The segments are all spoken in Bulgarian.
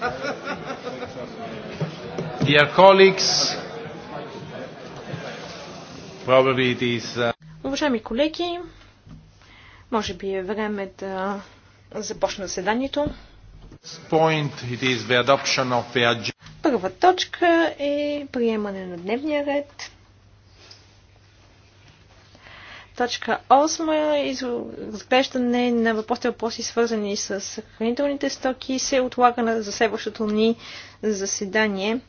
Uh, Уважаеми колеги, може би е време да започна заседанието. Първа точка е приемане на дневния ред. Точка 8. Разглеждане на въпросите въпроси, свързани с хранителните стоки, се отлага на за следващото ни заседание.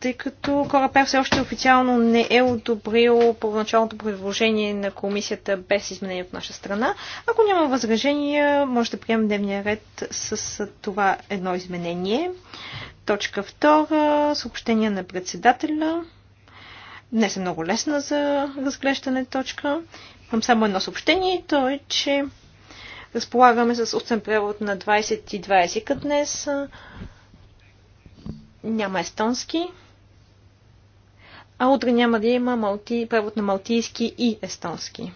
Тъй като Корапер все още официално не е одобрил първоначалното предложение на комисията без изменение от наша страна. Ако няма възражения, може да приемем дневния ред с това едно изменение. Точка 2. Съобщение на председателя. Днес е много лесна за разглеждане точка. Имам само едно съобщение, то е, че разполагаме с устен превод на 20 и 20 езика днес. Няма естонски. А утре няма да има малти, превод на малтийски и естонски.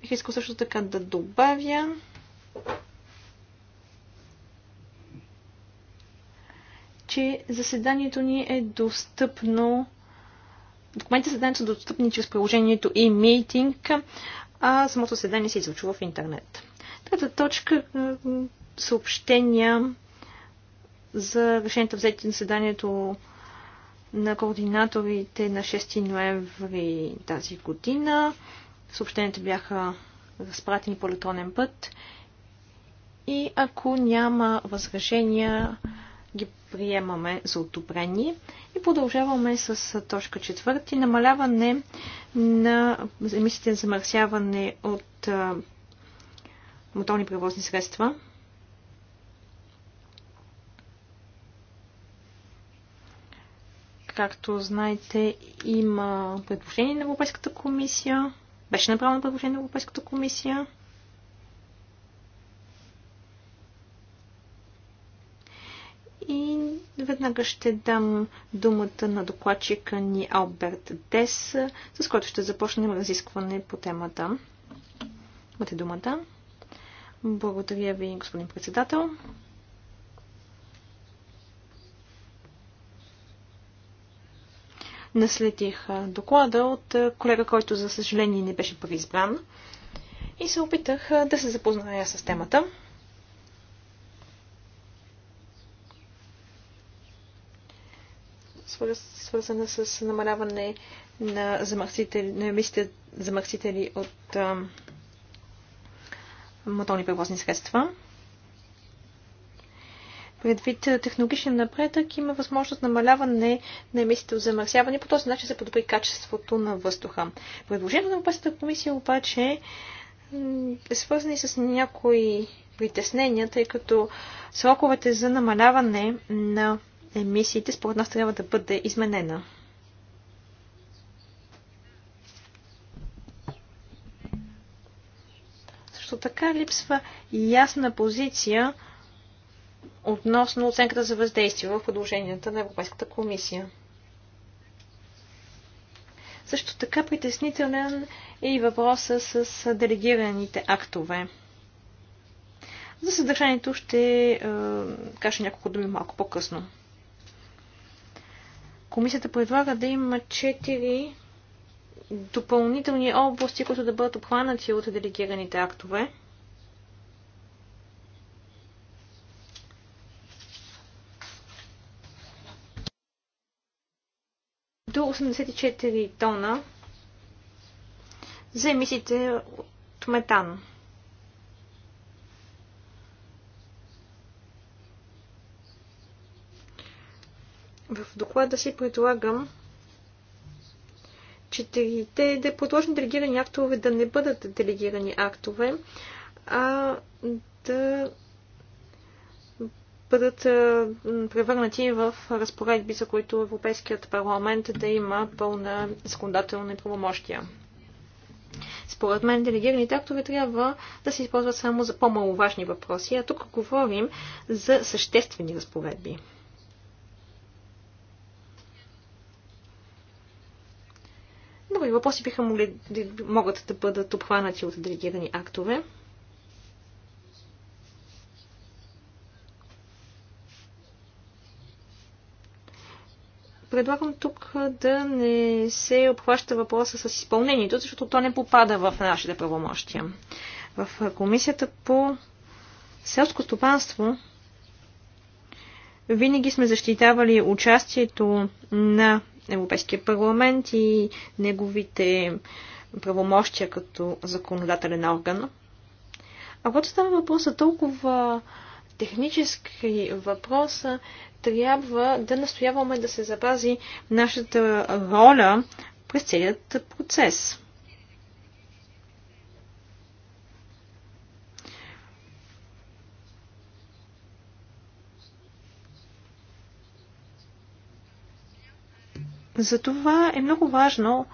Бих искал също така да добавя, че заседанието ни е достъпно. Документите заседанието са достъпни чрез приложението e-meeting, а самото заседание се излъчва в интернет. Трета точка съобщения за решението взети на заседанието на координаторите на 6 ноември тази година. Съобщенията бяха разпратени по електронен път. И ако няма възражения, ги приемаме за одобрени И продължаваме с точка четвърти. Намаляване на емисиите за замърсяване от моторни превозни средства. Както знаете, има предложение на Европейската комисия. Беше направено предложение на Европейската комисия и веднага ще дам думата на докладчика ни Алберт Дес, с който ще започнем разискване по темата. Имате думата. Благодаря ви, господин председател. Наследих доклада от колега, който за съжаление не беше преизбран и се опитах да се запозная с темата. свързана с намаляване на, емисите, емисиите замърсители от моторни превозни средства. Предвид технологичен напредък има възможност намаляване на емисиите от замърсяване. По този начин се подобри качеството на въздуха. Предложението на Европейската комисия обаче е и с някои притеснения, тъй като сроковете за намаляване на емисиите, според нас трябва да бъде изменена. Също така липсва ясна позиция относно оценката за въздействие в продълженията на Европейската комисия. Също така притеснителен е и въпроса с делегираните актове. За съдържанието ще е, кажа няколко думи малко по-късно. Комисията предлага да има 4 допълнителни области, които да бъдат обхванати от делегираните актове. До 84 тона за емисиите от метан. В доклада си предлагам четирите да подложим делегирани актове да не бъдат делегирани актове, а да бъдат превърнати в разпоредби, за които Европейският парламент да има пълна законодателна правомощия. Според мен делегираните актове трябва да се използват само за по-маловажни въпроси, а тук говорим за съществени разпоредби. други въпроси биха могли, могат да бъдат обхванати от делегирани актове. предлагам тук да не се обхваща въпроса с изпълнението, защото то не попада в нашите правомощия. В Комисията по селско стопанство винаги сме защитавали участието на Европейския парламент и неговите правомощия като законодателен орган. А когато става въпрос за толкова технически въпрос, трябва да настояваме да се запази нашата роля през целият процес. Затова е много важно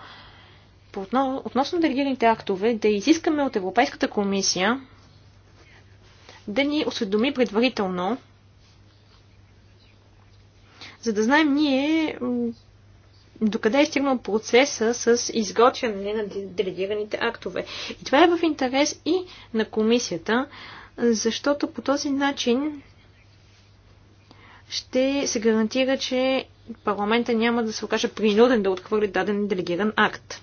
относно делегираните актове да изискаме от Европейската комисия да ни осведоми предварително, за да знаем ние докъде е стигнал процеса с изготвяне на делегираните актове. И това е в интерес и на комисията, защото по този начин ще се гарантира, че парламента няма да се окаже принуден да отхвърли даден делегиран акт.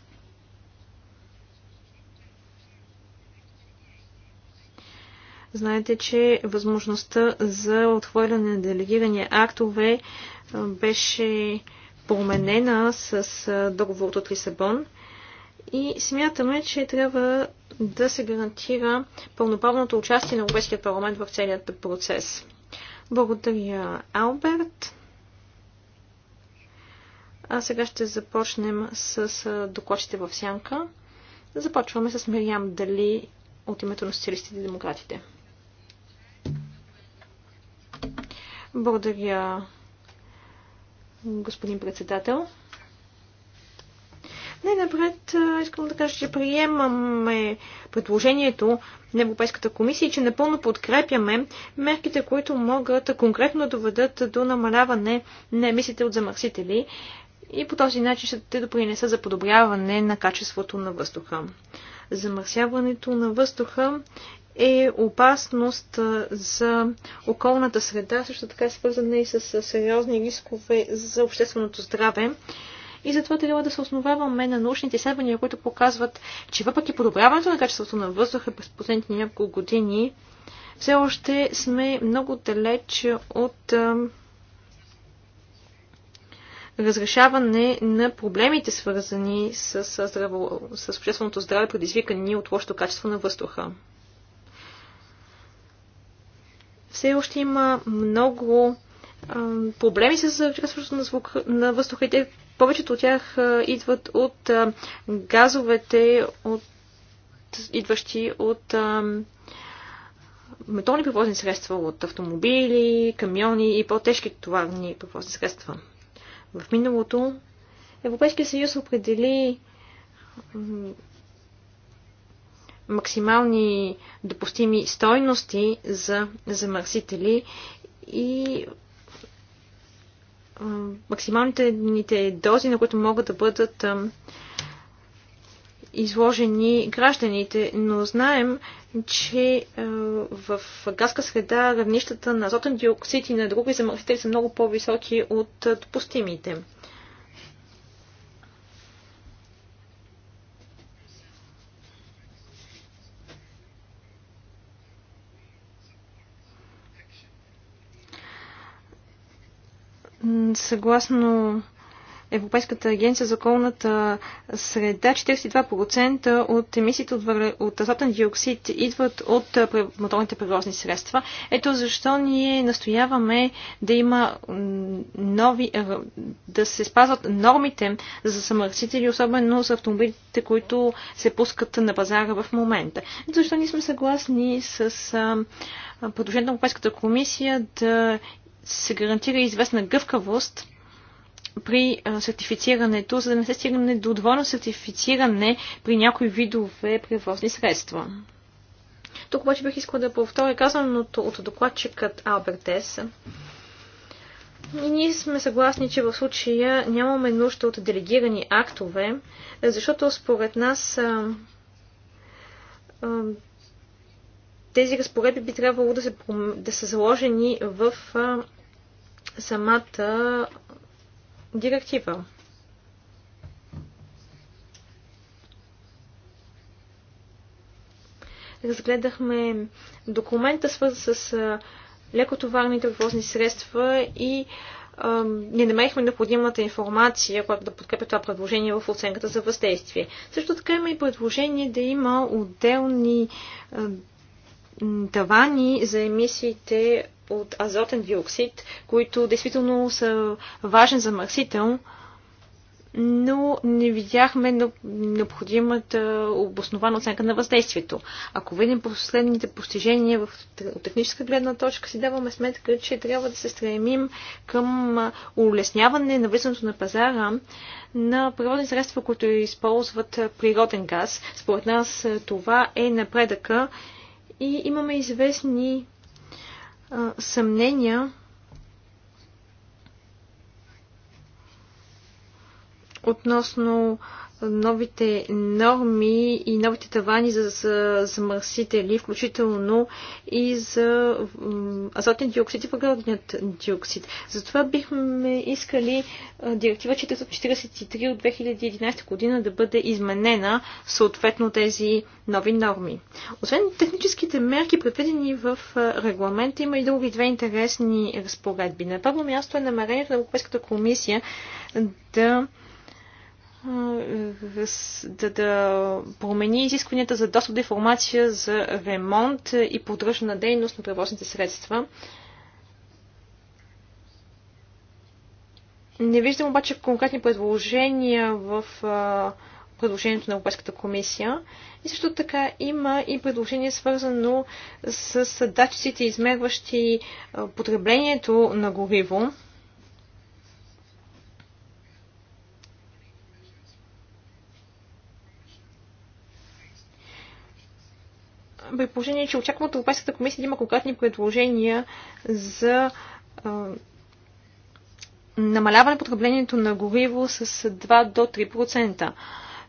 Знаете, че възможността за отхвърляне на делегирани актове беше променена с договорът от Лисабон и смятаме, че трябва да се гарантира пълноправното участие на Европейския парламент в целият процес. Благодаря, Алберт. А сега ще започнем с докладчите в сянка. Започваме с Мириам Дали от името на социалистите и демократите. Благодаря, господин председател. Най-напред искам да кажа, че приемаме предложението на Европейската комисия и че напълно подкрепяме мерките, които могат конкретно доведат до намаляване на емисиите от замърсители и по този начин ще те допринеса за подобряване на качеството на въздуха. Замърсяването на въздуха е опасност за околната среда, също така е свързана и с сериозни рискове за общественото здраве. И затова трябва да се основаваме на научните изследвания, които показват, че въпреки подобряването на качеството на въздуха през последните няколко години, все още сме много далеч от разрешаване на проблемите, свързани с, с, здраво, с общественото здраве, предизвикани от лошото качество на въздуха. Все още има много а, проблеми с качеството на, на въздуха и те, повечето от тях а, идват от а, газовете, от, идващи от а, метални превозни средства от автомобили, камиони и по-тежки товарни превозни средства. В миналото Европейския съюз определи максимални допустими стойности за замърсители и максималните дози, на които могат да бъдат изложени гражданите, но знаем, че е, в газка среда равнищата на азотен диоксид и на други замърсители са много по-високи от е, допустимите. Съгласно Европейската агенция за околната среда 42% от емисиите от, от азотен диоксид идват от моторните превозни средства. Ето защо ние настояваме да има нови, да се спазват нормите за замърсители, особено за автомобилите, които се пускат на пазара в момента. Ето защо ние сме съгласни с предложението на Европейската комисия да се гарантира известна гъвкавост при сертифицирането, за да не се стигне до двойно сертифициране при някои видове превозни средства. Тук обаче бих искала да повторя казаното от докладчикът Ес. И ние сме съгласни, че в случая нямаме нужда от делегирани актове, защото според нас а, а, тези разпоредби би трябвало да, се, да са заложени в а, самата директива. Разгледахме документа, свързан с лекотоварни тревозни средства и не намерихме необходимата информация, която да подкрепя това предложение в оценката за въздействие. Също така има и предложение да има отделни тавани за емисиите от азотен диоксид, които действително са важен замърсител, но не видяхме необходимата обоснована оценка на въздействието. Ако видим последните постижения в техническа гледна точка, си даваме сметка, че трябва да се стремим към улесняване на влизането на пазара на природни средства, които използват природен газ. Според нас това е напредъка и имаме известни а, съмнения относно новите норми и новите тавани за замърсители, включително и за азотен диоксид и въглеродният диоксид. Затова бихме искали директива 443 от 2011 година да бъде изменена съответно тези нови норми. Освен техническите мерки, предвидени в регламента, има и други две интересни разпоредби. На първо място е намерението на Европейската комисия да е, да, да промени изискванията за достъп до информация за ремонт и поддръжна дейност на превозните средства. Не виждам обаче конкретни предложения в а, предложението на Европейската комисия. И също така има и предложение свързано с датчиците, измерващи потреблението на гориво. при положение, че очаквам от Европейската комисия да има конкретни предложения за а, намаляване потреблението на гориво с 2 до 3%.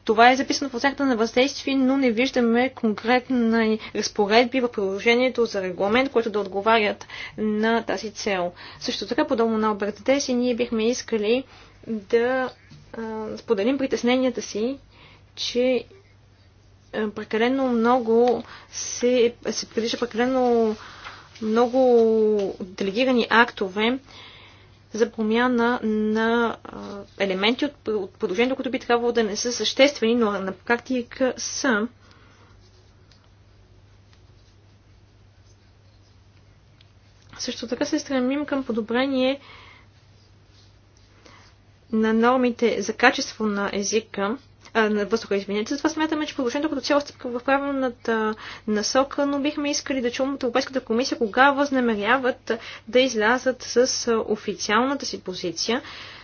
Това е записано в оценката на въздействие, но не виждаме конкретни разпоредби в приложението за регламент, които да отговарят на тази цел. Също така, подобно на обратите си, ние бихме искали да а, споделим притесненията си, че е, прекалено много се, се прилича прекалено много делегирани актове за промяна на елементи от, от предложението, които би трябвало да не са съществени, но на практика са. Също така се стремим към подобрение на нормите за качество на езика, на въздуха, извинете. Затова смятаме, че положението като цяло е стъпка в правилната насока, но бихме искали да чуем от Европейската комисия кога възнамеряват да излязат с официалната си позиция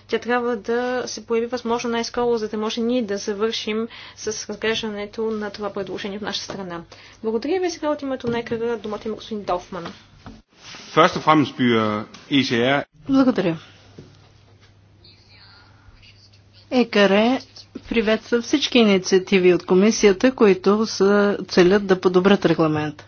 тя трябва да се появи възможно най-скоро, за да може ние да завършим с разглеждането на това предложение в наша страна. Благодаря ви сега от името на екара, думата има господин Долфман. Uh, e Благодаря. Екаре приветства всички инициативи от комисията, които са, целят да подобрят регламента.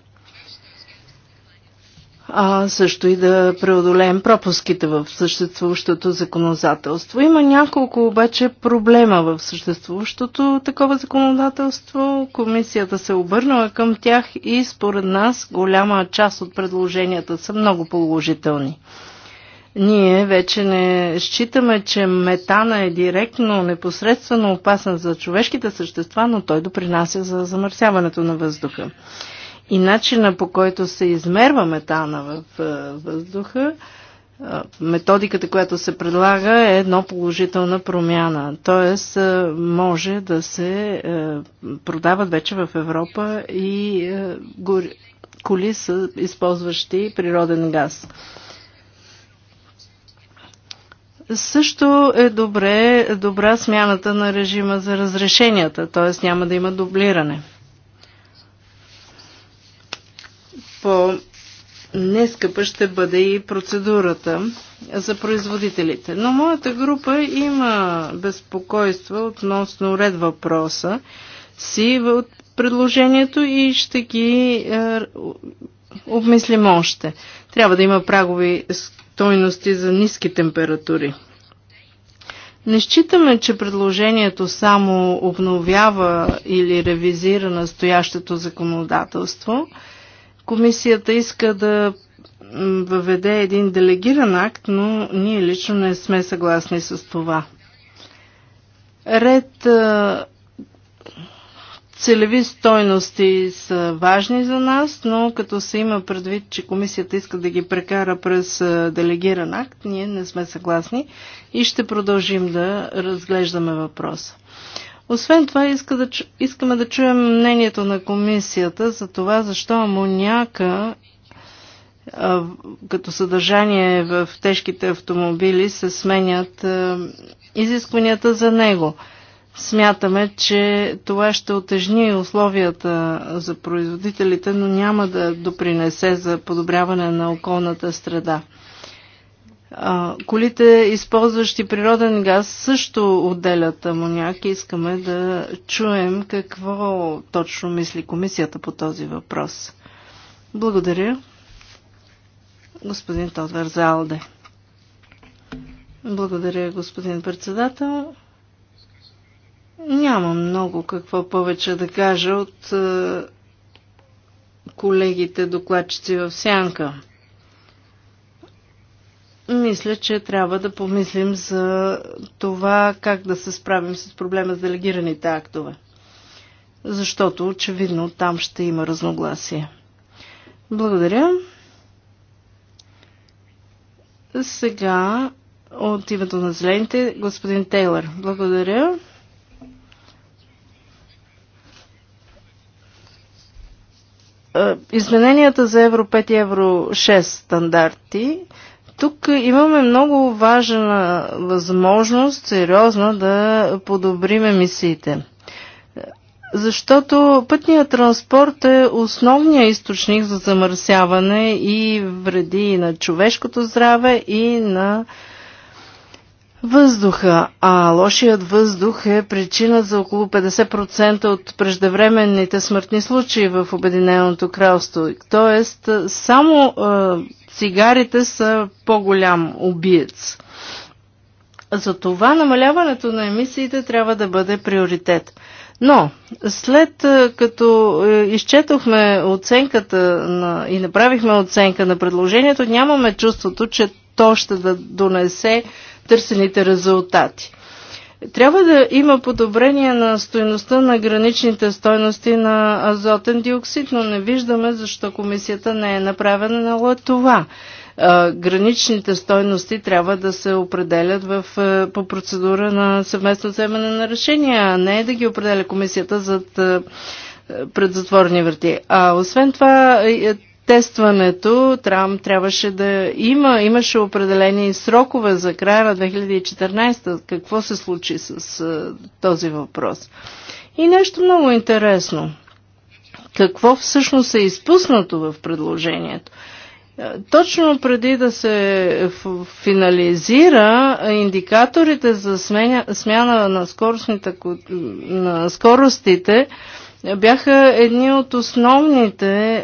А също и да преодолеем пропуските в съществуващото законодателство. Има няколко обаче проблема в съществуващото такова законодателство. Комисията се обърнала към тях и според нас голяма част от предложенията са много положителни. Ние вече не считаме, че метана е директно, непосредствено опасен за човешките същества, но той допринася за замърсяването на въздуха. И начина по който се измерва метана в въздуха, методиката, която се предлага, е едно положителна промяна. Тоест, може да се продават вече в Европа и коли са използващи природен газ. Също е добре, добра смяната на режима за разрешенията, т.е. няма да има дублиране. По нескъпа ще бъде и процедурата за производителите. Но моята група има безпокойство относно ред въпроса си от предложението и ще ги е, обмислим още. Трябва да има прагови стойности за ниски температури. Не считаме, че предложението само обновява или ревизира настоящето законодателство. Комисията иска да въведе един делегиран акт, но ние лично не сме съгласни с това. Ред целеви стойности са важни за нас, но като се има предвид, че комисията иска да ги прекара през делегиран акт, ние не сме съгласни и ще продължим да разглеждаме въпроса. Освен това, иска да, искаме да чуем мнението на комисията за това, защо амоняка като съдържание в тежките автомобили се сменят изискванията за него – Смятаме, че това ще отежни условията за производителите, но няма да допринесе за подобряване на околната среда. Колите, използващи природен газ, също отделят амоняк. Искаме да чуем какво точно мисли комисията по този въпрос. Благодаря. Господин Тодвар Залде. Благодаря, господин председател. Няма много какво повече да кажа от е, колегите докладчици в сянка. Мисля, че трябва да помислим за това как да се справим с проблема с делегираните актове. Защото очевидно там ще има разногласие. Благодаря. Сега от името на зелените господин Тейлър. Благодаря. Е, измененията за Евро 5 и Евро 6 стандарти, тук имаме много важна възможност, сериозна, да подобрим емисиите. Защото пътният транспорт е основният източник за замърсяване и вреди на човешкото здраве, и на въздуха, а лошият въздух е причина за около 50% от преждевременните смъртни случаи в Обединеното кралство. Тоест, само е, цигарите са по-голям убиец. това намаляването на емисиите трябва да бъде приоритет. Но, след като е, изчетохме оценката на, и направихме оценка на предложението, нямаме чувството, че то ще да донесе търсените резултати. Трябва да има подобрение на стоеността на граничните стойности на азотен диоксид, но не виждаме защо комисията не е направена това. Граничните стойности трябва да се определят в, е, по процедура на съвместно вземане на решения, а не да ги определя комисията зад е, предзатворни врати. А освен това, е, тестването, там трябваше да има, имаше определени срокове за края на 2014. Какво се случи с а, този въпрос? И нещо много интересно. Какво всъщност е изпуснато в предложението? Точно преди да се финализира, индикаторите за смяна, на, на скоростите бяха едни от основните е,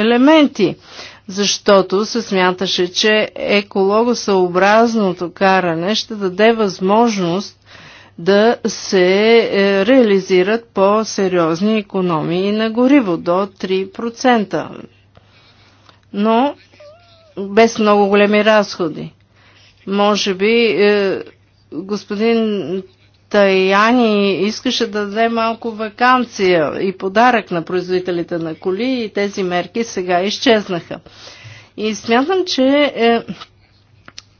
елементи, защото се смяташе, че екологосъобразното каране ще даде възможност да се е, реализират по-сериозни економии на гориво до 3%. Но без много големи разходи. Може би е, господин Таяни искаше да даде малко вакансия и подарък на производителите на коли и тези мерки сега изчезнаха. И смятам, че е,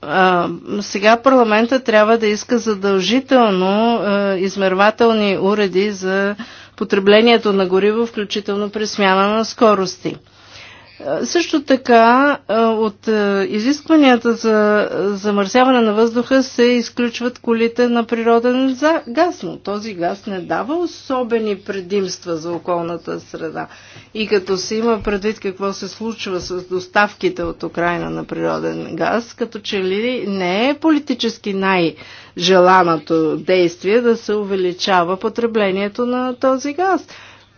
а, сега парламента трябва да иска задължително е, измервателни уреди за потреблението на гориво, включително при смяна на скорости. Също така от изискванията за замърсяване на въздуха се изключват колите на природен газ, но този газ не дава особени предимства за околната среда. И като се има предвид какво се случва с доставките от Украина на природен газ, като че ли не е политически най-желаното действие да се увеличава потреблението на този газ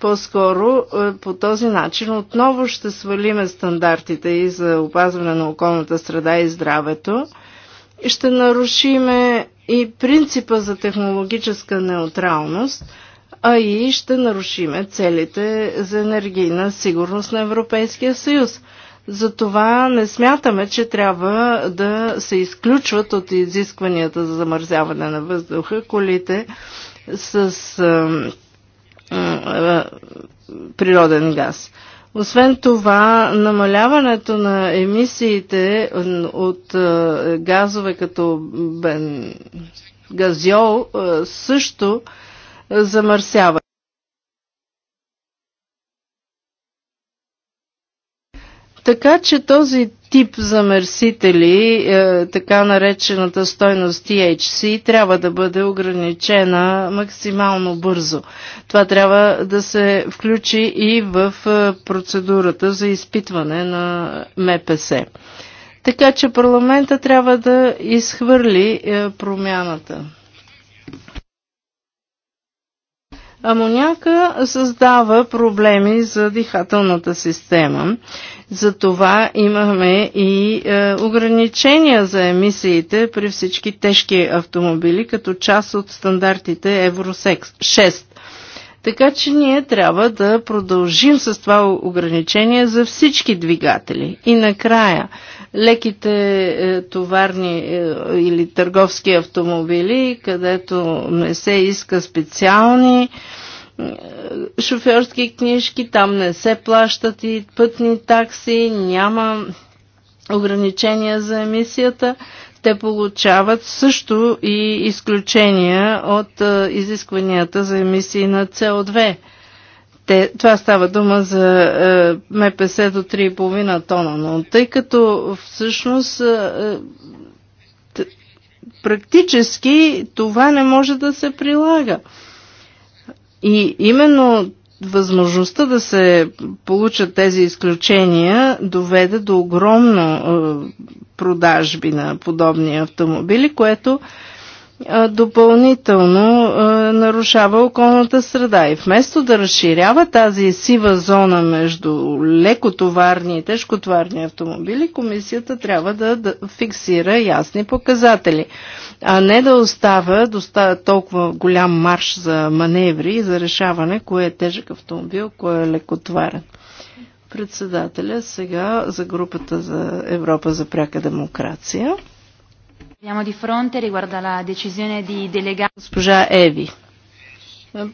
по-скоро е, по този начин отново ще свалиме стандартите и за опазване на околната среда и здравето и ще нарушиме и принципа за технологическа неутралност, а и ще нарушиме целите за енергийна сигурност на Европейския съюз. Затова не смятаме, че трябва да се изключват от изискванията за замързяване на въздуха колите с природен газ. Освен това, намаляването на емисиите от газове като бен, газиол също замърсява. Така че този тип замърсители, е, така наречената стойност THC, трябва да бъде ограничена максимално бързо. Това трябва да се включи и в е, процедурата за изпитване на МПС. Така че парламента трябва да изхвърли е, промяната. Амоняка създава проблеми за дихателната система. Затова имаме и е, ограничения за емисиите при всички тежки автомобили, като част от стандартите Евро 6. Така че ние трябва да продължим с това ограничение за всички двигатели. И накрая, леките е, товарни е, или търговски автомобили, където не се иска специални е, шофьорски книжки, там не се плащат и пътни такси, няма ограничения за емисията. Те получават също и изключения от изискванията за емисии на СО2. Те, това става дума за е, МПС до 3,5 тона, но тъй като всъщност е, т, е, практически това не може да се прилага. И именно възможността да се получат тези изключения доведе до огромно е, продажби на подобни автомобили, което е, допълнително нарушава околната среда. И вместо да разширява тази сива зона между лекотоварни и тежкотоварни автомобили, комисията трябва да, фиксира ясни показатели, а не да остава доста, толкова голям марш за маневри и за решаване кое е тежък автомобил, кое е лекотоварен. Председателя сега за групата за Европа за пряка демокрация. Госпожа Еви.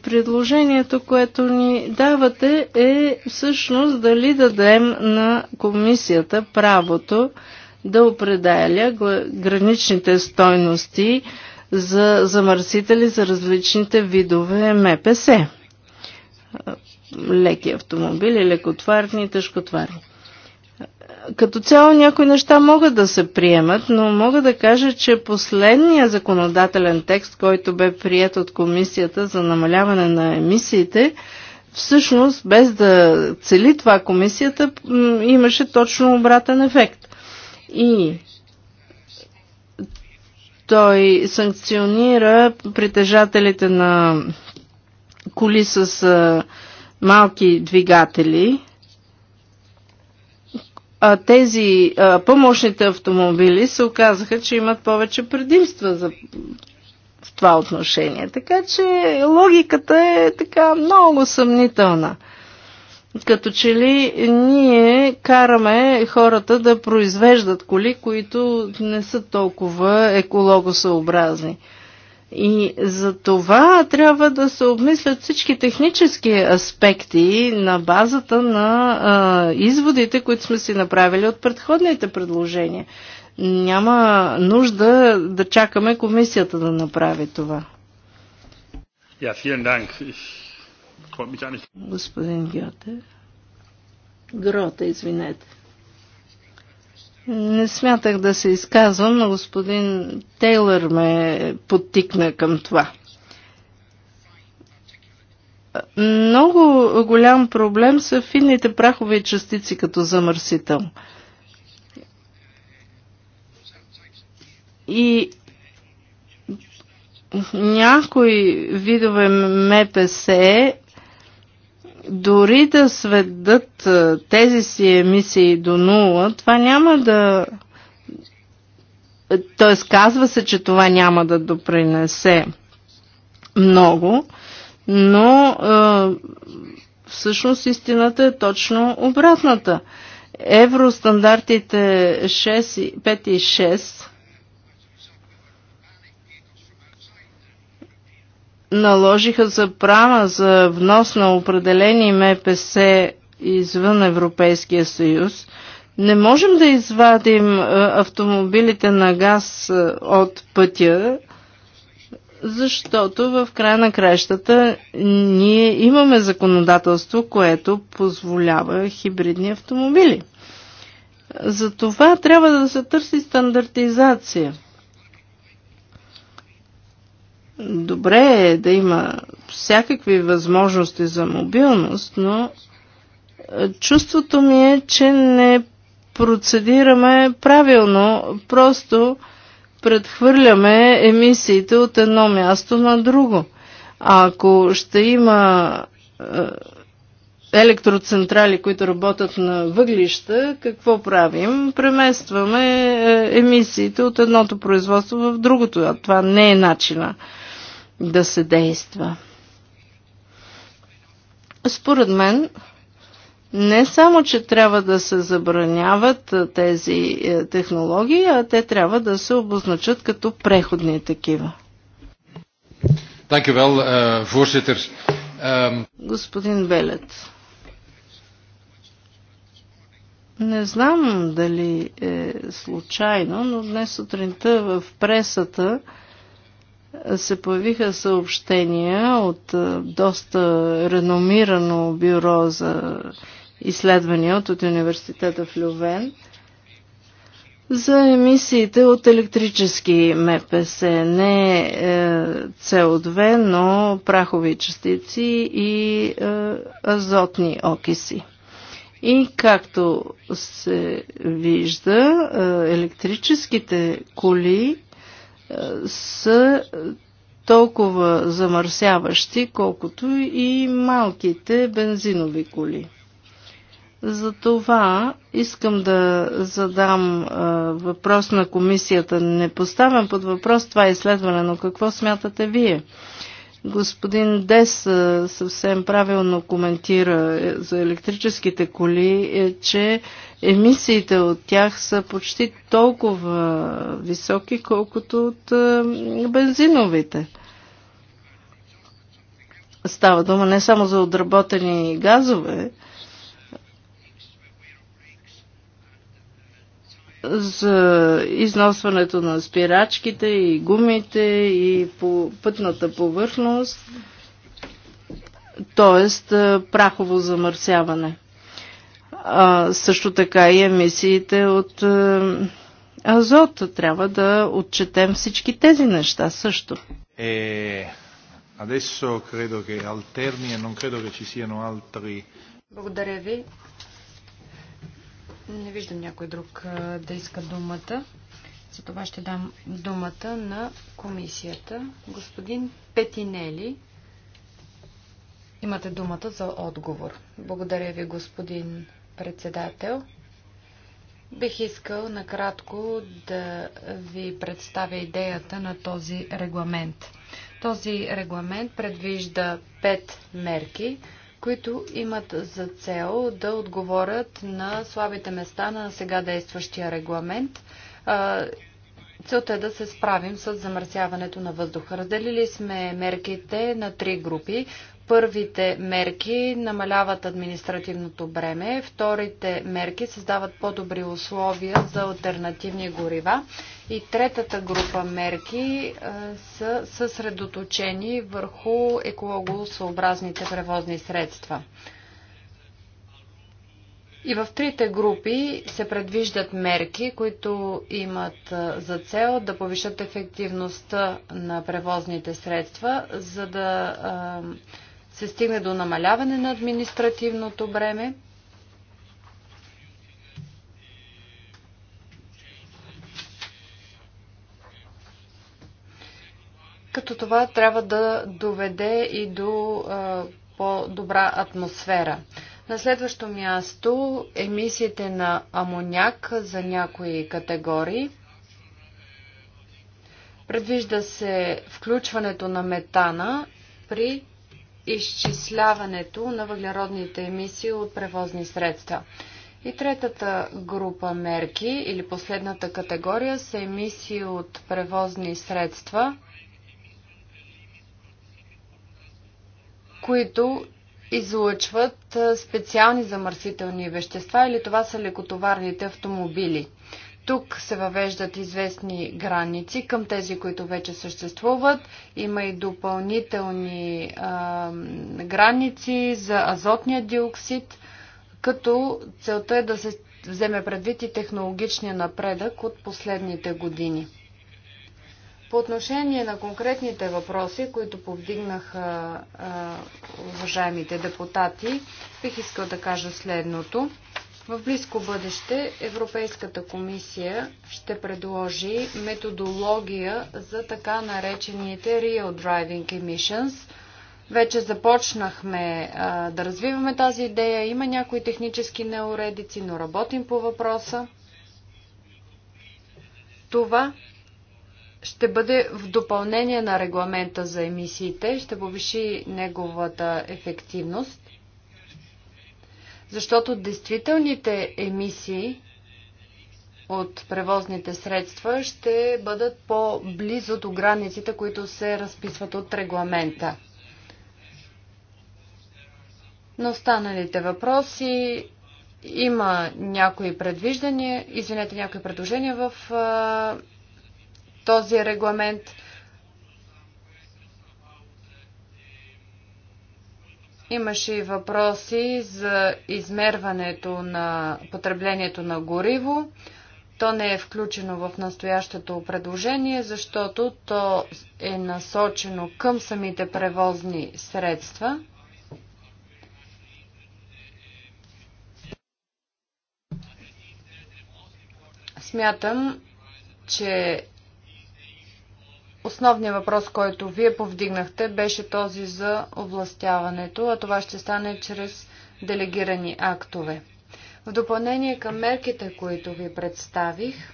Предложението, което ни давате е всъщност дали дадем на комисията правото да определя граничните стойности за замърсители за различните видове МПС. Леки автомобили, лекотварни и тежкотварни. Като цяло някои неща могат да се приемат, но мога да кажа, че последният законодателен текст, който бе прият от комисията за намаляване на емисиите, всъщност, без да цели това комисията, имаше точно обратен ефект. И той санкционира притежателите на коли с малки двигатели, а тези а, помощните автомобили се оказаха, че имат повече предимства за, в това отношение. Така че логиката е така много съмнителна. Като че ли ние караме хората да произвеждат коли, които не са толкова екологосъобразни. И за това трябва да се обмислят всички технически аспекти на базата на а, изводите, които сме си направили от предходните предложения. Няма нужда да чакаме комисията да направи това. Господин Гьоте. Грота, извинете. Не смятах да се изказвам, но господин Тейлър ме подтикна към това. Много голям проблем са финните прахови частици като замърсител. И някои видове МПСЕ дори да сведат тези си емисии до нула, това няма да... Т.е. казва се, че това няма да допринесе много, но всъщност истината е точно обратната. Евростандартите 6, 5 и 6 наложиха забрана за внос на определени МПС извън Европейския съюз, не можем да извадим е, автомобилите на газ е, от пътя, защото в края на кращата ние имаме законодателство, което позволява хибридни автомобили. За това трябва да се търси стандартизация. Добре е да има всякакви възможности за мобилност, но е, чувството ми е, че не процедираме правилно, просто предхвърляме емисиите от едно място на друго. А ако ще има е, електроцентрали, които работят на въглища, какво правим? Преместваме е, емисиите от едното производство в другото, а това не е начина да се действа. Според мен, не само, че трябва да се забраняват тези е, технологии, а те трябва да се обозначат като преходни такива. Eh, ehm, Господин Белет, не знам дали е случайно, но днес сутринта в пресата се появиха съобщения от доста реномирано бюро за изследвания от университета в Лювен за емисиите от електрически МПС. Не е, CO2, но прахови частици и е, азотни окиси. И както се вижда, е, електрическите коли са толкова замърсяващи, колкото и малките бензинови коли. Затова искам да задам а, въпрос на комисията. Не поставям под въпрос това изследване, но какво смятате вие? Господин Дес а, съвсем правилно коментира е, за електрическите коли, е, че емисиите от тях са почти толкова високи, колкото от е, бензиновите. Става дума не само за отработени газове, за износването на спирачките и гумите и по пътната повърхност, т.е. прахово замърсяване а, също така и емисиите от а, е, азот. Трябва да отчетем всички тези неща също. Е, adesso credo che al termine non credo che ci siano altri... Благодаря ви. Не виждам някой друг е, да иска думата. За това ще дам думата на комисията. Господин Петинели, имате думата за отговор. Благодаря ви, господин председател. Бих искал накратко да ви представя идеята на този регламент. Този регламент предвижда пет мерки, които имат за цел да отговорят на слабите места на сега действащия регламент. Целта е да се справим с замърсяването на въздуха. Разделили сме мерките на три групи първите мерки намаляват административното бреме, вторите мерки създават по-добри условия за альтернативни горива и третата група мерки е, са съсредоточени върху екологосъобразните превозни средства. И в трите групи се предвиждат мерки, които имат е, за цел да повишат ефективността на превозните средства, за да а, е, се стигне до намаляване на административното бреме, като това трябва да доведе и до по-добра атмосфера. На следващо място емисиите на амоняк за някои категории. Предвижда се включването на метана при изчисляването на въглеродните емисии от превозни средства. И третата група мерки или последната категория са емисии от превозни средства, които излъчват специални замърсителни вещества или това са лекотоварните автомобили. Тук се въвеждат известни граници към тези, които вече съществуват. Има и допълнителни а, граници за азотния диоксид, като целта е да се вземе предвид и технологичния напредък от последните години. По отношение на конкретните въпроси, които повдигнаха а, уважаемите депутати, бих искал да кажа следното. В близко бъдеще Европейската комисия ще предложи методология за така наречените Real Driving Emissions. Вече започнахме а, да развиваме тази идея. Има някои технически неуредици, но работим по въпроса. Това ще бъде в допълнение на регламента за емисиите, ще повиши неговата ефективност защото действителните емисии от превозните средства ще бъдат по-близо до границите, които се разписват от регламента. На останалите въпроси има някои предвиждания, извинете, някои предложения в а, този регламент – Имаше и въпроси за измерването на потреблението на гориво. То не е включено в настоящото предложение, защото то е насочено към самите превозни средства. Смятам, че Основният въпрос, който вие повдигнахте, беше този за областяването, а това ще стане чрез делегирани актове. В допълнение към мерките, които ви представих,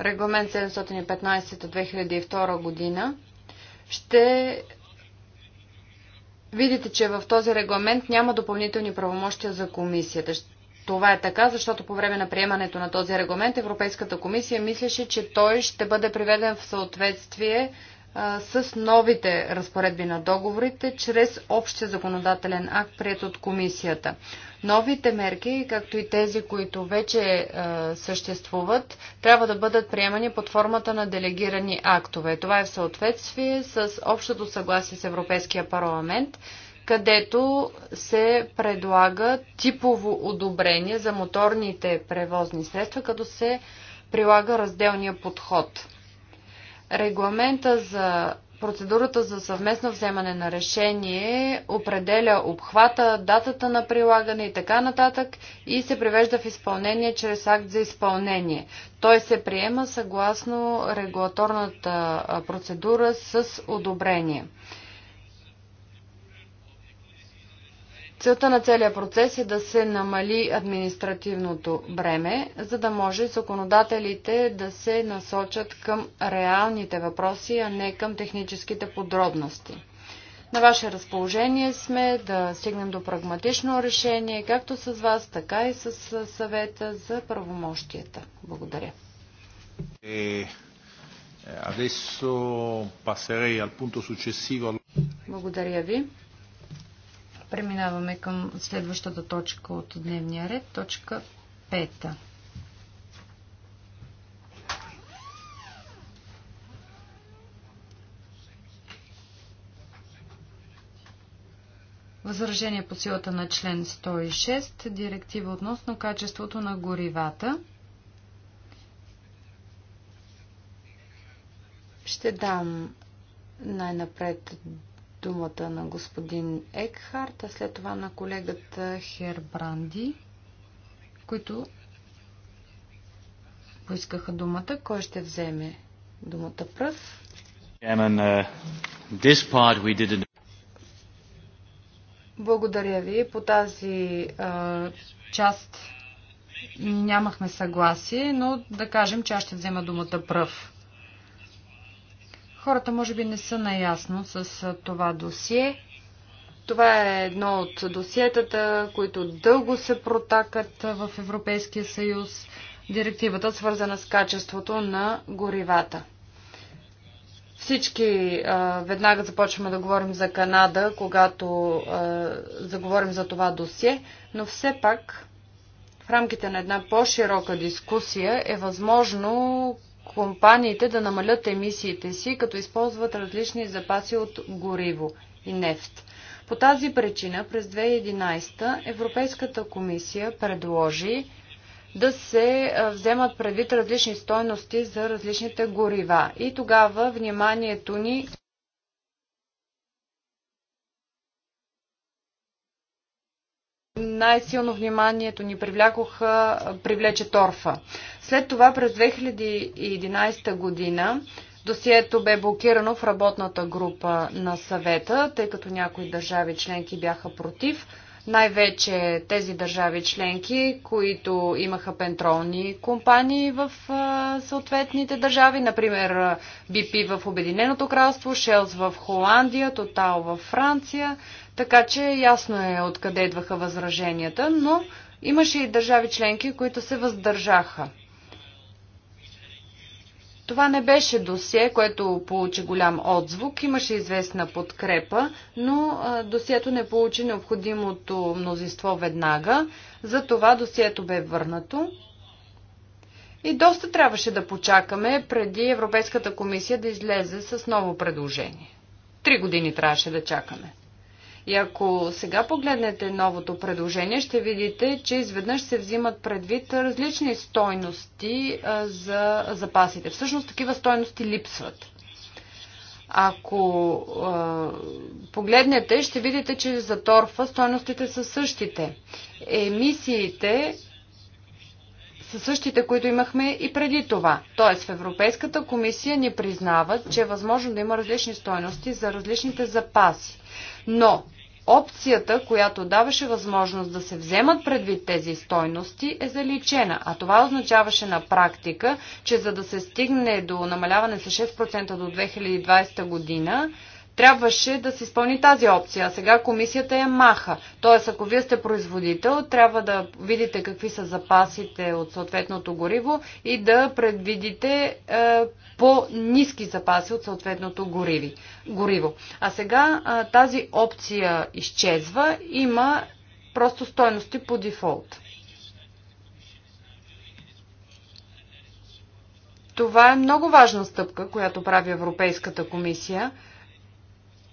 регламент 715 от 2002 година, ще видите, че в този регламент няма допълнителни правомощия за комисията. Това е така, защото по време на приемането на този регламент Европейската комисия мислеше, че той ще бъде приведен в съответствие с новите разпоредби на договорите чрез общия законодателен акт, прият от комисията. Новите мерки, както и тези, които вече е, съществуват, трябва да бъдат приемани под формата на делегирани актове. Това е в съответствие с общото съгласие с Европейския парламент, където се предлага типово одобрение за моторните превозни средства, като се прилага разделния подход. Регламента за процедурата за съвместно вземане на решение определя обхвата, датата на прилагане и така нататък и се привежда в изпълнение чрез акт за изпълнение. Той се приема съгласно регулаторната процедура с одобрение. Целта на целия процес е да се намали административното бреме, за да може законодателите да се насочат към реалните въпроси, а не към техническите подробности. На ваше разположение сме да стигнем до прагматично решение, както с вас, така и с съвета за правомощията. Благодаря. Е, е, Благодаря ви. Преминаваме към следващата точка от дневния ред, точка 5. Възражение по силата на член 106, директива относно качеството на горивата. Ще дам най-напред думата на господин Екхарт, а след това на колегата Хербранди, които поискаха думата. Кой ще вземе думата пръв? Uh, Благодаря ви. По тази а, част нямахме съгласие, но да кажем, че аз ще взема думата пръв. Хората може би не са наясно с това досие. Това е едно от досиетата, които дълго се протакат в Европейския съюз. Директивата свързана с качеството на горивата. Всички а, веднага започваме да говорим за Канада, когато а, заговорим за това досие, но все пак в рамките на една по-широка дискусия е възможно компаниите да намалят емисиите си, като използват различни запаси от гориво и нефт. По тази причина през 2011 Европейската комисия предложи да се вземат предвид различни стойности за различните горива. И тогава вниманието ни най-силно вниманието ни привлякоха, привлече торфа. След това през 2011 година Досието бе блокирано в работната група на съвета, тъй като някои държави членки бяха против. Най-вече тези държави членки, които имаха пентролни компании в съответните държави, например BP в Обединеното кралство, Шелс в Холандия, Тотал в Франция. Така че ясно е откъде идваха възраженията, но имаше и държави членки, които се въздържаха. Това не беше досие, което получи голям отзвук, имаше известна подкрепа, но досието не получи необходимото мнозинство веднага, затова досието бе върнато. И доста трябваше да почакаме преди Европейската комисия да излезе с ново предложение. Три години трябваше да чакаме. И ако сега погледнете новото предложение, ще видите, че изведнъж се взимат предвид различни стойности за запасите. Всъщност такива стойности липсват. Ако погледнете, ще видите, че за торфа стойностите са същите. Емисиите са същите, които имахме и преди това. Тоест в Европейската комисия ни признават, че е възможно да има различни стойности за различните запаси. Но опцията, която даваше възможност да се вземат предвид тези стойности, е заличена. А това означаваше на практика, че за да се стигне до намаляване с 6% до 2020 година, трябваше да се изпълни тази опция. Сега комисията я маха. Тоест, ако вие сте производител, трябва да видите какви са запасите от съответното гориво и да предвидите е, по-низки запаси от съответното гориви, гориво. А сега е, тази опция изчезва. Има просто стойности по дефолт. Това е много важна стъпка, която прави Европейската комисия –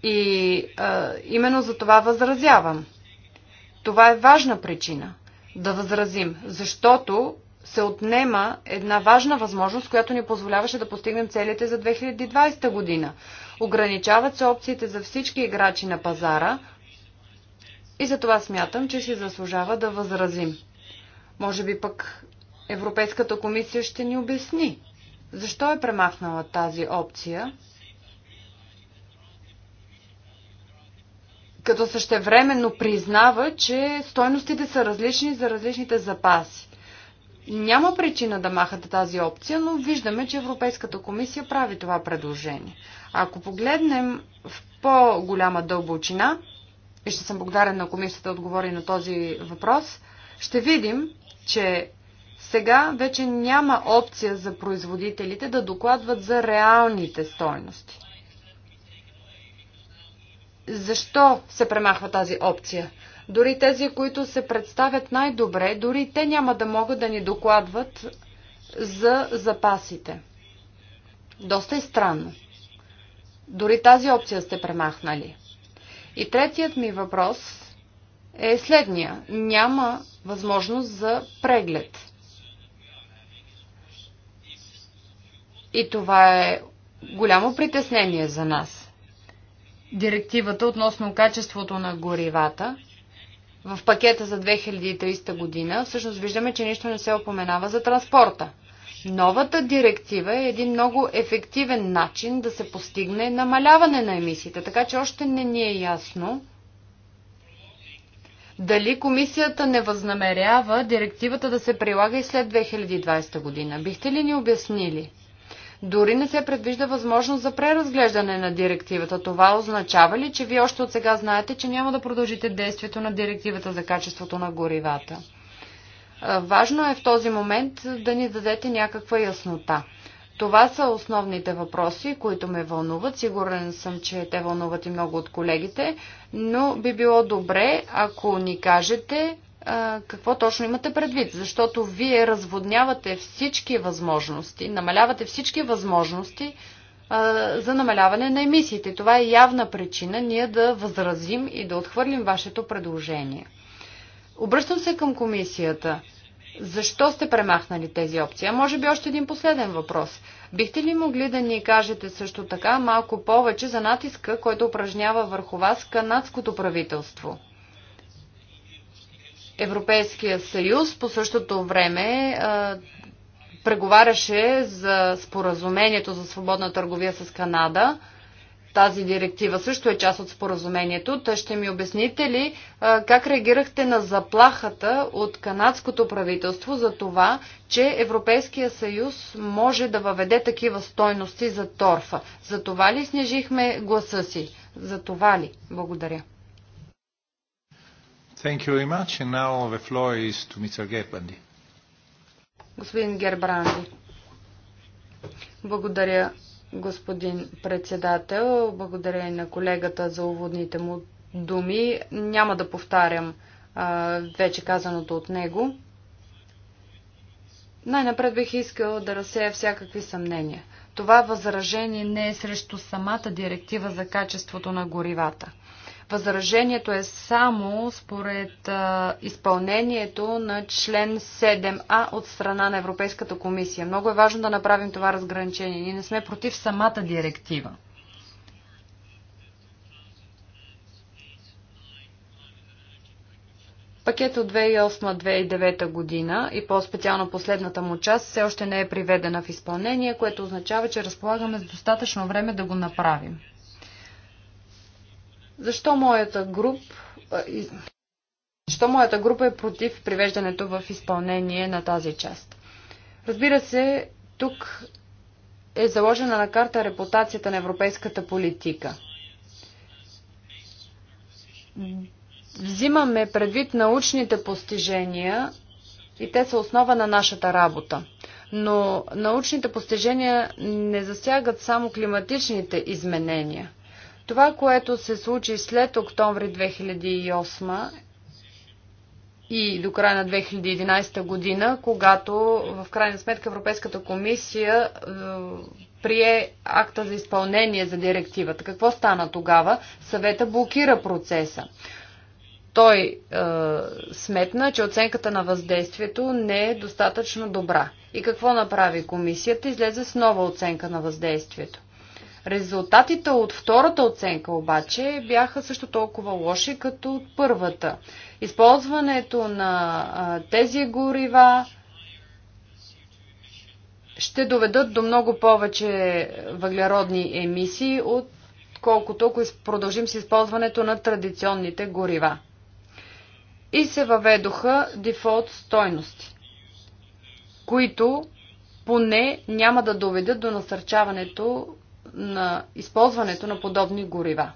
и а, именно за това възразявам. Това е важна причина да възразим, защото се отнема една важна възможност, която ни позволяваше да постигнем целите за 2020 година. Ограничават се опциите за всички играчи на пазара и за това смятам, че си заслужава да възразим. Може би пък Европейската комисия ще ни обясни защо е премахнала тази опция като същевременно признава, че стойностите са различни за различните запаси. Няма причина да махате тази опция, но виждаме, че Европейската комисия прави това предложение. Ако погледнем в по-голяма дълбочина, и ще съм благодарен на комисията да отговори на този въпрос, ще видим, че сега вече няма опция за производителите да докладват за реалните стойности. Защо се премахва тази опция? Дори тези, които се представят най-добре, дори те няма да могат да ни докладват за запасите. Доста е странно. Дори тази опция сте премахнали. И третият ми въпрос е следния. Няма възможност за преглед. И това е голямо притеснение за нас директивата относно качеството на горивата в пакета за 2300 година, всъщност виждаме, че нищо не се опоменава за транспорта. Новата директива е един много ефективен начин да се постигне намаляване на емисиите, така че още не ни е ясно дали комисията не възнамерява директивата да се прилага и след 2020 година. Бихте ли ни обяснили? Дори не се предвижда възможност за преразглеждане на директивата. Това означава ли, че вие още от сега знаете, че няма да продължите действието на директивата за качеството на горивата? Важно е в този момент да ни дадете някаква яснота. Това са основните въпроси, които ме вълнуват. Сигурен съм, че те вълнуват и много от колегите, но би било добре, ако ни кажете какво точно имате предвид, защото вие разводнявате всички възможности, намалявате всички възможности за намаляване на емисиите. Това е явна причина ние да възразим и да отхвърлим вашето предложение. Обръщам се към комисията. Защо сте премахнали тези опции? А може би още един последен въпрос. Бихте ли могли да ни кажете също така малко повече за натиска, който упражнява върху вас канадското правителство? Европейския съюз по същото време преговаряше за споразумението за свободна търговия с Канада. Тази директива също е част от споразумението. Та ще ми обясните ли как реагирахте на заплахата от канадското правителство за това, че Европейския съюз може да въведе такива стойности за торфа? За това ли снижихме гласа си? За това ли? Благодаря. Thank you very much. And now the floor is to Mr. Gerbrandy. Господин Гербранди. Благодаря, господин председател. Благодаря и на колегата за уводните му думи. Няма да повтарям а, вече казаното от него. Най-напред бих искал да разсея всякакви съмнения. Това възражение не е срещу самата директива за качеството на горивата. Възражението е само според изпълнението на член 7А от страна на Европейската комисия. Много е важно да направим това разграничение. Ние не сме против самата директива. Пакет от 2008-2009 година и по-специално последната му част все още не е приведена в изпълнение, което означава, че разполагаме с достатъчно време да го направим. Защо моята група защо моята група е против привеждането в изпълнение на тази част. Разбира се, тук е заложена на карта репутацията на европейската политика. Взимаме предвид научните постижения и те са основа на нашата работа. Но научните постижения не засягат само климатичните изменения – това, което се случи след октомври 2008 и до края на 2011 година, когато в крайна сметка Европейската комисия е, прие акта за изпълнение за директивата. Какво стана тогава? Съвета блокира процеса. Той е, сметна, че оценката на въздействието не е достатъчно добра. И какво направи комисията? Излезе с нова оценка на въздействието. Резултатите от втората оценка обаче бяха също толкова лоши, като от първата. Използването на а, тези горива ще доведат до много повече въглеродни емисии, отколкото ако продължим с използването на традиционните горива. И се въведоха дефолт стойности, които поне няма да доведат до насърчаването на използването на подобни горива,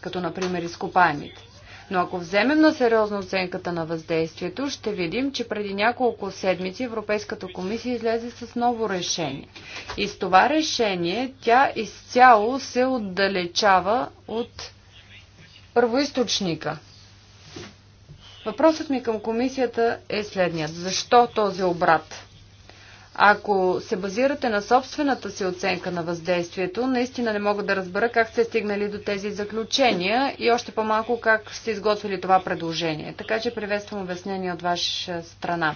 като например изкопаемите. Но ако вземем на сериозно оценката на въздействието, ще видим, че преди няколко седмици Европейската комисия излезе с ново решение. И с това решение тя изцяло се отдалечава от първоисточника. Въпросът ми към комисията е следният. Защо този обрат? Ако се базирате на собствената си оценка на въздействието, наистина не мога да разбера как сте стигнали до тези заключения и още по-малко как сте изготвили това предложение. Така че приветствам обяснение от ваша страна.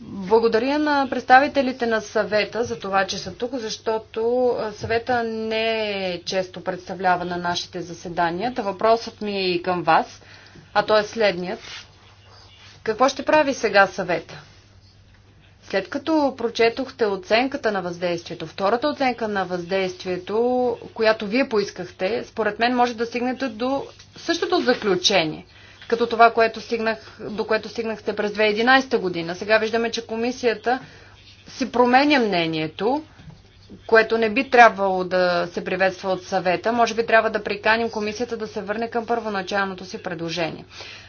Благодаря на представителите на съвета за това, че са тук, защото съвета не е често представлява на нашите заседания. Та въпросът ми е и към вас, а то е следният. Какво ще прави сега съвета? След като прочетохте оценката на въздействието, втората оценка на въздействието, която вие поискахте, според мен може да стигнете до същото заключение, като това, което стигнах, до което стигнахте през 2011 година. Сега виждаме, че комисията си променя мнението което не би трябвало да се приветства от съвета. Може би трябва да приканим комисията да се върне към първоначалното си предложение.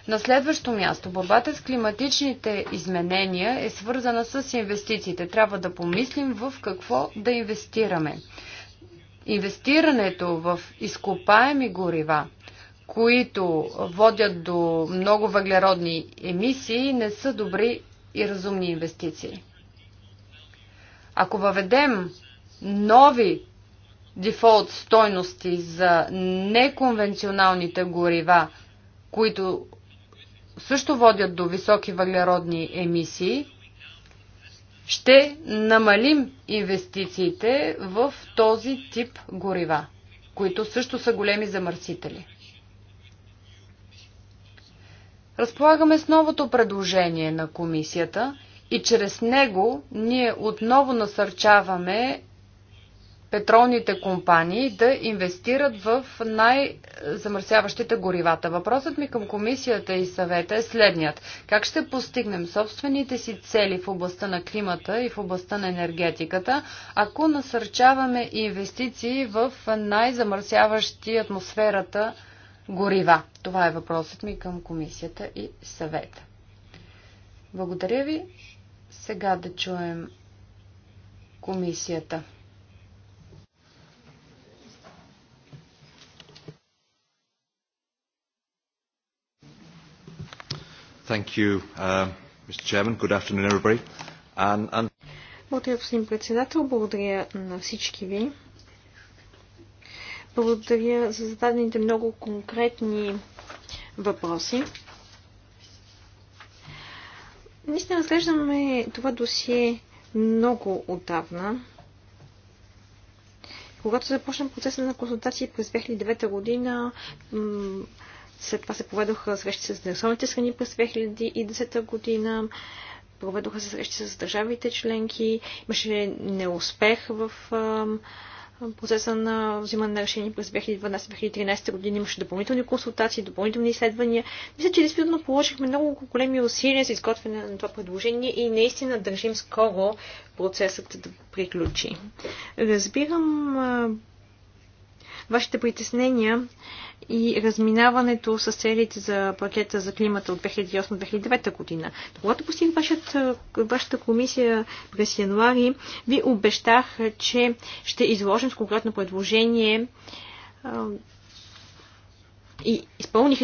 На следващо място, борбата с климатичните изменения е свързана с инвестициите. Трябва да помислим в какво да инвестираме. Инвестирането в изкопаеми горива, които водят до много въглеродни емисии, не са добри и разумни инвестиции. Ако въведем нови дефолт стойности за неконвенционалните горива, които също водят до високи въглеродни емисии, ще намалим инвестициите в този тип горива, които също са големи замърсители. Разполагаме с новото предложение на комисията и чрез него ние отново насърчаваме петролните компании да инвестират в най-замърсяващите горивата. Въпросът ми към комисията и съвета е следният. Как ще постигнем собствените си цели в областта на климата и в областта на енергетиката, ако насърчаваме инвестиции в най-замърсяващи атмосферата горива? Това е въпросът ми към комисията и съвета. Благодаря ви. Сега да чуем комисията. Uh, Благодаря, господин председател. Благодаря на всички ви. Благодаря за зададените много конкретни въпроси. Наистина разглеждаме това досие много отдавна. Когато започна процеса на консултации през 2009 година, след това се проведоха срещи с заинтересованите страни през 2010 година. Проведоха се срещи с държавите членки. Имаше неуспех в процеса на взимане на решение през 2012-2013 година имаше допълнителни консултации, допълнителни изследвания. Мисля, че действително положихме много големи усилия за изготвяне на това предложение и наистина държим скоро процесът да приключи. Разбирам вашите притеснения и разминаването с целите за пакета за климата от 2008-2009 година. Когато постиг вашата, комисия през януари, ви обещах, че ще изложим с конкретно предложение и изпълних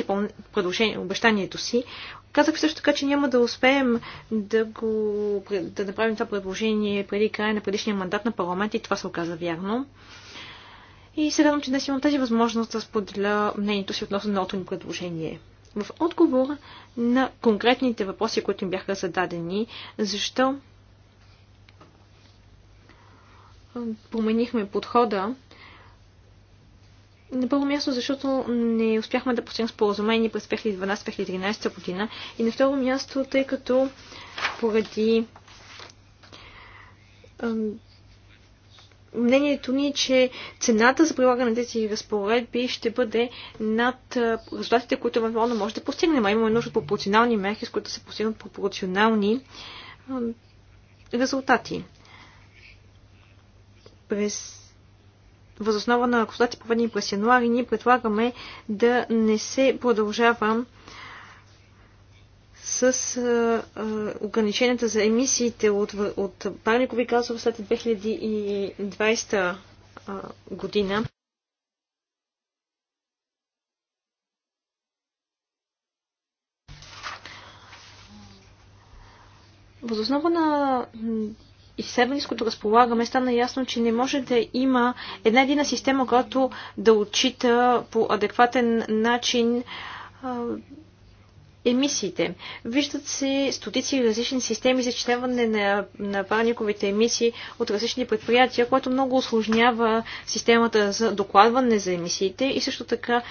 обещанието си. Казах също така, че няма да успеем да, го, да направим това предложение преди края на предишния мандат на парламент и това се оказа вярно. И се радвам, че днес имам тази възможност да споделя мнението си относно новото ни предложение. В отговор на конкретните въпроси, които им бяха зададени, защо променихме подхода, на първо място, защото не успяхме да постигнем споразумение през 2012-2013 година. И на второ място, тъй като поради мнението ни, е, че цената за прилагане на тези разпоредби ще бъде над резултатите, които евентуално може да постигнем, а имаме нужда от пропорционални мерки, с които се постигнат пропорционални резултати. През възоснова на резултати, проведени през януари, ние предлагаме да не се продължава с а, а, ограниченията за емисиите от, от парникови газове след 2020 а, година. Възоснова на което разполагаме, стана ясно, че не може да има една едина система, която да отчита по адекватен начин а, емисиите. Виждат се стотици различни системи за изчисляване на, на парниковите емисии от различни предприятия, което много осложнява системата за докладване за емисиите и също така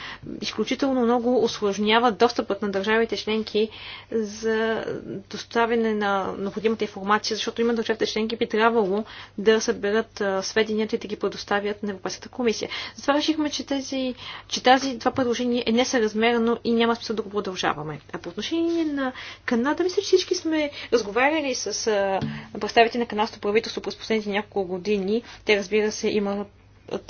изключително много осложнява достъпът на държавите членки за доставяне на необходимата информация, защото има държавите членки би трябвало да съберат сведенията и да ги предоставят на Европейската комисия. Затова решихме, че, тези, че тази, това предложение е несъразмерно и няма смисъл да го продължаваме. А по отношение на Канада, мисля, че всички сме разговаряли с представители на канадското правителство през последните няколко години. Те, разбира се, имат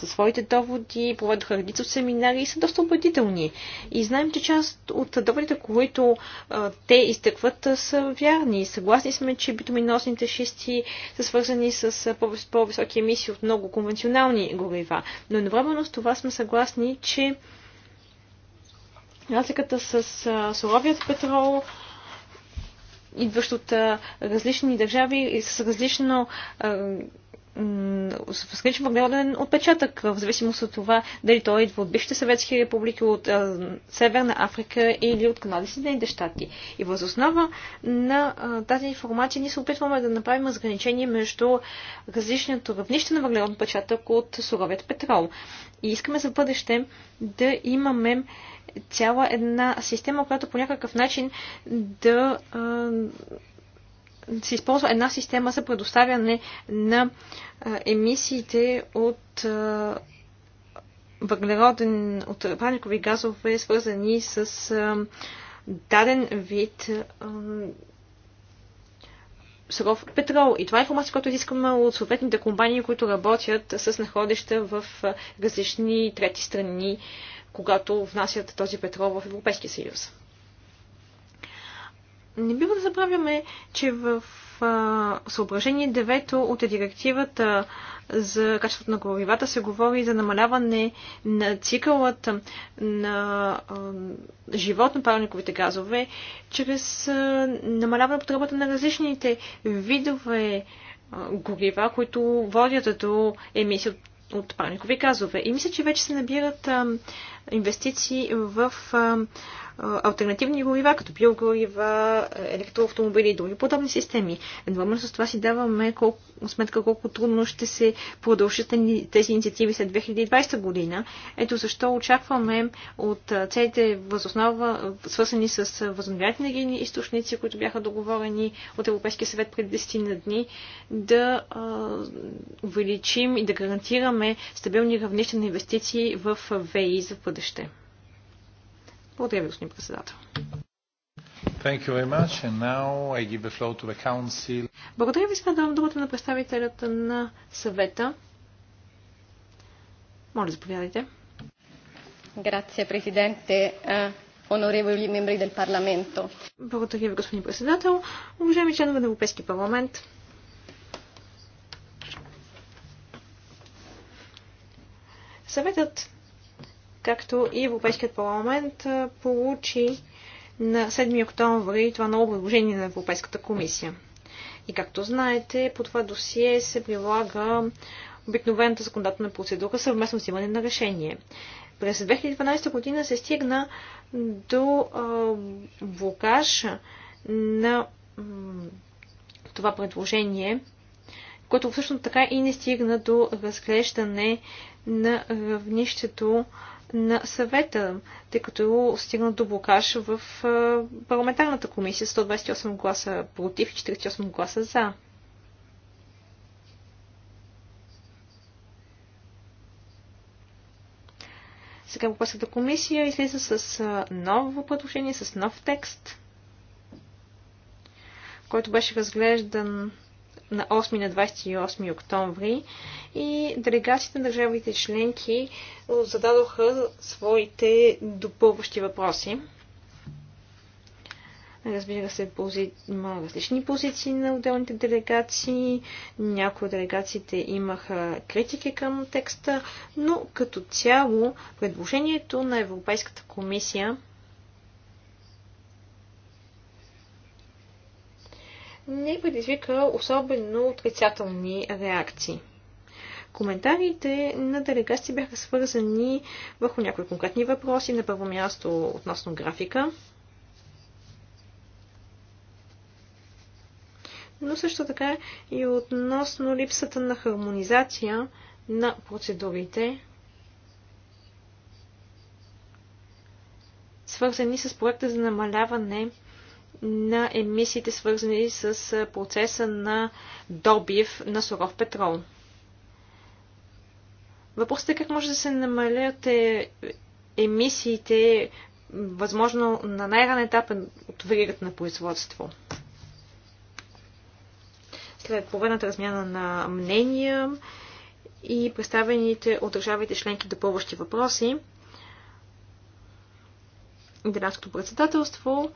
своите доводи, проведоха редица от семинари и са доста убедителни. И знаем, че част от доводите, които а, те изтъкват, са вярни. Съгласни сме, че битоминосните шести са свързани с по-високи емисии от много конвенционални горива. Но едновременно с това сме съгласни, че Разликата с суровият петрол, идващ от различни държави и с различно с различен въглероден отпечатък, в зависимост от това дали той идва от бившите съветски републики, от а, Северна Африка или от Канада си Съединените щати. И въз основа на а, тази информация ние се опитваме да направим разграничение между различното равнище на въглероден отпечатък от суровият петрол. И искаме за бъдеще да имаме цяла една система, която по някакъв начин да се използва една система за предоставяне на емисиите от въглероден, от парникови газове, свързани с даден вид суров петрол. И това е информация, която изискаме от съответните компании, които работят с находища в различни трети страни когато внасят този петрол в Европейския съюз. Не бива да забравяме, че в съображение 9 от директивата за качеството на горивата се говори за намаляване на цикълът на живот на парниковите газове чрез намаляване на потребата на различните видове горива, които водят до емисия от от парникови газове. И мисля, че вече се набират а, инвестиции в а, альтернативни горива, като биогорива, електроавтомобили и други подобни системи. Едновременно с това си даваме колко, сметка колко трудно ще се продължат тези инициативи след 2020 година. Ето защо очакваме от целите възоснова, свързани с възобновяемите енергийни източници, които бяха договорени от Европейския съвет преди 10 на дни, да увеличим и да гарантираме стабилни равнища на инвестиции в ВИ за бъдеще. Благодаря ви, господин председател. Благодаря ви, сега давам думата на представителята на съвета. Моля, заповядайте. Грация, президенте honorevoli мембри дел парламенто. Благодаря ви, господин председател. Уважаеми членове на Европейски парламент, Съветът както и Европейският парламент получи на 7 октомври това ново предложение на Европейската комисия. И както знаете, по това досие се прилага обикновената законодателна процедура съвместно взимане на решение. През 2012 година се стигна до блокаж на това предложение, което всъщност така и не стигна до разглеждане на равнището на съвета, тъй като стигна до блокаж в парламентарната комисия 128 гласа против и 48 гласа за. Сега въпросната комисия излиза с ново предложение, с нов текст, който беше разглеждан на 8 на 28 октомври и делегациите на държавите членки зададоха своите допълващи въпроси. Разбира се, пози... има различни позиции на отделните делегации. Някои от делегациите имаха критики към текста, но като цяло предложението на Европейската комисия не предизвика особено отрицателни реакции. Коментарите на делегации бяха свързани върху някои конкретни въпроси. На първо място относно графика. Но също така и относно липсата на хармонизация на процедурите, свързани с проекта за намаляване на емисиите, свързани с процеса на добив на суров петрол. Въпросът е как може да се намалят е, емисиите, възможно на най-ран етап от веригата на производство. След поведната размяна на мнения и представените от държавите членки допълващи въпроси, Италианското председателство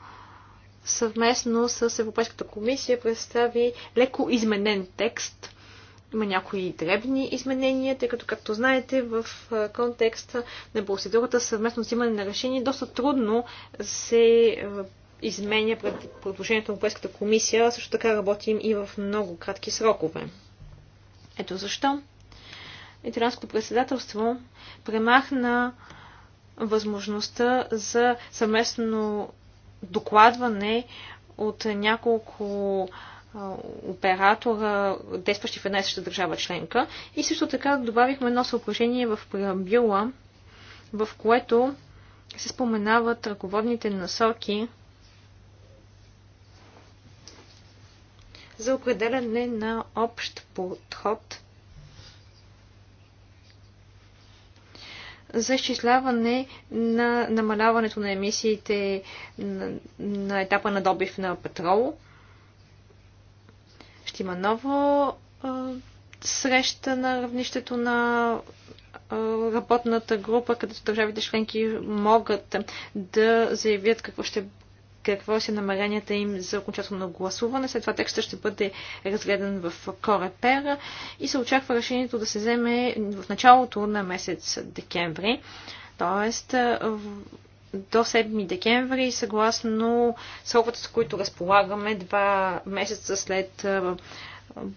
съвместно с Европейската комисия представи леко изменен текст. Има някои дребни изменения, тъй като, както знаете, в контекста на процедурата съвместно взимане на решение доста трудно се изменя пред предложението на Европейската комисия. Също така работим и в много кратки срокове. Ето защо Италианското председателство премахна възможността за съвместно докладване от няколко оператора, действащи в една и съща държава членка. И също така добавихме едно съображение в преамбюла, в което се споменават ръководните насоки за определяне на общ подход за изчисляване на намаляването на емисиите на, на етапа на добив на петрол. Ще има ново а, среща на равнището на работната група, където държавите членки могат да заявят какво ще какво са намеренията им за окончателно гласуване. След това текстът ще бъде разгледан в Корепера и се очаква решението да се вземе в началото на месец декември. Тоест, до 7 декември, съгласно сроковете, с които разполагаме, два месеца след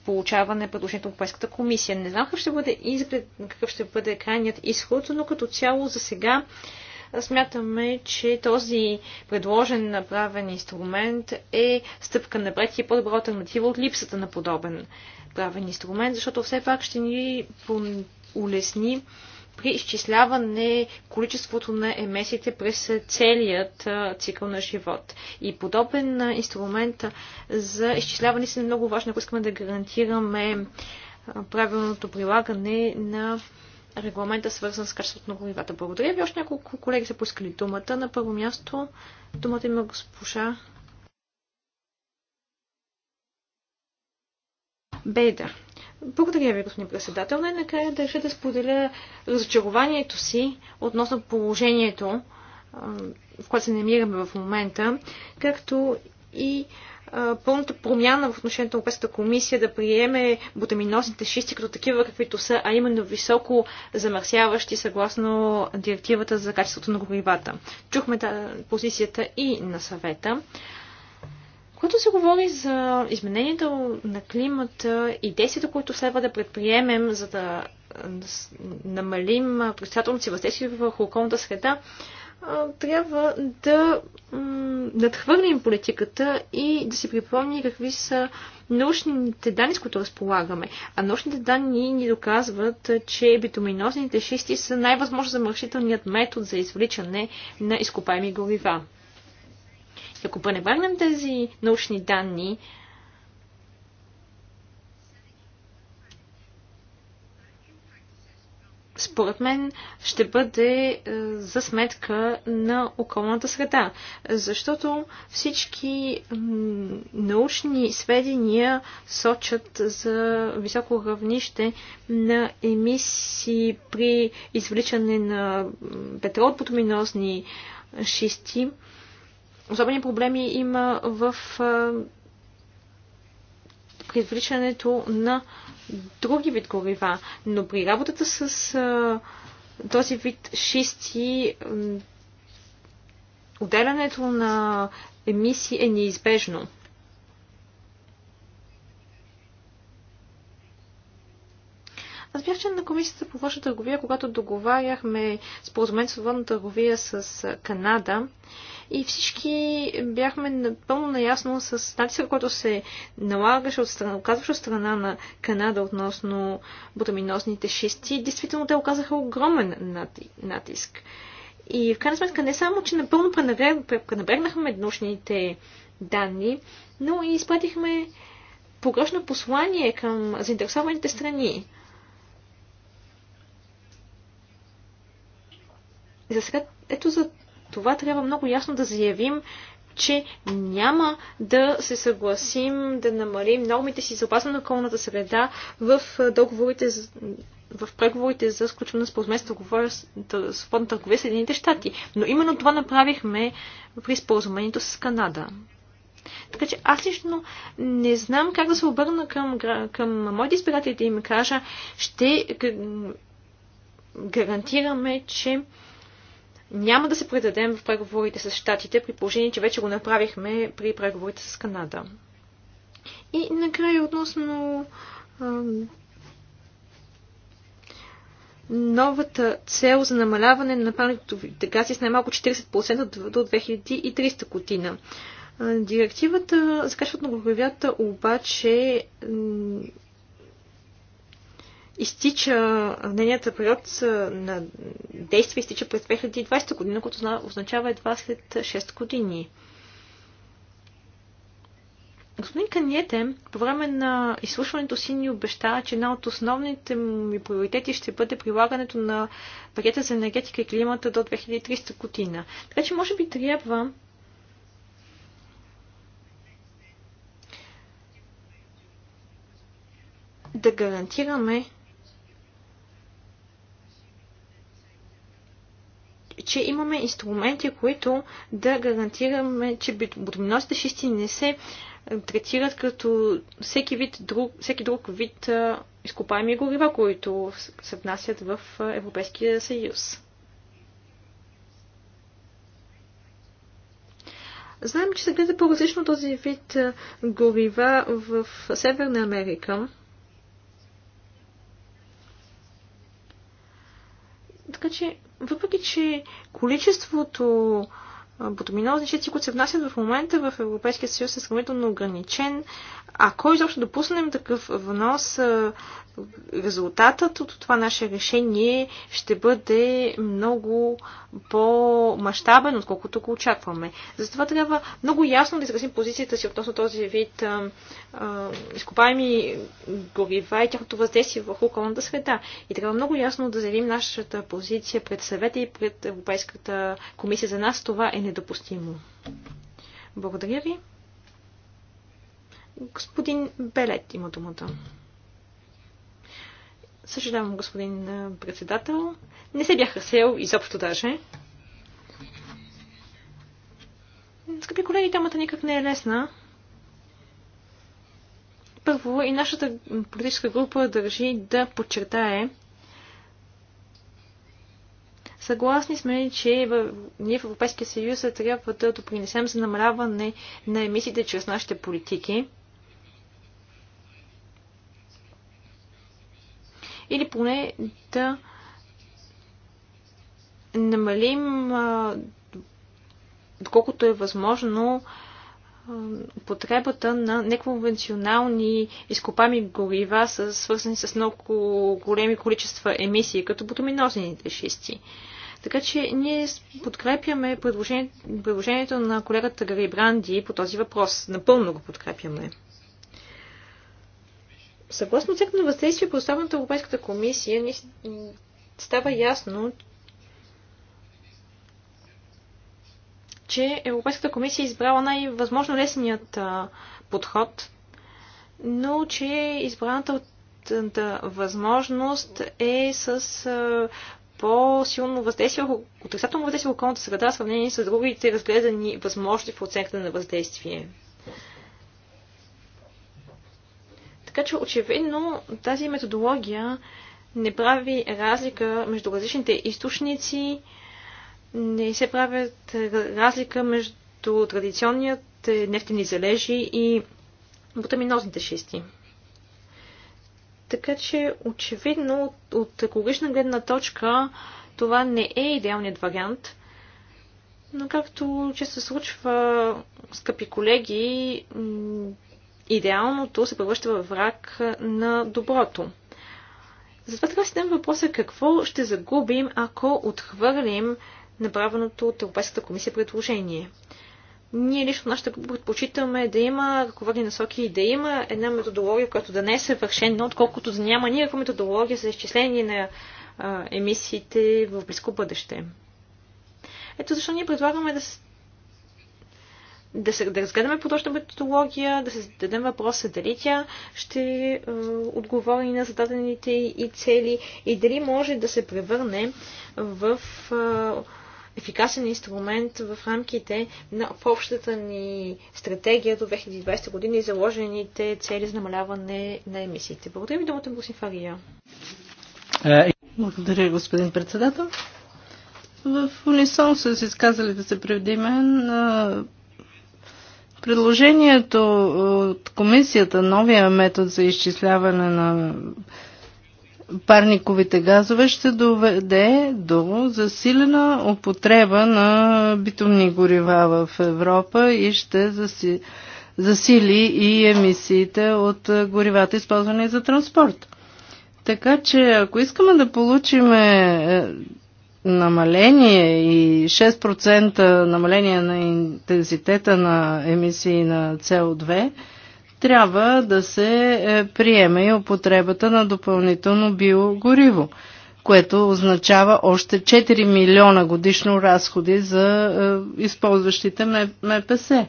получаване предложението на Европейската комисия. Не знам какъв ще бъде изглед, какъв ще бъде крайният изход, но като цяло за сега смятаме, че този предложен направен инструмент е стъпка напред и е по-добра альтернатива от липсата на подобен правен инструмент, защото все пак ще ни улесни при изчисляване количеството на емесиите през целият цикъл на живот. И подобен инструмент за изчисляване си е много важно, ако искаме да гарантираме правилното прилагане на регламента, свързан с качеството на горивата. Благодаря ви. Още няколко колеги са поискали думата. На първо място думата има госпожа Бейдър. Благодаря ви, господин председател. Най-накрая държа да споделя разочарованието си относно положението, в което се намираме в момента, както и пълната промяна в отношението на Европейската комисия да приеме бутаминозните шисти като такива, каквито са, а именно високо замърсяващи съгласно директивата за качеството на горивата. Чухме да, позицията и на съвета. Когато се говори за изменението на климата и действията, които следва да предприемем, за да намалим отрицателното си въздействие върху околната среда, трябва да надхвърлим политиката и да си припомним какви са научните данни, с които разполагаме. А научните данни ни доказват, че битуминозните шисти са най-възможно замършителният метод за извличане на изкопаеми горива. Ако пренебрегнем тези научни данни, според мен ще бъде е, за сметка на околната среда. Защото всички научни сведения сочат за високо равнище на емисии при извличане на петрол от шисти. Особени проблеми има в е, при извличането на други вид горива. Но при работата с а, този вид шисти, отделянето на емисии е неизбежно. Аз бях член на комисията по външна търговия, когато договаряхме споразумение с външна търговия с Канада и всички бяхме напълно наясно с натиска, който се налагаше от страна, оказваше от страна на Канада относно бутаминозните шести. Действително те оказаха огромен натиск. И в крайна сметка не само, че напълно пренебрегнахме научните данни, но и изпратихме погрешно послание към заинтересованите страни. За сега, ето за това трябва много ясно да заявим, че няма да се съгласим да намалим нормите си за опазване на околната среда в договорите в преговорите за сключване на споразумението за свободна търговия с Съединените щати. Но именно това направихме при споразумението с Канада. Така че аз лично не знам как да се обърна към, към моите избиратели да им кажа, ще гарантираме, че няма да се предадем в преговорите с щатите, при положение, че вече го направихме при преговорите с Канада. И накрая относно а, новата цел за намаляване на направените гази с най-малко 40% до 2300 година. Директивата за качеството на горивята обаче изтича нейният период на действие изтича през 2020 година, което означава едва след 6 години. Господин Каниете, по време на изслушването си ни обеща, че една от основните ми приоритети ще бъде прилагането на пакета за енергетика и климата до 2300 година. Така че може би трябва да гарантираме, че имаме инструменти, които да гарантираме, че бутоминозите шисти не се е, третират като всеки, вид друг, всеки друг вид е, изкопаеми горива, които се внасят в е, Европейския съюз. Знаем, че се гледа по-различно този вид горива в Северна Америка. Така че въпреки че количеството бутаминозни щети, които се внасят в момента в Европейския съюз е сравнително ограничен. Ако изобщо допуснем такъв внос, резултатът от това наше решение ще бъде много по-масштабен, отколкото го очакваме. Затова трябва много ясно да изразим позицията си относно този вид а, а, изкопаеми горива и тяхното въздействие върху околната среда. И трябва много ясно да заявим нашата позиция пред съвета и пред Европейската комисия. За нас това е недопустимо. Благодаря ви. Господин Белет има думата. Съжалявам, господин председател. Не се бях разсел изобщо даже. Скъпи колеги, темата никак не е лесна. Първо и нашата политическа група държи да подчертае, Съгласни сме, че в... ние в Европейския съюз трябва да допринесем за намаляване на емисиите чрез нашите политики. Или поне да намалим, доколкото е възможно, потребата на неконвенционални изкопами горива свързани с много големи количества емисии, като бутуминозените шисти. Така че ние подкрепяме предложение, предложението на колегата Гари Бранди по този въпрос. Напълно го подкрепяме. Съгласно оценка на въздействие по от Европейската комисия, ни става ясно, че Европейската комисия е избрала най-възможно лесният подход, но че избраната от възможност е с по-силно въздействие, отрицателно въздействие върху околната среда, в сравнение с другите разгледани възможности в оценката на въздействие. Така че очевидно тази методология не прави разлика между различните източници, не се правят разлика между традиционният е, нефтени залежи и бутаминозните шести. Така че, очевидно, от екологична гледна точка, това не е идеалният вариант. Но както че се случва, скъпи колеги, идеалното се превръща във враг на доброто. Затова трябва да си дадем въпроса какво ще загубим, ако отхвърлим направеното от Европейската комисия предложение. Ние лично нашата група предпочитаме да има ръководни насоки и да има една методология, която да не е съвършена, отколкото да няма никаква методология за изчисление на а, емисиите в близко бъдеще. Ето защо ние предлагаме да, да, се, да разгледаме подобна методология, да се зададем въпроса дали тя ще е, отговори на зададените и цели и дали може да се превърне в е, ефикасен инструмент в рамките на общата ни стратегия до 2020 година и заложените цели за намаляване на емисиите. Благодаря ви думата, Босин е Фария. Е, Благодаря, господин председател. В унисон с изказалите се преди мен предложението от комисията, новия метод за изчисляване на парниковите газове ще доведе до засилена употреба на битумни горива в Европа и ще засили и емисиите от горивата, използвани за транспорт. Така че, ако искаме да получим е, намаление и 6% намаление на интензитета на емисии на со 2 трябва да се е, приеме и употребата на допълнително биогориво, което означава още 4 милиона годишно разходи за е, използващите МПС.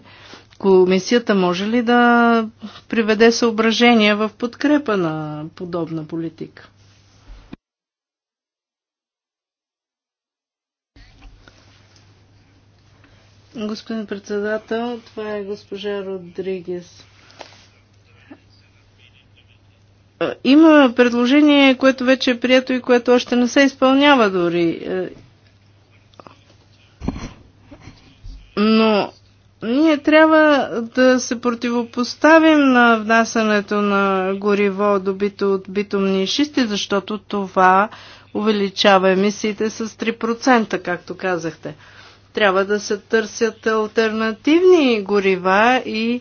Комисията може ли да приведе съображения в подкрепа на подобна политика? Господин председател, това е госпожа Родригес. Е, има предложение, което вече е прието и което още не се изпълнява дори. Е, но ние трябва да се противопоставим на внасянето на гориво, добито от битумни шисти, защото това увеличава емисиите с 3%, както казахте. Трябва да се търсят альтернативни горива и е,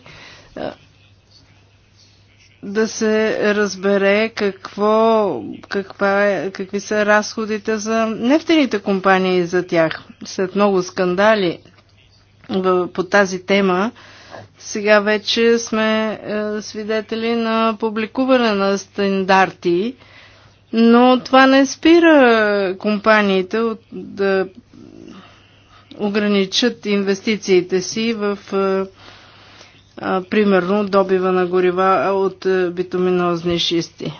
да се разбере какво, каква е, какви са разходите за нефтените компании за тях. След много скандали по тази тема, сега вече сме е, свидетели на публикуване на стандарти, но това не спира компаниите от, да ограничат инвестициите си в е, примерно добива на горива от е, битуминозни шисти.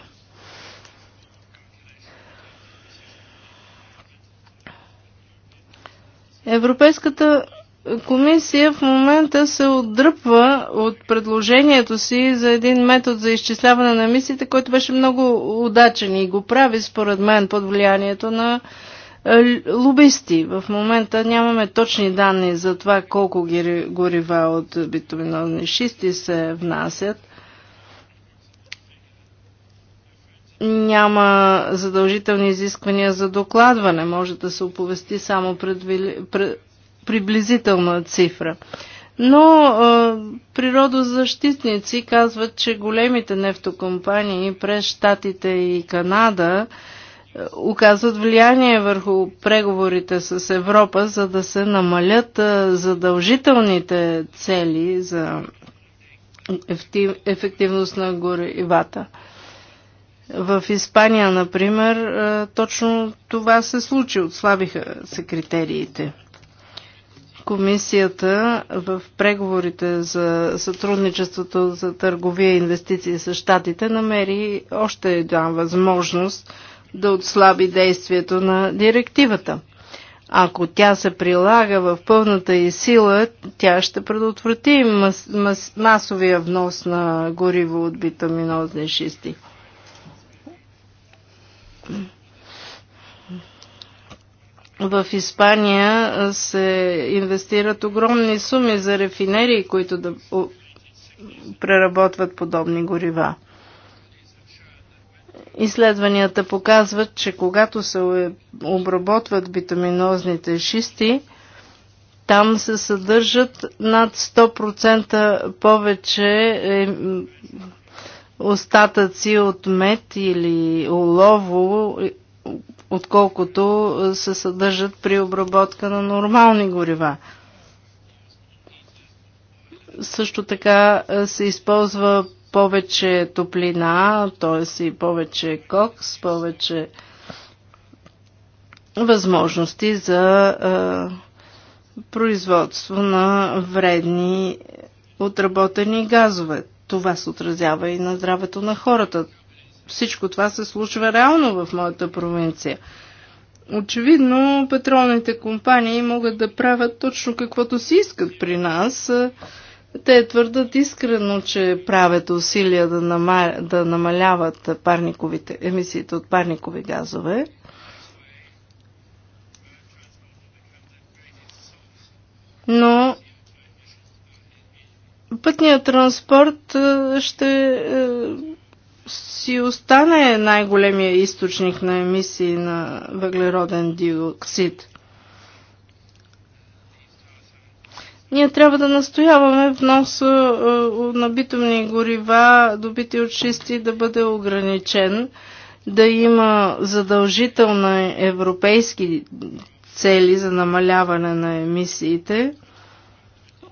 Европейската комисия в момента се отдръпва от предложението си за един метод за изчисляване на емисиите, който беше много удачен и го прави, според мен, под влиянието на е, лобисти. В момента нямаме точни данни за това колко горива от битуминозни шисти се внасят. Няма задължителни изисквания за докладване. Може да се оповести само пред... приблизителна цифра. Но а, е, природозащитници казват, че големите нефтокомпании през Штатите и Канада оказват влияние върху преговорите с Европа, за да се намалят задължителните цели за ефективност на горивата. В Испания, например, точно това се случи. Отслабиха се критериите. Комисията в преговорите за сътрудничеството за търговия и инвестиции с щатите намери още една възможност – да отслаби действието на директивата. Ако тя се прилага в пълната и сила, тя ще предотврати мас, мас, масовия внос на гориво от битаминозни шисти. В Испания се инвестират огромни суми за рефинерии, които да преработват подобни горива. Изследванията показват, че когато се е- обработват битаминозните шисти, там се съдържат над 100% повече е, остатъци от мед или олово, отколкото е, се съдържат при обработка на нормални горива. Също така се използва повече топлина, т.е. и повече кокс, повече възможности за а, производство на вредни отработени газове. Това се отразява и на здравето на хората. Всичко това се случва реално в моята провинция. Очевидно, петролните компании могат да правят точно каквото си искат при нас. А, те твърдат искрено, че правят усилия да, да намаляват парниковите... емисиите от парникови газове. Но пътният транспорт е, ще е, си остане най-големия източник на емисии на въглероден диоксид. Ние трябва да настояваме внос е, на битумни горива, добити от чисти, да бъде ограничен, да има задължителни европейски цели за намаляване на емисиите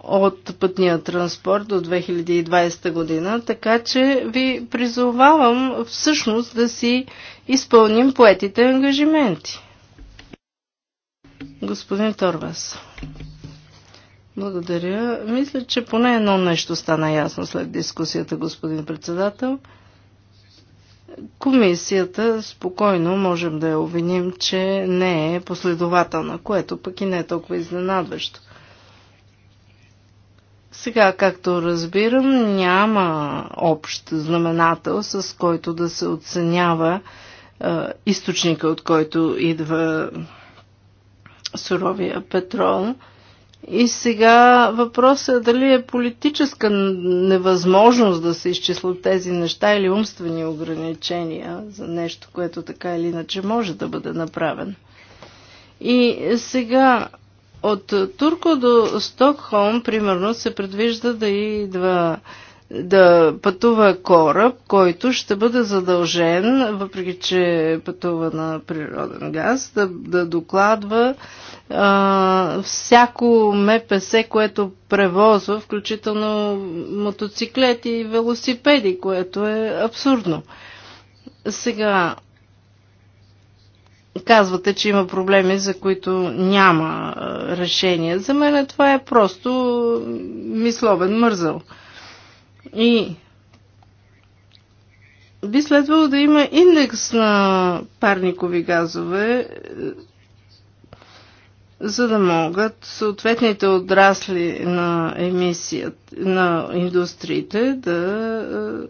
от пътния транспорт до 2020 година, така че ви призовавам всъщност да си изпълним поетите ангажименти. Господин Торвас. Благодаря. Мисля, че поне едно нещо стана ясно след дискусията, господин председател. Комисията спокойно можем да я обвиним, че не е последователна, което пък и не е толкова изненадващо. Сега, както разбирам, няма общ знаменател, с който да се оценява е, източника, от който идва суровия петрол. И сега въпросът е дали е политическа невъзможност да се изчислят тези неща или умствени ограничения за нещо, което така или иначе може да бъде направено. И сега от Турко до Стокхолм, примерно, се предвижда да идва да пътува кораб, който ще бъде задължен, въпреки че пътува на природен газ, да, да докладва а, всяко МПС, което превозва, включително мотоциклети и велосипеди, което е абсурдно. Сега, казвате, че има проблеми, за които няма решение. За мен това е просто мисловен мързъл. И би следвало да има индекс на парникови газове, е, за да могат съответните отрасли на емисията, на индустриите да е,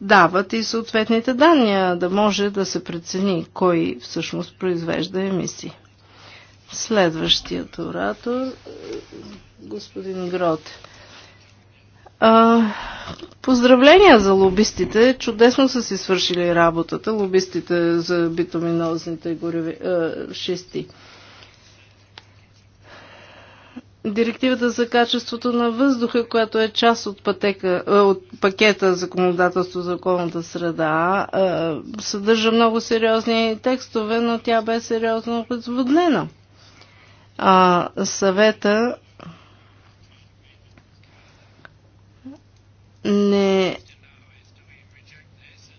дават и съответните данни, да може да се прецени кой всъщност произвежда емисии. Следващият оратор, е, господин Гроте. А, поздравления за лобистите. Чудесно са си свършили работата, лобистите за битоминозните гореви, а, шести. Директивата за качеството на въздуха, която е част от, пътека, от пакета законодателство за околната среда, съдържа много сериозни текстове, но тя бе сериозно възводнена. съвета не,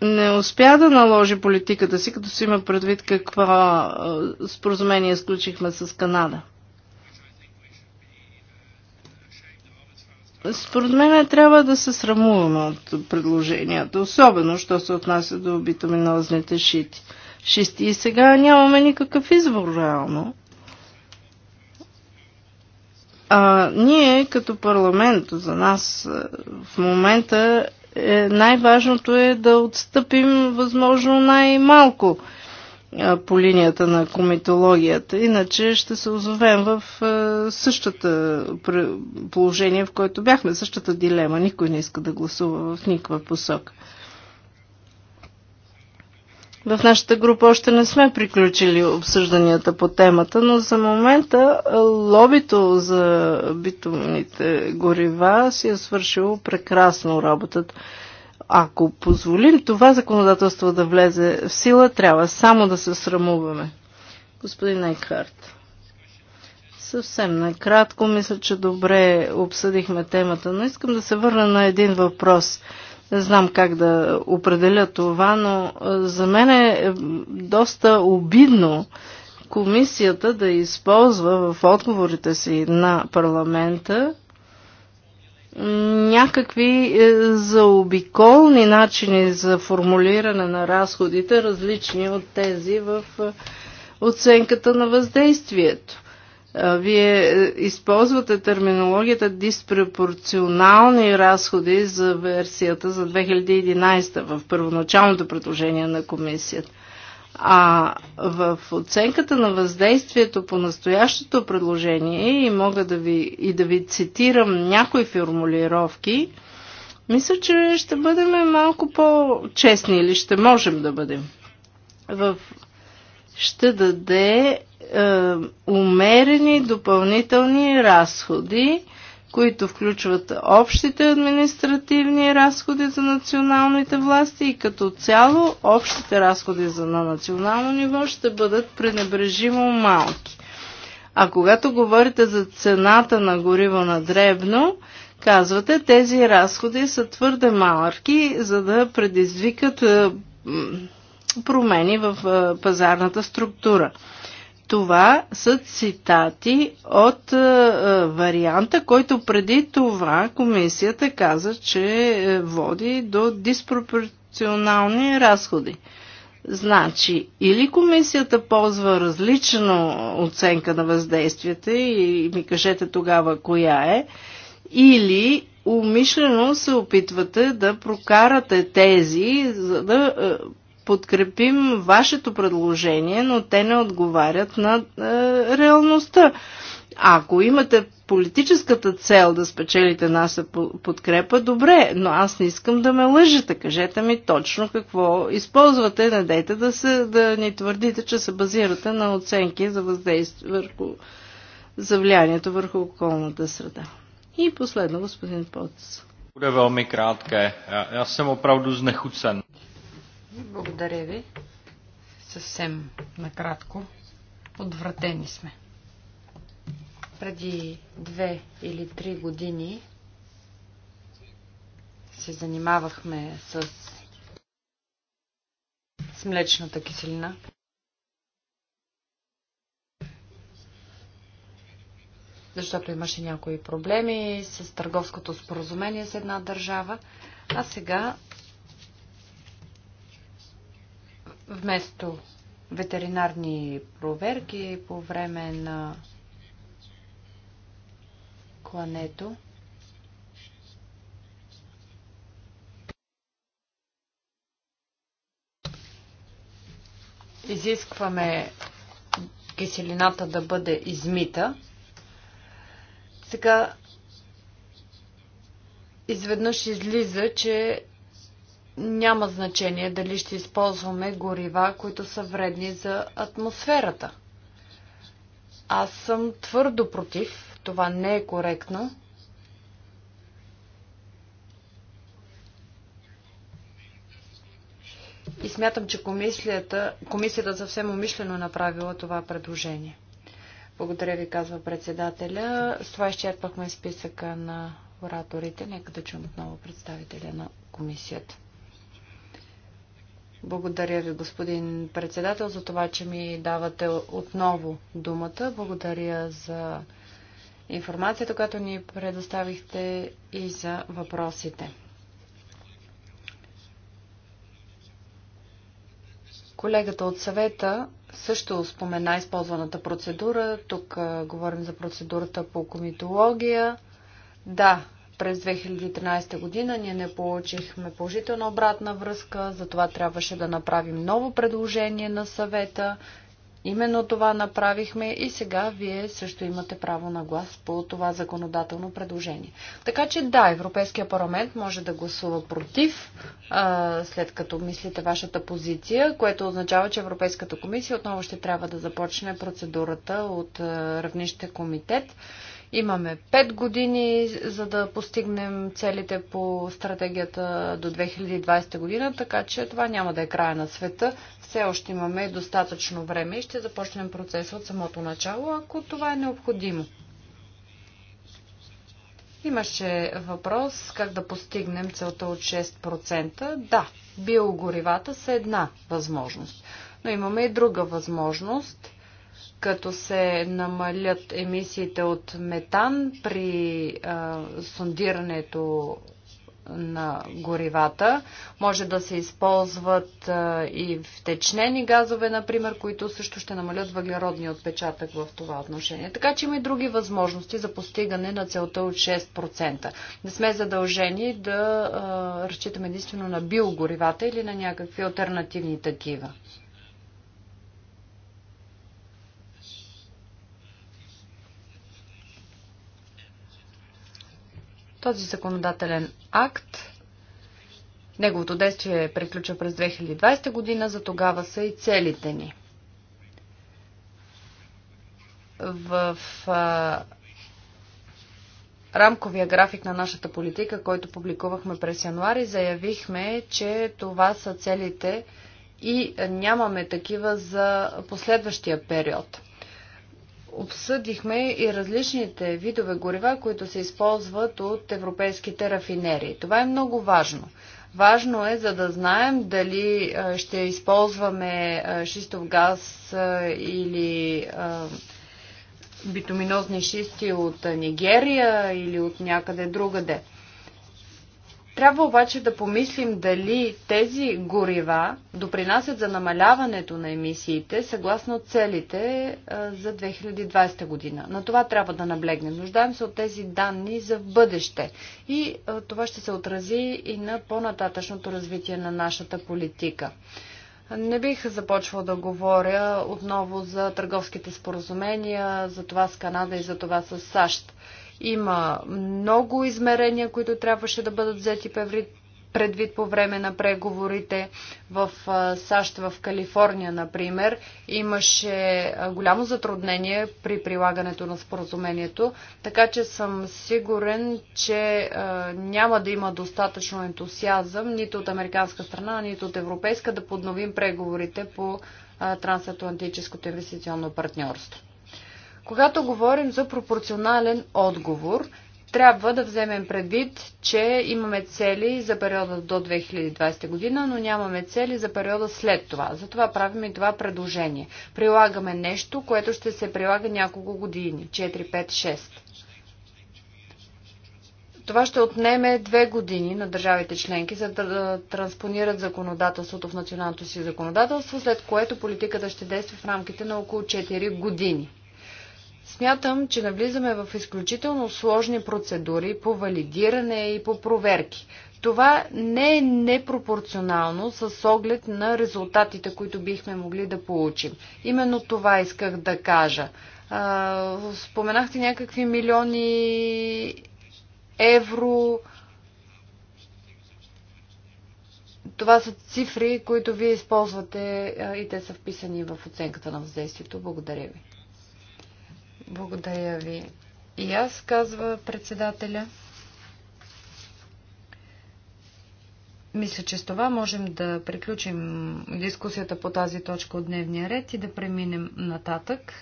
не успя да наложи политиката си, като си има предвид какво споразумение сключихме с Канада. Според мен трябва да се срамуваме от предложенията, особено, що се отнася до битуминозните шити. Шисти и сега нямаме никакъв избор реално. А, ние като парламент, за нас е, в момента е, най-важното е да отстъпим възможно най-малко е, по линията на комитологията. Иначе ще се озовем в е, същата положение, в което бяхме, същата дилема. Никой не иска да гласува в никаква посока. В нашата група още не сме приключили обсъжданията по темата, но за момента е, лобито за битумните горива си е свършило прекрасно работата. Ако позволим това законодателство да влезе в сила, трябва само да се срамуваме. Господин Айкхарт. Съвсем накратко, мисля, че добре обсъдихме темата, но искам да се върна на един въпрос – не знам как да определя това, но за мен е, е доста обидно комисията да използва в отговорите си на парламента някакви е, заобиколни начини за формулиране на разходите, различни от тези в е, оценката на въздействието. Вие е, използвате терминологията диспропорционални разходи за версията за 2011 в първоначалното предложение на комисията. А в оценката на въздействието по настоящото предложение и мога да ви, и да ви цитирам някои формулировки, мисля, че ще бъдем малко по-честни или ще можем да бъдем. В... Ще даде е, умерени допълнителни разходи, които включват общите административни разходи за националните власти и като цяло общите разходи за на национално ниво ще бъдат пренебрежимо малки. А когато говорите за цената на гориво на дребно, казвате тези разходи са твърде малки, за да предизвикат е, промени в е, пазарната структура. Това са цитати от е, е, варианта, който преди това комисията каза, че е, води до диспропорционални разходи. Значи, или комисията ползва различно оценка на въздействията и ми кажете тогава коя е, или умишлено се опитвате да прокарате тези, за да подкрепим вашето предложение, но те не отговарят на е, реалността. Ако имате политическата цел да спечелите нас подкрепа, добре, но аз не искам да ме лъжете. Кажете ми точно какво използвате. Не дайте да, се, да ни твърдите, че се базирате на оценки за въздействие върху за влиянието върху околната среда. И последно, господин Поц. Bude velmi krátké. Já, já jsem opravdu znechucen. Благодаря ви. Съвсем накратко. Отвратени сме. Преди две или три години се занимавахме с, с млечната киселина. Защото имаше някои проблеми с търговското споразумение с една държава. А сега Вместо ветеринарни проверки по време на клането, изискваме киселината да бъде измита. Сега изведнъж излиза, че няма значение дали ще използваме горива, които са вредни за атмосферата. Аз съм твърдо против. Това не е коректно. И смятам, че комисията, комисията съвсем умишлено е направила това предложение. Благодаря ви, казва председателя. С това изчерпахме списъка на ораторите. Нека да чуем отново представителя на комисията. Благодаря ви, господин председател, за това, че ми давате отново думата. Благодаря за информацията, която ни предоставихте и за въпросите. Колегата от съвета също спомена използваната процедура. Тук говорим за процедурата по комитология. Да, през 2013 година. Ние не получихме положителна обратна връзка, затова трябваше да направим ново предложение на съвета. Именно това направихме и сега вие също имате право на глас по това законодателно предложение. Така че да, Европейския парламент може да гласува против, а, след като мислите вашата позиция, което означава, че Европейската комисия отново ще трябва да започне процедурата от а, равнище комитет Имаме 5 години, за да постигнем целите по стратегията до 2020 година, така че това няма да е края на света. Все още имаме достатъчно време и ще започнем процеса от самото начало, ако това е необходимо. Имаше въпрос как да постигнем целта от 6%. Да, биогоривата са една възможност, но имаме и друга възможност – като се намалят емисиите от метан при а, сондирането на горивата. Може да се използват а, и втечнени газове, например, които също ще намалят въглеродния отпечатък в това отношение. Така че има и други възможности за постигане на целта от 6%. Не сме задължени да а, разчитаме единствено на биогоривата или на някакви альтернативни такива. Този законодателен акт, неговото действие е приключва през 2020 година, за тогава са и целите ни. В а, рамковия график на нашата политика, който публикувахме през януари, заявихме, че това са целите и нямаме такива за последващия период обсъдихме и различните видове горива, които се използват от европейските рафинерии. Това е много важно. Важно е, за да знаем дали ще използваме шистов газ или битуминозни шисти от Нигерия или от някъде другаде. Трябва обаче да помислим дали тези горива допринасят за намаляването на емисиите съгласно целите е, за 2020 година. На това трябва да наблегнем. Нуждаем се от тези данни за в бъдеще. И е, това ще се отрази и на по-нататъчното развитие на нашата политика. Не бих започвал да говоря отново за търговските споразумения, за това с Канада и за това с САЩ. Има много измерения, които трябваше да бъдат взети предвид по време на преговорите в САЩ, в Калифорния, например, имаше голямо затруднение при прилагането на споразумението, така че съм сигурен, че няма да има достатъчно ентусиазъм нито от американска страна, нито от европейска да подновим преговорите по трансатлантическото инвестиционно партньорство. Когато говорим за пропорционален отговор, трябва да вземем предвид, че имаме цели за периода до 2020 година, но нямаме цели за периода след това. Затова правим и това предложение. Прилагаме нещо, което ще се прилага няколко години. 4, 5, 6. Това ще отнеме две години на държавите членки, за да транспонират законодателството в националното си законодателство, след което политиката ще действа в рамките на около 4 години. Смятам, че навлизаме в изключително сложни процедури по валидиране и по проверки. Това не е непропорционално с оглед на резултатите, които бихме могли да получим. Именно това исках да кажа. Споменахте някакви милиони евро. Това са цифри, които вие използвате и те са вписани в оценката на въздействието. Благодаря ви. Благодаря ви. И аз, казва председателя. Мисля, че с това можем да приключим дискусията по тази точка от дневния ред и да преминем нататък.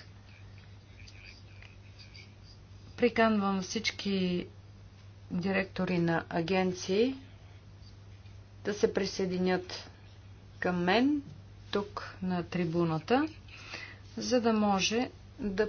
Приканвам всички директори на агенции да се присъединят към мен тук на трибуната, за да може да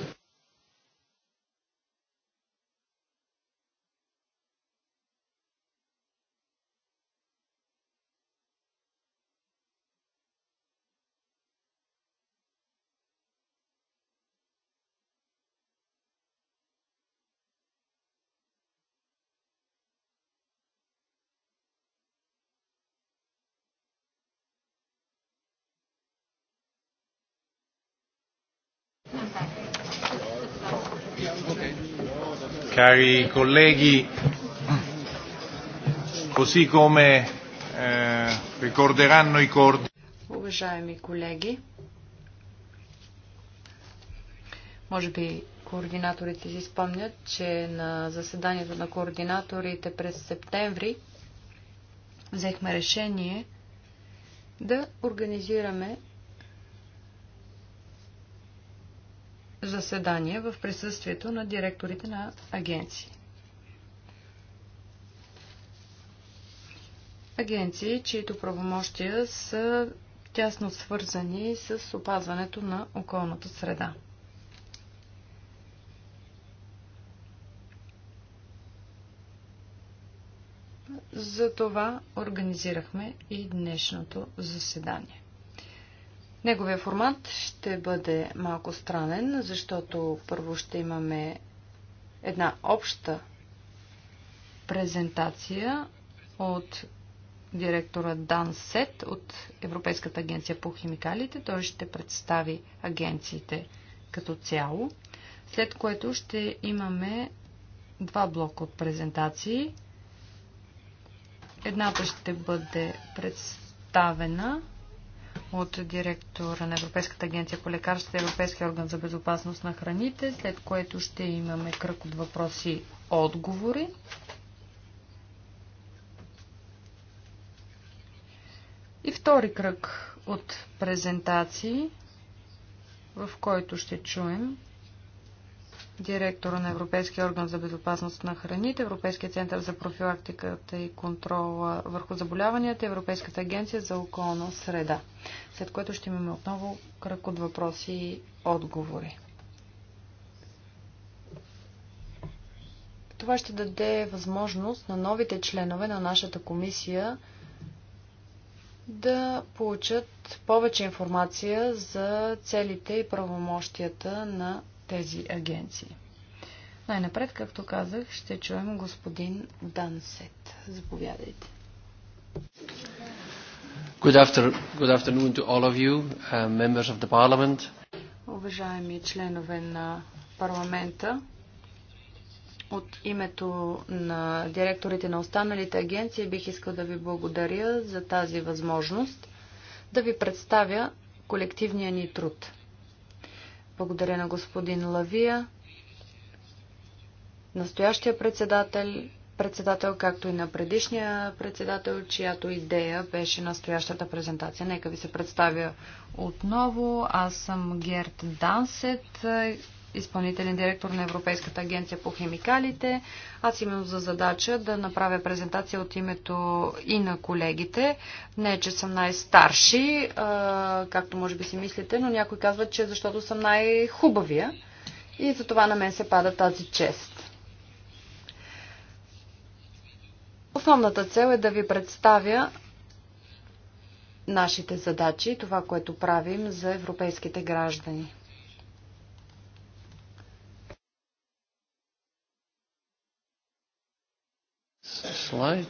Cari colleghi, così come eh, ricorderanno i coordinatori, уважаеми колеги. Може би координаторите си спомнят, че на заседанието на координаторите през септември взехме решение да организираме заседание в присъствието на директорите на агенции. Агенции, чието правомощия са тясно свързани с опазването на околната среда. За това организирахме и днешното заседание. Неговия формат ще бъде малко странен, защото първо ще имаме една обща презентация от директора Дан Сет от Европейската агенция по химикалите. Той ще представи агенциите като цяло, след което ще имаме два блока от презентации. Едната ще бъде представена от директора на Европейската агенция по лекарствата и Европейския орган за безопасност на храните, след което ще имаме кръг от въпроси отговори. И втори кръг от презентации, в който ще чуем директора на Европейския орган за безопасност на храните, Европейския център за профилактиката и контрола върху заболяванията, Европейската агенция за околна среда. След което ще имаме отново кръг от въпроси и отговори. Това ще даде възможност на новите членове на нашата комисия да получат повече информация за целите и правомощията на тези агенции. Най-напред, както казах, ще чуем господин Дансет. Заповядайте. Good, after, good afternoon to all of you, uh, members of the parliament. Уважаеми членове на парламента, от името на директорите на останалите агенции бих искал да ви благодаря за тази възможност да ви представя колективния ни труд – благодаря на господин Лавия, настоящия председател, председател, както и на предишния председател, чиято идея беше настоящата презентация. Нека ви се представя отново. Аз съм Герт Дансет, изпълнителен директор на Европейската агенция по химикалите. Аз имам за задача да направя презентация от името и на колегите. Не, че съм най-старши, както може би си мислите, но някой казва, че защото съм най-хубавия и за това на мен се пада тази чест. Основната цел е да ви представя нашите задачи, това, което правим за европейските граждани. slide.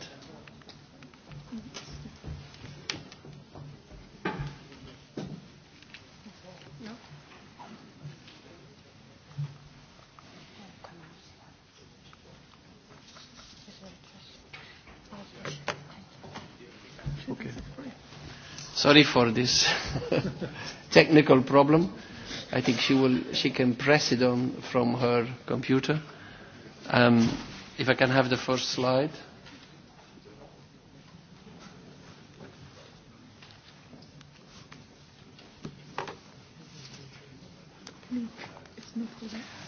sorry for this technical problem. I think she will she can press it on from her computer. Um, If I can have the first slide.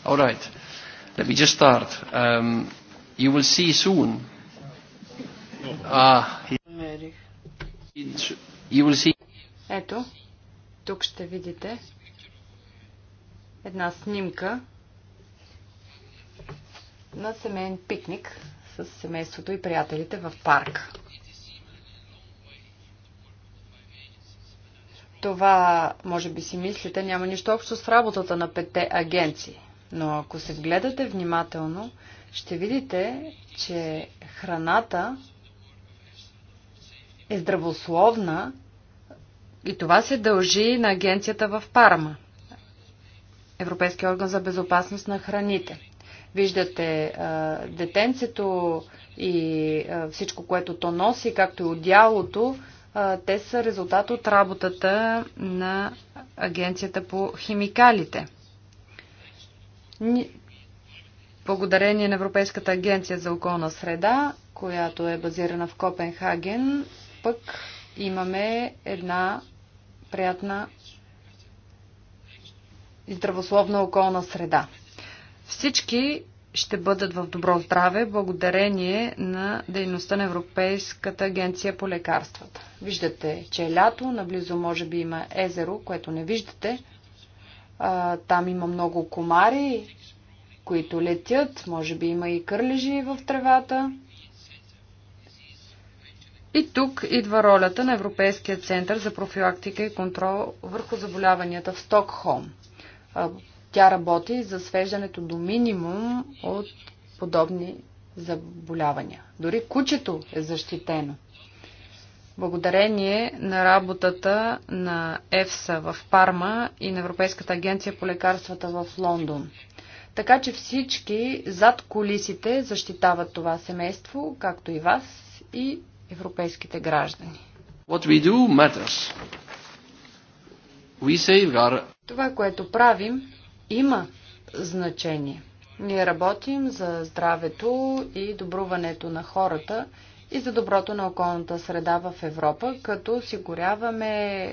All right. Let me just start. Um, you will see soon. Ah, you will see. Ето, тук ще видите една снимка на семейен пикник с семейството и приятелите в парк. Това, може би си мислите, няма нищо общо с работата на петте агенции. Но ако се вгледате внимателно, ще видите, че храната е здравословна и това се дължи на агенцията в Парма, Европейския орган за безопасност на храните. Виждате а, детенцето и а, всичко, което то носи, както и отдялото, а, те са резултат от работата на Агенцията по химикалите. Благодарение на Европейската агенция за околна среда, която е базирана в Копенхаген, пък имаме една приятна и здравословна околна среда. Всички ще бъдат в добро здраве благодарение на дейността на Европейската агенция по лекарствата. Виждате, че е лято, наблизо може би има езеро, което не виждате. А, там има много комари, които летят, може би има и кърлежи в тревата. И тук идва ролята на Европейския център за профилактика и контрол върху заболяванията в Стокхолм тя работи за свеждането до минимум от подобни заболявания. Дори кучето е защитено. Благодарение на работата на ЕФСА в Парма и на Европейската агенция по лекарствата в Лондон. Така че всички зад колисите защитават това семейство, както и вас и европейските граждани. What we do matters. We save our... Това, което правим, има значение. Ние работим за здравето и добруването на хората и за доброто на околната среда в Европа, като осигуряваме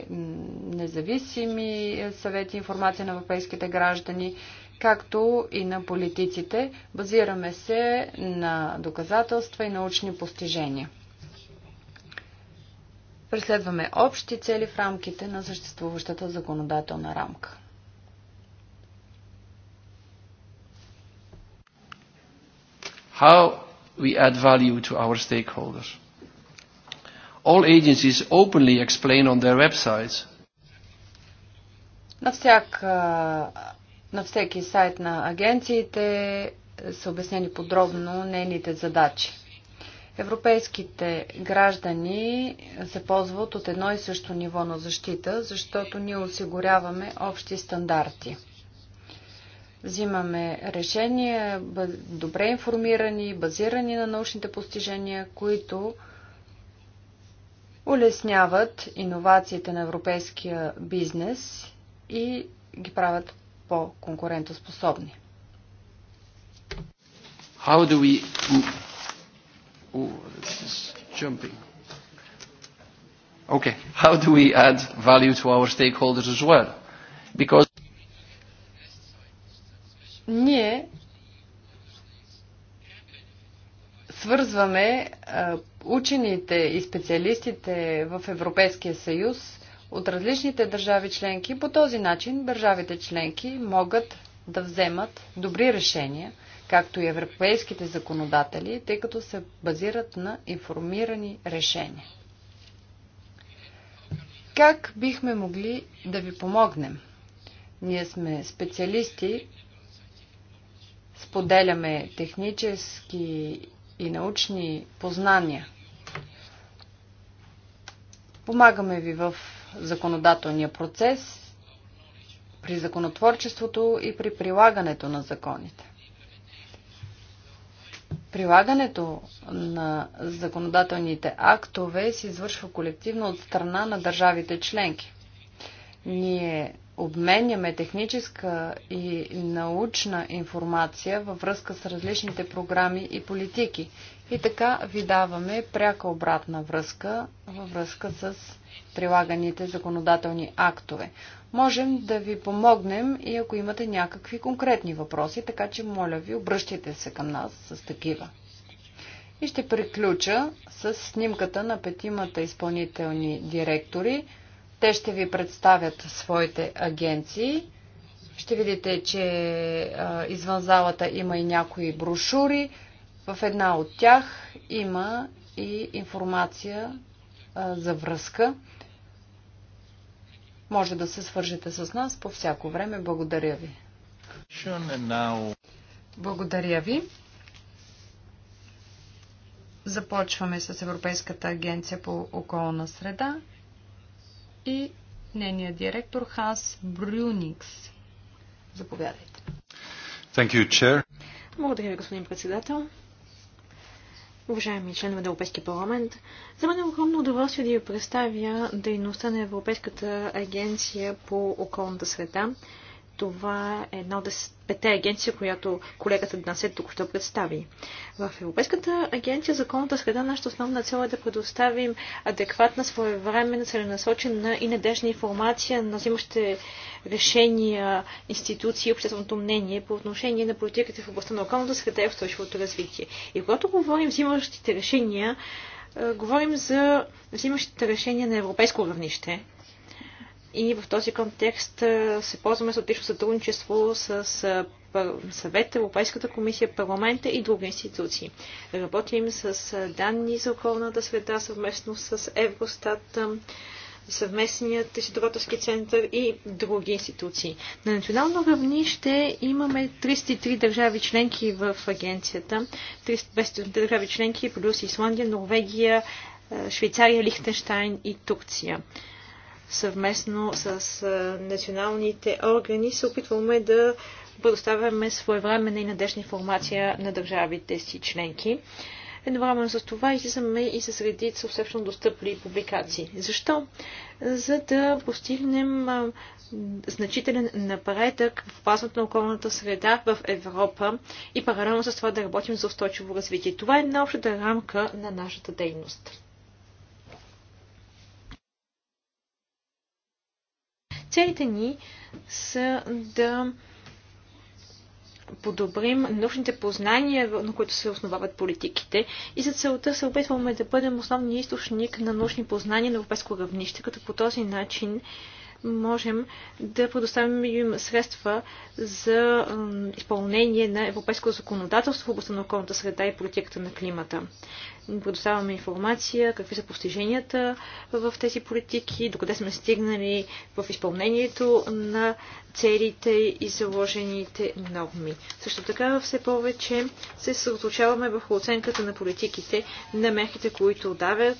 независими съвети, информация на европейските граждани, както и на политиците. Базираме се на доказателства и научни постижения. Преследваме общи цели в рамките на съществуващата законодателна рамка. how we add value to our stakeholders. All agencies openly explain on their websites. На, всяк, на всеки сайт на агенциите са обяснени подробно нейните задачи. Европейските граждани се ползват от едно и също ниво на защита, защото ние осигуряваме общи стандарти – взимаме решения, добре информирани, базирани на научните постижения, които улесняват иновациите на европейския бизнес и ги правят по-конкурентоспособни. How do we... Oh, this is jumping. Okay. How do we add value to our stakeholders as well? Because ние свързваме учените и специалистите в Европейския съюз от различните държави членки. По този начин държавите членки могат да вземат добри решения, както и европейските законодатели, тъй като се базират на информирани решения. Как бихме могли да ви помогнем? Ние сме специалисти Споделяме технически и научни познания. Помагаме ви в законодателния процес, при законотворчеството и при прилагането на законите. Прилагането на законодателните актове се извършва колективно от страна на държавите членки. Ние обменяме техническа и научна информация във връзка с различните програми и политики. И така ви даваме пряка обратна връзка във връзка с прилаганите законодателни актове. Можем да ви помогнем и ако имате някакви конкретни въпроси, така че моля ви, обръщайте се към нас с такива. И ще приключа с снимката на петимата изпълнителни директори, те ще ви представят своите агенции. Ще видите, че извън залата има и някои брошури. В една от тях има и информация за връзка. Може да се свържете с нас по всяко време. Благодаря ви. Благодаря ви. Започваме с Европейската агенция по околна среда и нейният директор Ханс Брюникс. Заповядайте. Thank you, chair. Благодаря ви, господин председател. Уважаеми членове на Европейския парламент, за мен е огромно удоволствие да ви представя дейността на Европейската агенция по околната среда, това е една от пете агенция, която колегата днес е тук ще представи. В Европейската агенция за околната среда нашата основна цел е да предоставим адекватна, своевременна, целенасочена и надежна информация на взимащите решения, институции и общественото мнение по отношение на политиката в областта на околната среда и устойчивото развитие. И когато говорим взимащите решения, говорим за взимащите решения на европейско равнище, и в този контекст се ползваме с отлично сътрудничество с съвета, Европейската комисия, парламента и други институции. Работим с данни за околната среда съвместно с Евростат, съвместният изследователски център и други институции. На национално равнище имаме 33 държави членки в агенцията. 200 държави членки плюс Исландия, Норвегия, Швейцария, Лихтенштайн и Турция съвместно с националните органи се опитваме да предоставяме своевременна и надежна информация на държавите си членки. Едновременно с това излизаме и с редица усещано достъпли публикации. Защо? За да постигнем значителен напредък в опазването на околната среда в Европа и паралелно с това да работим за устойчиво развитие. Това е една общата рамка на нашата дейност. Целите ни са да подобрим нужните познания, на които се основават политиките. И за целта се опитваме да бъдем основни източник на нужни познания на европейско равнище, като по този начин можем да предоставим им средства за изпълнение на европейско законодателство в областта на околната среда и политиката на климата предоставяме информация, какви са постиженията в тези политики, докъде сме стигнали в изпълнението на целите и заложените норми. Също така все повече се съсредоточаваме в оценката на политиките, на мерките, които дават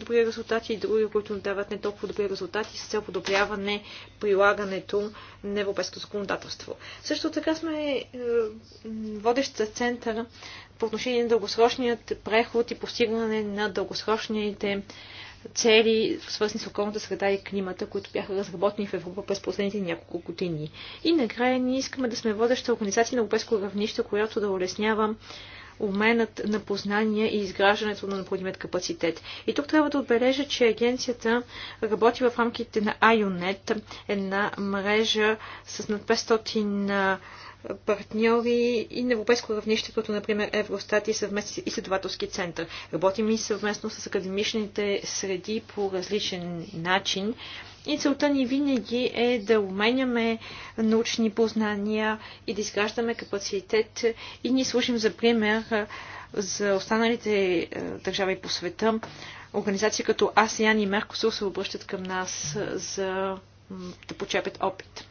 добри резултати и други, които дават не толкова добри резултати с цел подобряване прилагането на европейското законодателство. Също така сме е, водещ център по отношение на дългосрочният преход и постигане на дългосрочните цели, свързани с околната среда и климата, които бяха разработени в Европа през последните няколко години. И накрая ние искаме да сме водеща организация на европейско равнище, която да улеснява обменът на познания и изграждането на необходимият капацитет. И тук трябва да отбележа, че агенцията работи в рамките на IONET, една мрежа с над 500 партньори и на европейско равнище, като например Евростат и съвместни изследователски център. Работим и съвместно с академичните среди по различен начин. И целта ни винаги е да уменяме научни познания и да изграждаме капацитет и ни служим за пример за останалите държави по света. Организации като АСЕАН и Меркосур се обръщат към нас за да почепят опит.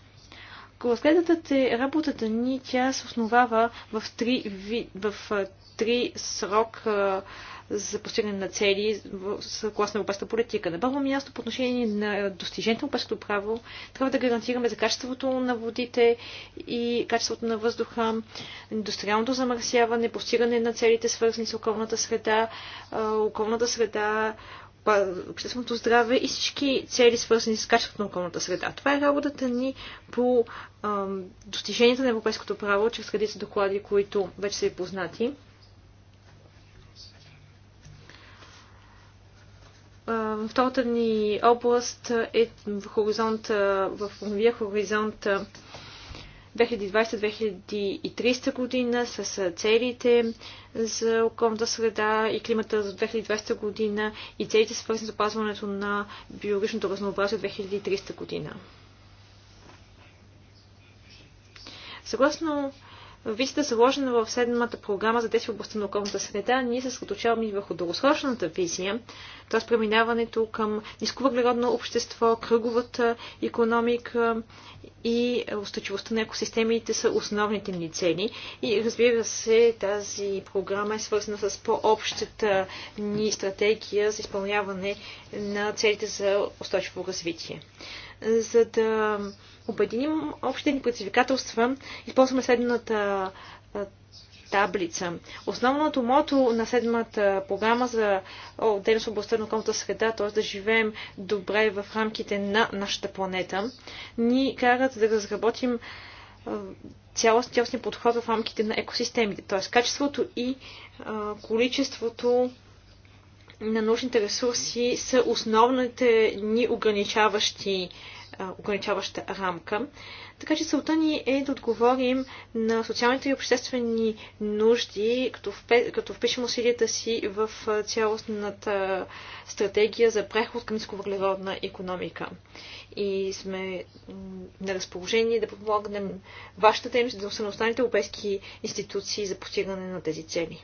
Ако разгледате работата ни, тя се основава в три, ви, в три срок за постигане на цели съгласно европейската политика. На първо място по отношение на достижението на европейското право трябва да гарантираме за качеството на водите и качеството на въздуха, индустриалното замърсяване, постигане на целите свързани с околната среда, околната среда, общественото здраве и всички цели, свързани с качеството на околната среда. Това е работата ни по ам, достиженията на европейското право, чрез редица доклади, които вече са и познати. Ам, втората ни област е в хоризонта, в новия хоризонт 2020-2030 година с целите за околната среда и климата за 2020 година и целите свързани с опазването на биологичното разнообразие от 2030 година. Съгласно визията, заложена в седмата програма за действие в областта на околната среда, ние се съсредоточаваме и върху дългосрочната визия, т.е. преминаването към нисковъглеродно общество, кръговата економика и устойчивостта на екосистемите са основните ни цели. И разбира се, тази програма е свързана с по-общата ни стратегия за изпълняване на целите за устойчиво развитие. За да обединим общите ни предизвикателства, използваме следната таблица. Основното мото на седмата програма за дейност в областта на околната среда, т.е. да живеем добре в рамките на нашата планета, ни карат да разработим цялостни подход в рамките на екосистемите, т.е. качеството и количеството на научните ресурси са основните ни ограничаващи ограничаваща рамка. Така че целта ни е да отговорим на социалните и обществени нужди, като, впе, като впишем усилията си в цялостната стратегия за преход към нисковъглеродна економика. И сме на разположение да помогнем вашата дейност да на останалите европейски институции за постигане на тези цели.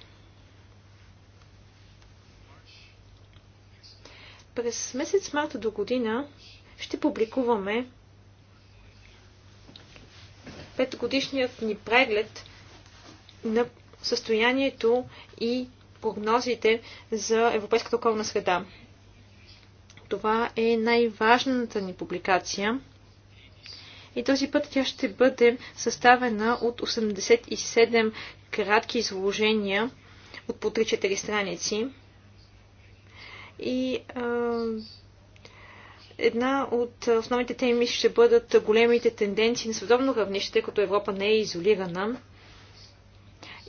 През месец марта до година ще публикуваме петгодишният ни преглед на състоянието и прогнозите за Европейската околна среда. Това е най-важната ни публикация. И този път тя ще бъде съставена от 87 кратки изложения от по 3-4 страници. И а, Една от основните теми ще бъдат големите тенденции на световно равнище, тъй като Европа не е изолирана.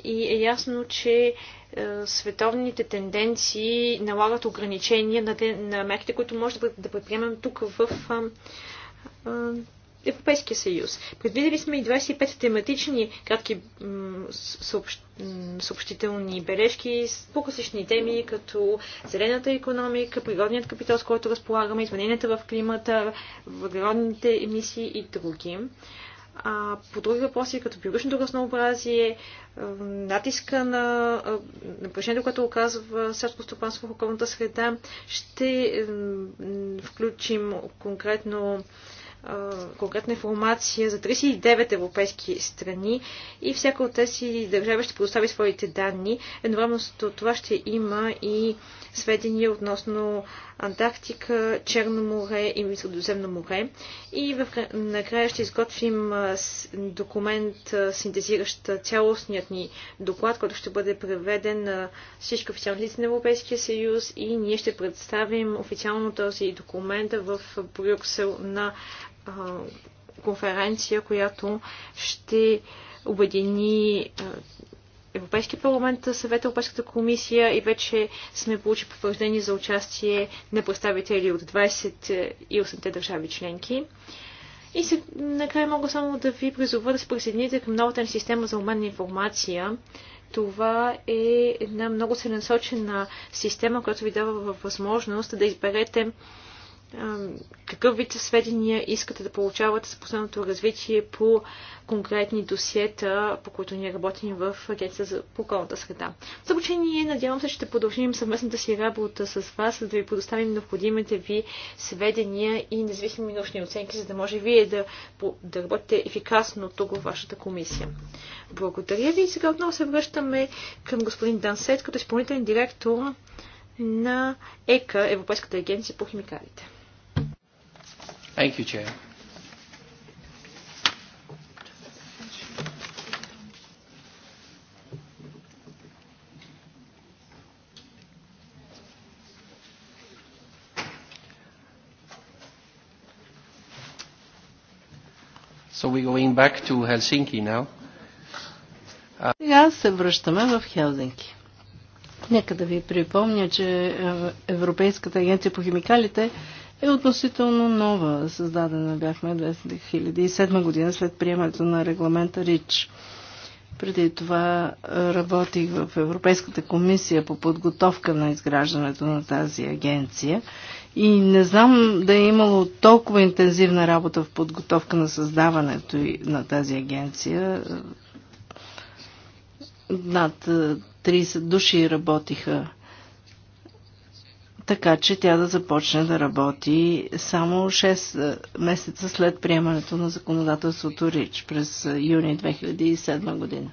И е ясно, че е, световните тенденции налагат ограничения на, на мерките, които може да предприемем тук в е, е, Европейския съюз. Предвидели сме и 25 тематични кратки съобщ... съобщителни бележки с по-класични теми, като зелената економика, природният капитал, с който разполагаме, измененията в климата, въглеродните емисии и други. А по други въпроси, като биологичното разнообразие, натиска на напрежението, което оказва селското стопанство в околната среда, ще включим конкретно конкретна информация за 39 европейски страни и всяка от тези държави ще предостави своите данни. Едновременно с това ще има и сведения относно Антарктика, Черно море и Средоземно море. И в... накрая ще изготвим документ, синтезиращ цялостният ни доклад, който ще бъде преведен на всички официални лица на Европейския съюз и ние ще представим официално този документ в Брюксел на конференция, която ще обедини Европейския парламент, съвета, Европейската комисия и вече сме получили потвърждение за участие на представители от 28-те държави членки. И се, накрая мога само да ви призова да се присъедините към новата ни система за обмен на информация. Това е една много целенасочена система, която ви дава възможност да изберете какъв вид сведения искате да получавате за последното развитие по конкретни досиета, по които ние работим в Агенция за околната среда. В заключение, надявам се, че ще продължим съвместната си работа с вас, за да ви предоставим необходимите ви сведения и независими научни оценки, за да може вие да, да работите ефикасно тук във вашата комисия. Благодаря ви и сега отново се връщаме към господин Дансет като изпълнителен директор на ЕКА, Европейската агенция по химикалите. Thank you, Chair. So we're going back to Helsinki now. Uh, Сега се връщаме в Хелзинки. Нека да ви припомня, че е, Европейската агенция по химикалите е относително нова. Създадена бяхме 2007 година след приемането на регламента РИЧ. Преди това работих в Европейската комисия по подготовка на изграждането на тази агенция и не знам да е имало толкова интензивна работа в подготовка на създаването на тази агенция. Над 30 души работиха така че тя да започне да работи само 6 е, месеца след приемането на законодателството РИЧ през е, юни 2007 година.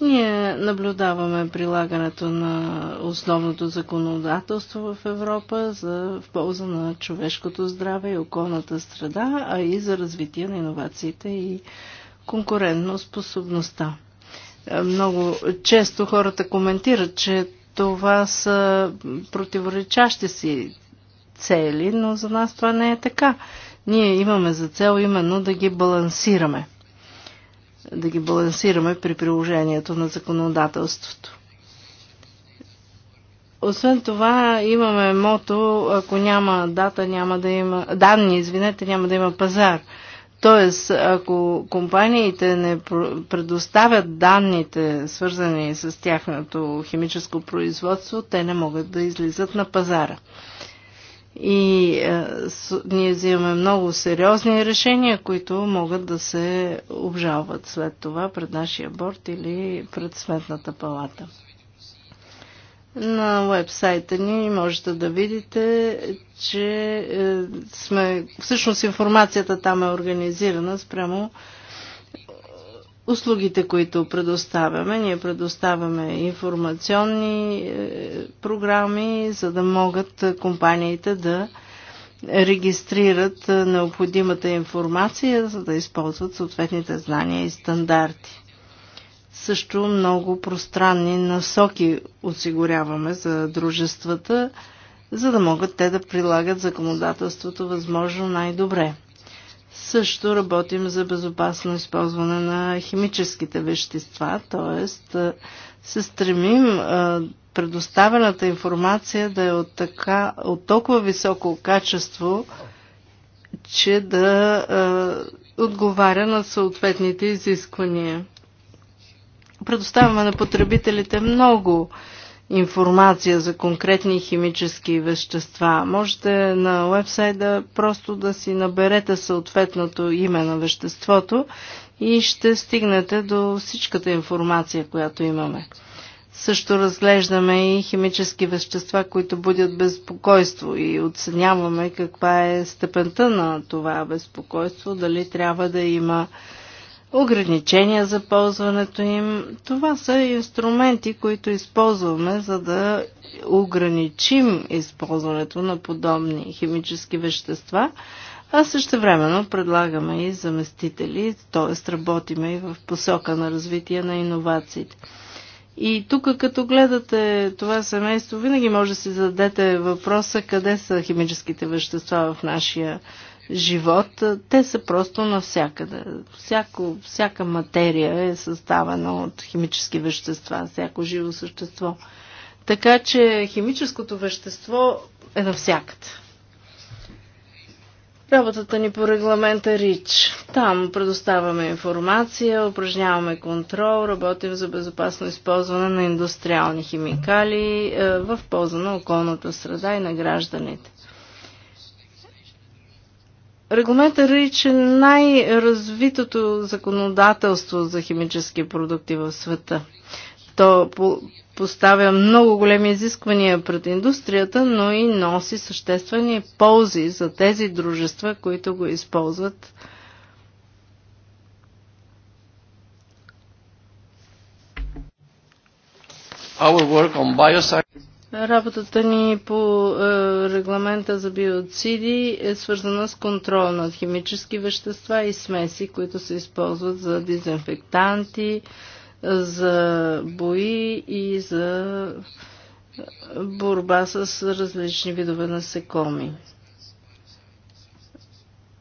Ние наблюдаваме прилагането на основното законодателство в Европа за, в полза на човешкото здраве и околната среда, а и за развитие на иновациите и конкурентно способността. Е, много често хората коментират, че това са противоречащи си цели, но за нас това не е така. Ние имаме за цел именно да ги балансираме. Да ги балансираме при приложението на законодателството. Освен това имаме мото, ако няма дата, няма да има данни, извинете, няма да има пазар. Тоест, ако компаниите не предоставят данните, свързани с тяхното химическо производство, те не могат да излизат на пазара. И е, ние взимаме много сериозни решения, които могат да се обжалват след това пред нашия борт или пред сметната палата. На вебсайта ни можете да видите, че е, сме, всъщност информацията там е организирана спрямо услугите, които предоставяме. Ние предоставяме информационни е, програми, за да могат компаниите да регистрират е, необходимата информация, за да използват съответните знания и стандарти. Също много пространни насоки осигуряваме за дружествата, за да могат те да прилагат законодателството възможно най-добре. Също работим за безопасно използване на химическите вещества, т.е. се стремим предоставената информация да е от, така, от толкова високо качество, че да отговаря на съответните изисквания предоставяме на потребителите много информация за конкретни химически вещества. Можете на вебсайда просто да си наберете съответното име на веществото и ще стигнете до всичката информация, която имаме. Също разглеждаме и химически вещества, които будят безпокойство и оценяваме каква е степента на това безпокойство, дали трябва да има ограничения за ползването им. Това са инструменти, които използваме, за да ограничим използването на подобни химически вещества, а също времено предлагаме и заместители, т.е. работиме и в посока на развитие на иновациите. И тук, като гледате това семейство, винаги може да си зададете въпроса къде са химическите вещества в нашия живот, те са просто навсякъде. Всяко, всяка материя е съставена от химически вещества, всяко живо същество. Така че химическото вещество е навсякъде. Работата ни по регламента РИЧ. Там предоставяме информация, упражняваме контрол, работим за безопасно използване на индустриални химикали е, в полза на околната среда и на гражданите. Регламентът РИЧ е най-развитото законодателство за химически продукти в света. То по поставя много големи изисквания пред индустрията, но и носи съществени ползи за тези дружества, които го използват. Our work on bioscience Работата ни по е, регламента за биоциди е свързана с контрол над химически вещества и смеси, които се използват за дезинфектанти, за бои и за е, борба с различни видове насекоми.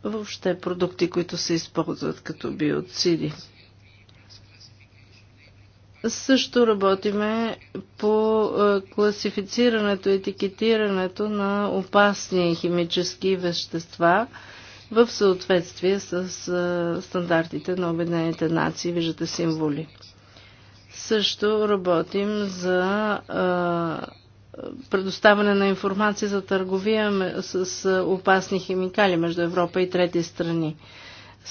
Въобще продукти, които се използват като биоциди. Също работиме по е, класифицирането, етикетирането на опасни химически вещества в съответствие с е, стандартите на Обединените нации. Виждате символи. Също работим за е, предоставяне на информация за търговия с опасни химикали между Европа и трети страни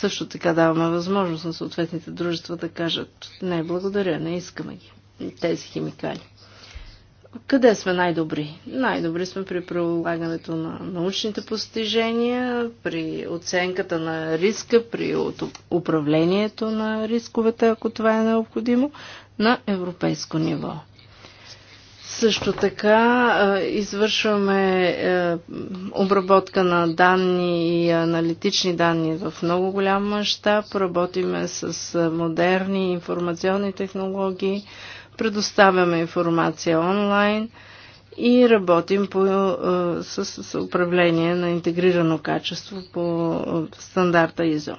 също така даваме възможност на съответните дружества да кажат не, благодаря, не искаме ги, тези химикали. Къде сме най-добри? Най-добри сме при прилагането на научните постижения, при оценката на риска, при управлението на рисковете, ако това е необходимо, на европейско ниво. Също така извършваме е, обработка на данни и аналитични данни в много голям мащаб. Работиме с е, модерни информационни технологии, предоставяме информация онлайн и работим по, е, с, с управление на интегрирано качество по стандарта ИЗО.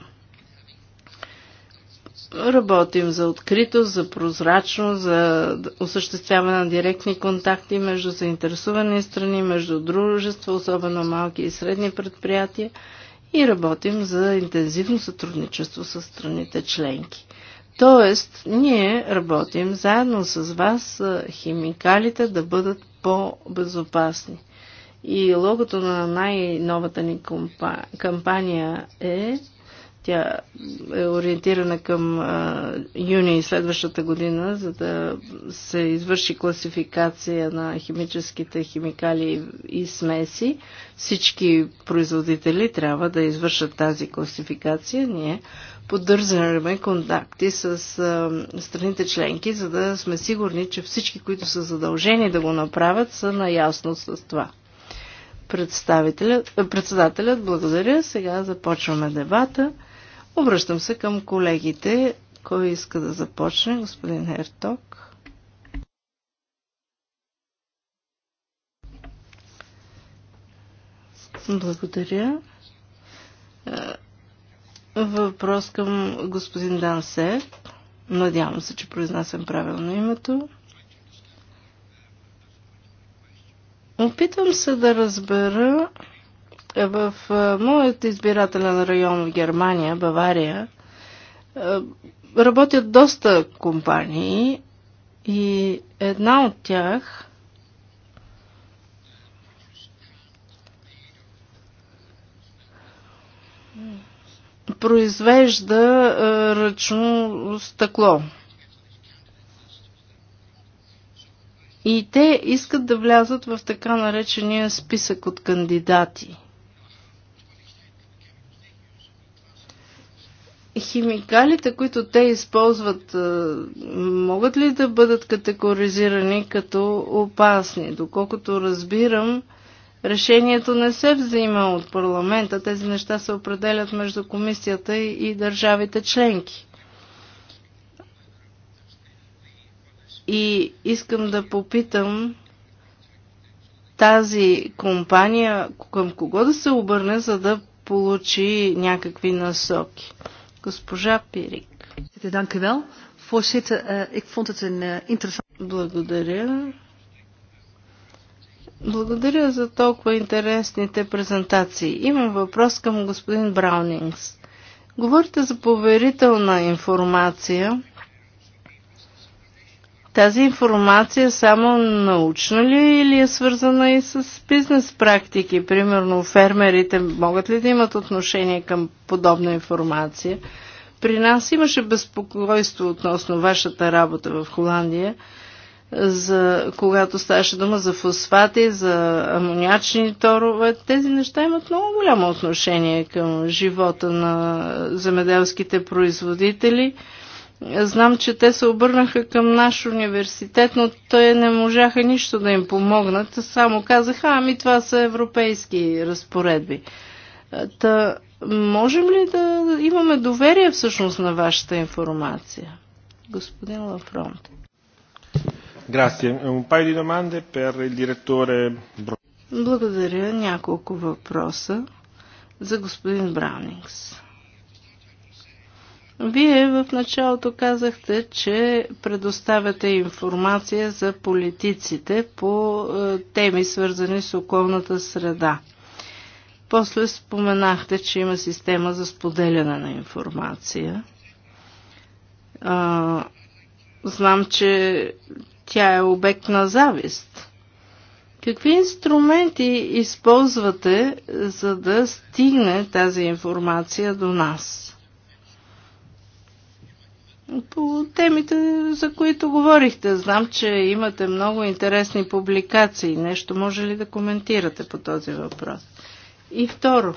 Работим за откритост, за прозрачност, за осъществяване на директни контакти между заинтересувани страни, между дружества, особено малки и средни предприятия и работим за интензивно сътрудничество с страните членки. Тоест, ние работим заедно с вас химикалите да бъдат по-безопасни. И логото на най-новата ни кампания е тя е ориентирана към а, юни следващата година, за да се извърши класификация на химическите химикали и смеси. Всички производители трябва да извършат тази класификация. Ние поддържаме контакти с а, страните членки, за да сме сигурни, че всички, които са задължени да го направят, са наясно с това председателят, председателят. Благодаря. Сега започваме дебата. Обръщам се към колегите. Кой иска да започне? Господин Херток. Благодаря. Е, въпрос към господин Дансе. Надявам се, че произнасям правилно името. Опитвам се да разбера в моят избирателен район в Германия, Бавария, работят доста компании и една от тях произвежда ръчно стъкло. И те искат да влязат в така наречения списък от кандидати – химикалите, които те използват, е, могат ли да бъдат категоризирани като опасни? Доколкото разбирам, решението не се взима от парламента. Тези неща се определят между комисията и държавите членки. И искам да попитам тази компания към кого да се обърне, за да получи някакви насоки. Госпожа Пирик. Eh, eh, Благодаря. Благодаря за толкова интересните презентации. Имам въпрос към господин Браунингс. Говорите за поверителна информация. Тази информация само научна ли е или е свързана и с бизнес практики? Примерно фермерите могат ли да имат отношение към подобна информация? При нас имаше безпокойство относно вашата работа в Холандия, за, когато ставаше дума за фосфати, за амонячни торове. Тези неща имат много голямо отношение към живота на земеделските производители – Знам, че те се обърнаха към наш университет, но те не можаха нищо да им помогнат. Само казаха, ами това са европейски разпоредби. Та, можем ли да имаме доверие всъщност на вашата информация? Господин Лафронт. Grazie. Un paio di domande per il direttore Благодаря. Няколко въпроса за господин Браунингс. Вие в началото казахте, че предоставяте информация за политиците по е, теми, свързани с околната среда. После споменахте, че има система за споделяне на информация. А, знам, че тя е обект на завист. Какви инструменти използвате, за да стигне тази информация до нас? по темите, за които говорихте. Знам, че имате много интересни публикации. Нещо може ли да коментирате по този въпрос? И второ,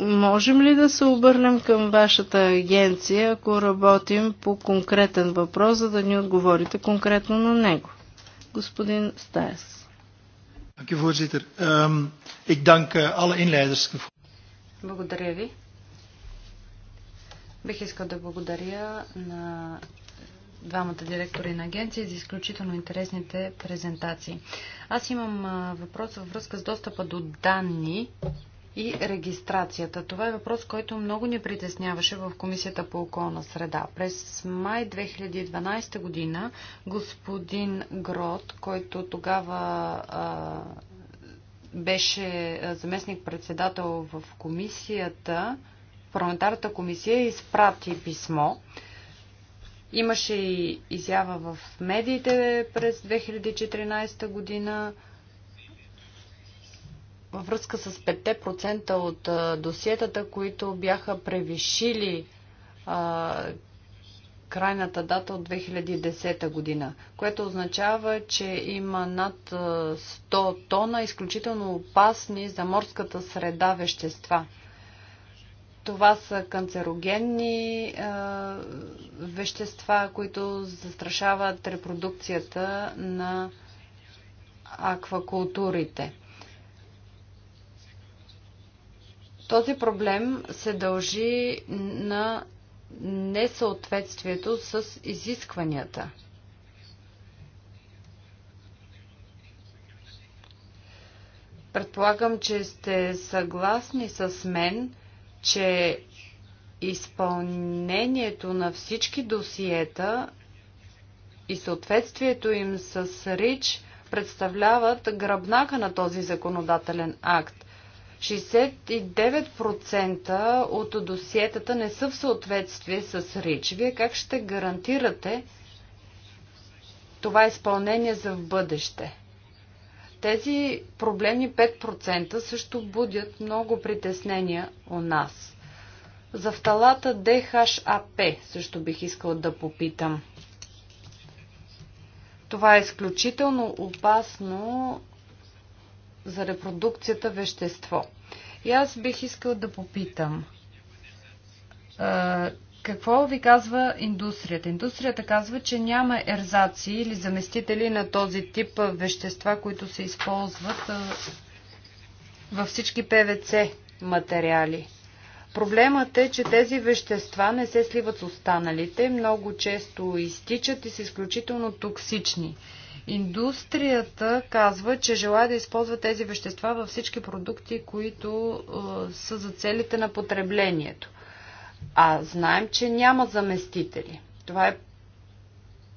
можем ли да се обърнем към вашата агенция, ако работим по конкретен въпрос, за да ни отговорите конкретно на него? Господин Стаес. Ehm, eh, Благодаря ви. Бих искал да благодаря на двамата директори на агенции за изключително интересните презентации. Аз имам въпрос във връзка с достъпа до данни и регистрацията. Това е въпрос, който много ни притесняваше в Комисията по околна среда. През май 2012 година господин Грот, който тогава а, беше заместник-председател в комисията, парламентарната комисия изпрати писмо. Имаше и изява в медиите през 2014 година във връзка с 5% от досиетата, които бяха превишили а, крайната дата от 2010 година, което означава, че има над 100 тона изключително опасни за морската среда вещества – това са канцерогенни е, вещества, които застрашават репродукцията на аквакултурите. Този проблем се дължи на несъответствието с изискванията. Предполагам, че сте съгласни с мен, че изпълнението на всички досиета и съответствието им с РИЧ представляват гръбнака на този законодателен акт. 69% от досиетата не са в съответствие с РИЧ. Вие как ще гарантирате това изпълнение за в бъдеще? Тези проблеми 5% също будят много притеснения у нас. За вталата DHAP също бих искала да попитам. Това е изключително опасно за репродукцията вещество. И аз бих искал да попитам какво ви казва индустрията? Индустрията казва, че няма ерзаци или заместители на този тип вещества, които се използват във всички ПВЦ материали. Проблемът е, че тези вещества не се сливат с останалите, много често изтичат и са изключително токсични. Индустрията казва, че желая да използва тези вещества във всички продукти, които са за целите на потреблението. А знаем, че няма заместители. Това е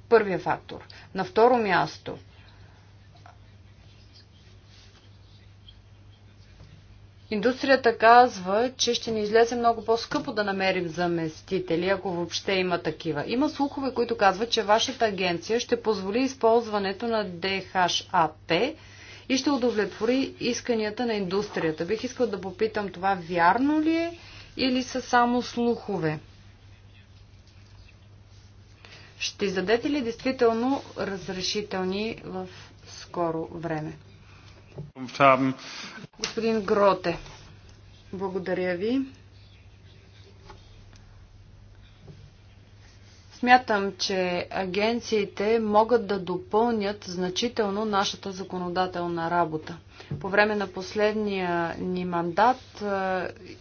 първия фактор. На второ място, Индустрията казва, че ще ни излезе много по-скъпо да намерим заместители, ако въобще има такива. Има слухове, които казват, че вашата агенция ще позволи използването на DHAP и ще удовлетвори исканията на индустрията. Бих искал да попитам това вярно ли е или са само слухове? Ще издадете ли действително разрешителни в скоро време? Господин Гроте, благодаря ви. Смятам, че агенциите могат да допълнят значително нашата законодателна работа. По време на последния ни мандат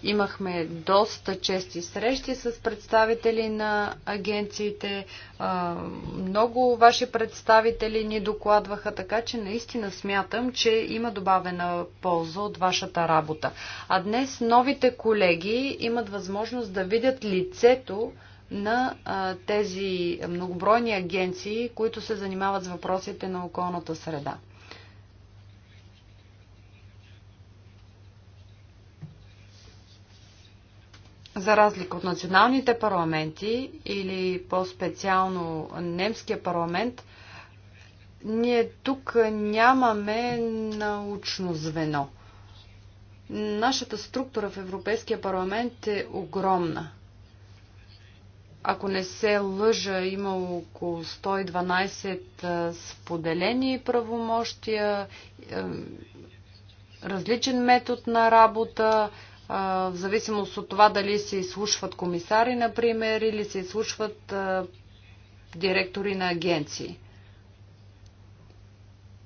имахме доста чести срещи с представители на агенциите. Много ваши представители ни докладваха, така че наистина смятам, че има добавена полза от вашата работа. А днес новите колеги имат възможност да видят лицето на а, тези многобройни агенции, които се занимават с въпросите на околната среда. за разлика от националните парламенти или по-специално немския парламент, ние тук нямаме научно звено. Нашата структура в Европейския парламент е огромна. Ако не се лъжа, има около 112 споделени правомощия, различен метод на работа, в зависимост от това дали се изслушват комисари, например, или се изслушват директори на агенции.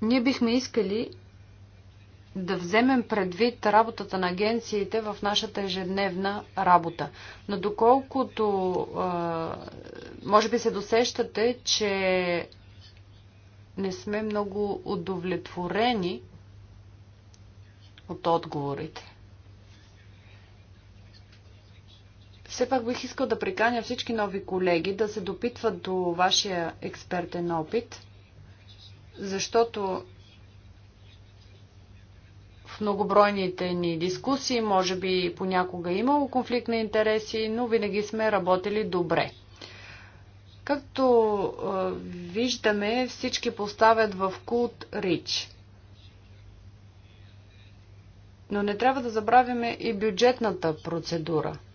Ние бихме искали да вземем предвид работата на агенциите в нашата ежедневна работа. Но доколкото, може би се досещате, че не сме много удовлетворени от отговорите. Все пак бих искал да приканя всички нови колеги да се допитват до вашия експертен опит, защото в многобройните ни дискусии може би понякога е имало конфликт на интереси, но винаги сме работили добре. Както виждаме, всички поставят в култ Рич. Но не трябва да забравяме и бюджетната процедура –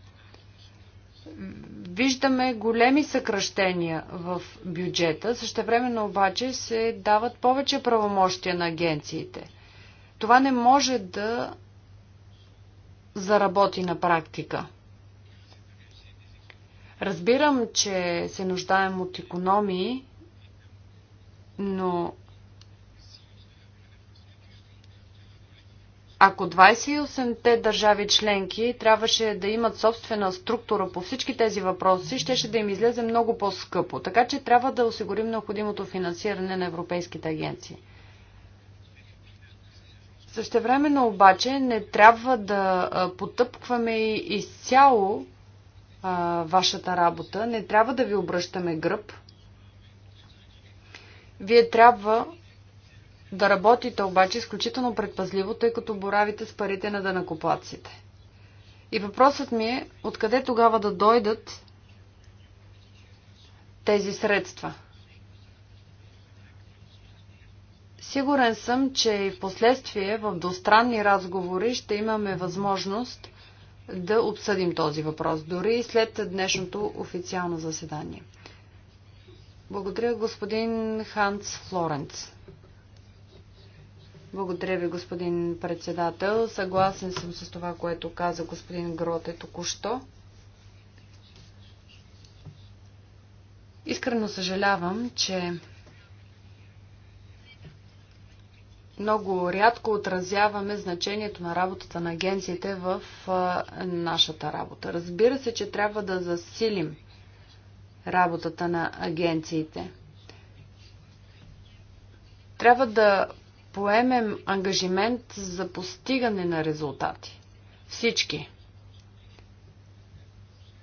Виждаме големи съкръщения в бюджета, същевременно обаче се дават повече правомощия на агенциите. Това не може да заработи на практика. Разбирам, че се нуждаем от економии, но Ако 28-те държави членки трябваше да имат собствена структура по всички тези въпроси, щеше да им излезе много по-скъпо. Така че трябва да осигурим необходимото финансиране на европейските агенции. Същевременно обаче не трябва да потъпкваме изцяло вашата работа, не трябва да ви обръщаме гръб. Вие трябва да работите обаче изключително предпазливо, тъй като боравите с парите на дънакоплаците. И въпросът ми е, откъде тогава да дойдат тези средства? Сигурен съм, че и в последствие в двустранни разговори ще имаме възможност да обсъдим този въпрос, дори и след днешното официално заседание. Благодаря господин Ханс Флоренц. Благодаря ви, господин председател. Съгласен съм с това, което каза господин Гроте току-що. Искрено съжалявам, че много рядко отразяваме значението на работата на агенциите в нашата работа. Разбира се, че трябва да засилим работата на агенциите. Трябва да поемем ангажимент за постигане на резултати. Всички.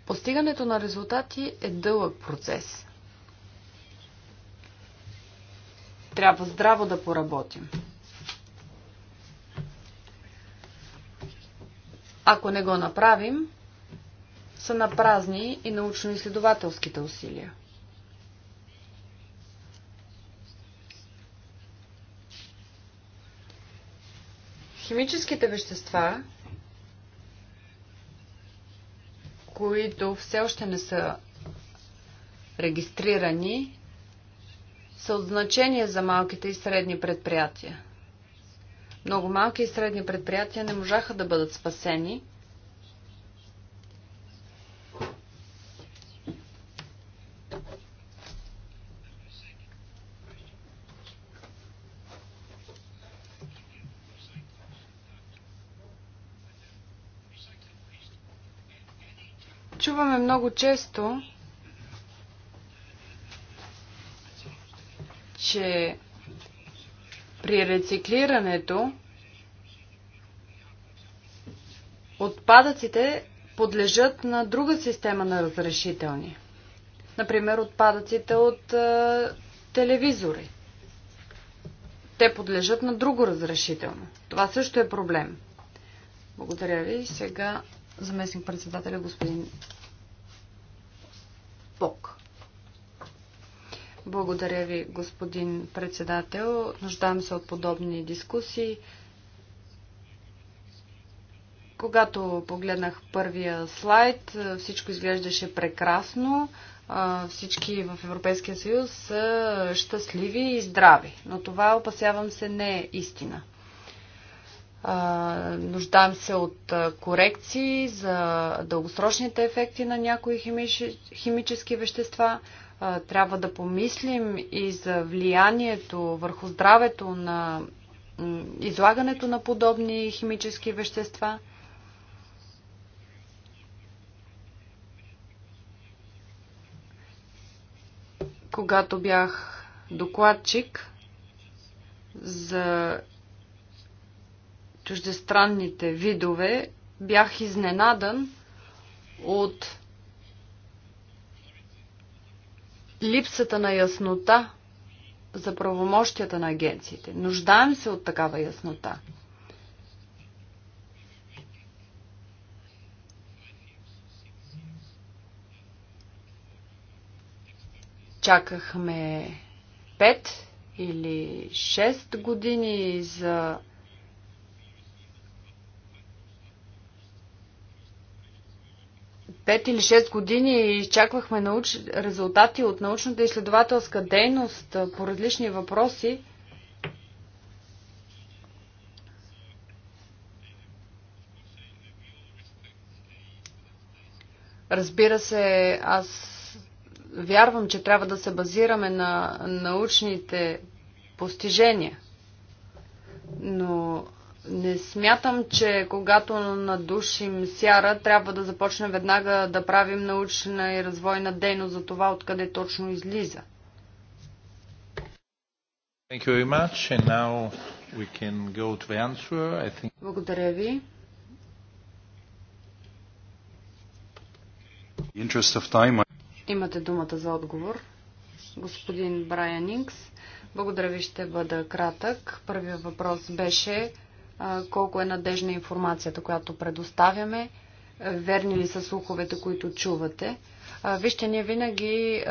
Постигането на резултати е дълъг процес. Трябва здраво да поработим. Ако не го направим, са напразни и научно-изследователските усилия. Химическите вещества, които все още не са регистрирани, са от значение за малките и средни предприятия. Много малки и средни предприятия не можаха да бъдат спасени – чуваме много често, че при рециклирането отпадъците подлежат на друга система на разрешителни. Например, отпадъците от а, телевизори. Те подлежат на друго разрешително. Това също е проблем. Благодаря ви. Сега заместник председателя господин Бог. Благодаря ви, господин председател. Нуждам се от подобни дискусии. Когато погледнах първия слайд, всичко изглеждаше прекрасно. Всички в Европейския съюз са щастливи и здрави. Но това, опасявам се, не е истина нуждаем се от корекции за дългосрочните ефекти на някои химически вещества. Трябва да помислим и за влиянието върху здравето на излагането на подобни химически вещества. Когато бях докладчик за чуждестранните видове, бях изненадан от липсата на яснота за правомощията на агенциите. Нуждаем се от такава яснота. Чакахме 5 или 6 години за 5 или 6 години изчаквахме науч... резултати от научната изследователска дейност по различни въпроси. Разбира се, аз вярвам, че трябва да се базираме на научните постижения. Но не смятам, че когато надушим сяра, трябва да започнем веднага да правим научна и развойна дейност за това, откъде точно излиза. Think... Благодаря ви. Time... Имате думата за отговор. Господин Брайан Инкс, благодаря ви, ще бъда кратък. Първият въпрос беше колко е надежна информацията, която предоставяме, верни ли са слуховете, които чувате. Вижте, ние винаги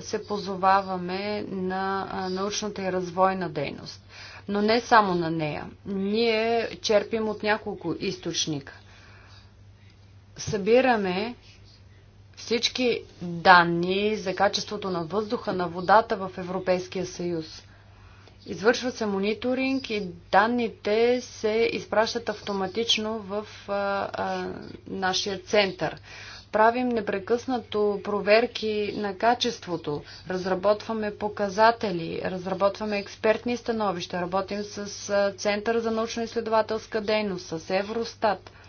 се позоваваме на научната и развойна дейност, но не само на нея. Ние черпим от няколко източника. Събираме всички данни за качеството на въздуха, на водата в Европейския съюз – Извършва се мониторинг и данните се изпращат автоматично в а, а, нашия център. Правим непрекъснато проверки на качеството, разработваме показатели, разработваме експертни становища, работим с Център за научно-изследователска дейност, с Евростат –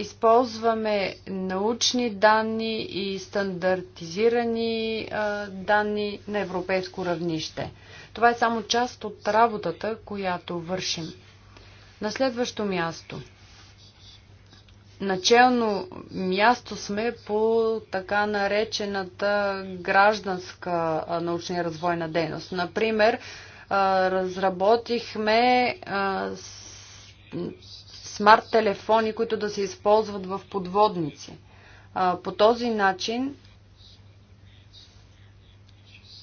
използваме научни данни и стандартизирани данни на европейско равнище. Това е само част от работата, която вършим. На следващо място. Начално място сме по така наречената гражданска научна и развойна дейност. Например, разработихме смарт телефони, които да се използват в подводници. По този начин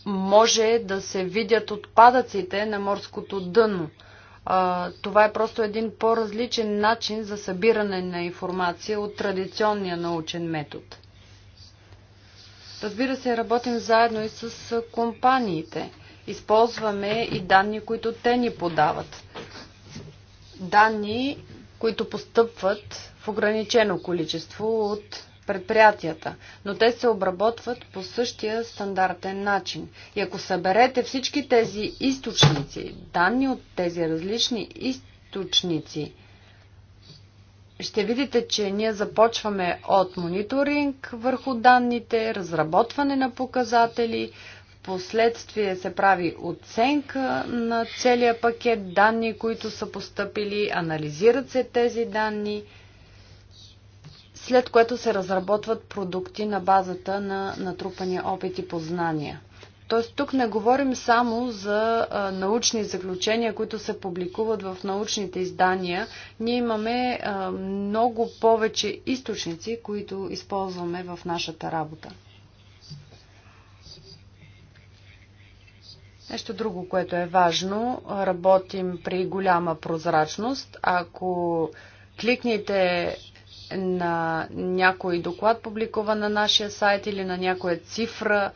може да се видят отпадъците на морското дъно. Това е просто един по-различен начин за събиране на информация от традиционния научен метод. Разбира се, работим заедно и с компаниите. Използваме и данни, които те ни подават. Данни, които постъпват в ограничено количество от предприятията, но те се обработват по същия стандартен начин. И ако съберете всички тези източници, данни от тези различни източници, ще видите, че ние започваме от мониторинг върху данните, разработване на показатели, последствие се прави оценка на целия пакет данни, които са поступили, анализират се тези данни, след което се разработват продукти на базата на натрупания опит и познания. Тоест тук не говорим само за а, научни заключения, които се публикуват в научните издания. Ние имаме а, много повече източници, които използваме в нашата работа. Нещо друго, което е важно, работим при голяма прозрачност. Ако кликнете на някой доклад, публикуван на нашия сайт или на някоя цифра,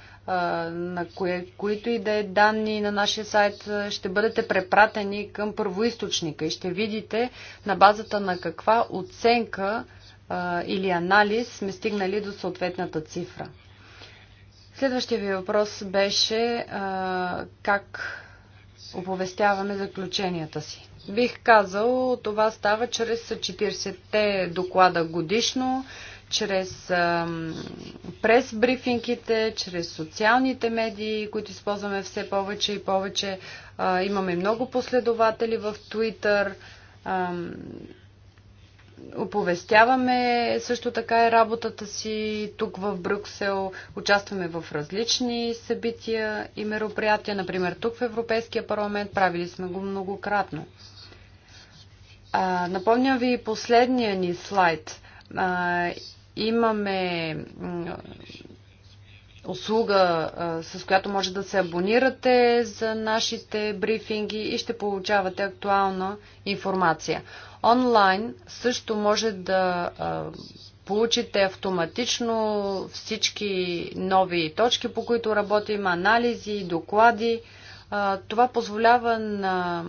на кое, които и да е данни на нашия сайт, ще бъдете препратени към първоисточника и ще видите на базата на каква оценка или анализ сме стигнали до съответната цифра. Следващия ви въпрос беше а, как оповестяваме заключенията си. Бих казал, това става чрез 40-те доклада годишно, чрез пресбрифингите, прес брифингите, чрез социалните медии, които използваме все повече и повече. А, имаме много последователи в Twitter. А, Оповестяваме също така и работата си тук в Брюксел. Участваме в различни събития и мероприятия, например тук в Европейския парламент. Правили сме го многократно. А, напомням ви последния ни слайд. А, имаме услуга, с която може да се абонирате за нашите брифинги и ще получавате актуална информация. Онлайн също може да получите автоматично всички нови точки, по които работим, анализи, доклади. Това позволява на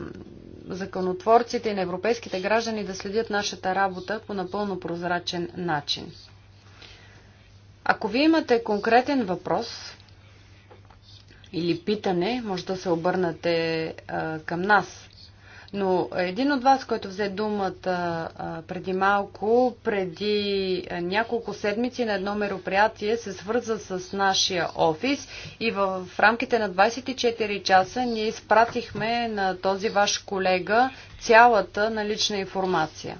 законотворците и на европейските граждани да следят нашата работа по напълно прозрачен начин. Ако ви имате конкретен въпрос или питане, може да се обърнате а, към нас. Но един от вас, който взе думата а, преди малко, преди а, няколко седмици на едно мероприятие се свърза с нашия офис и в, в рамките на 24 часа ние изпратихме на този ваш колега цялата налична информация.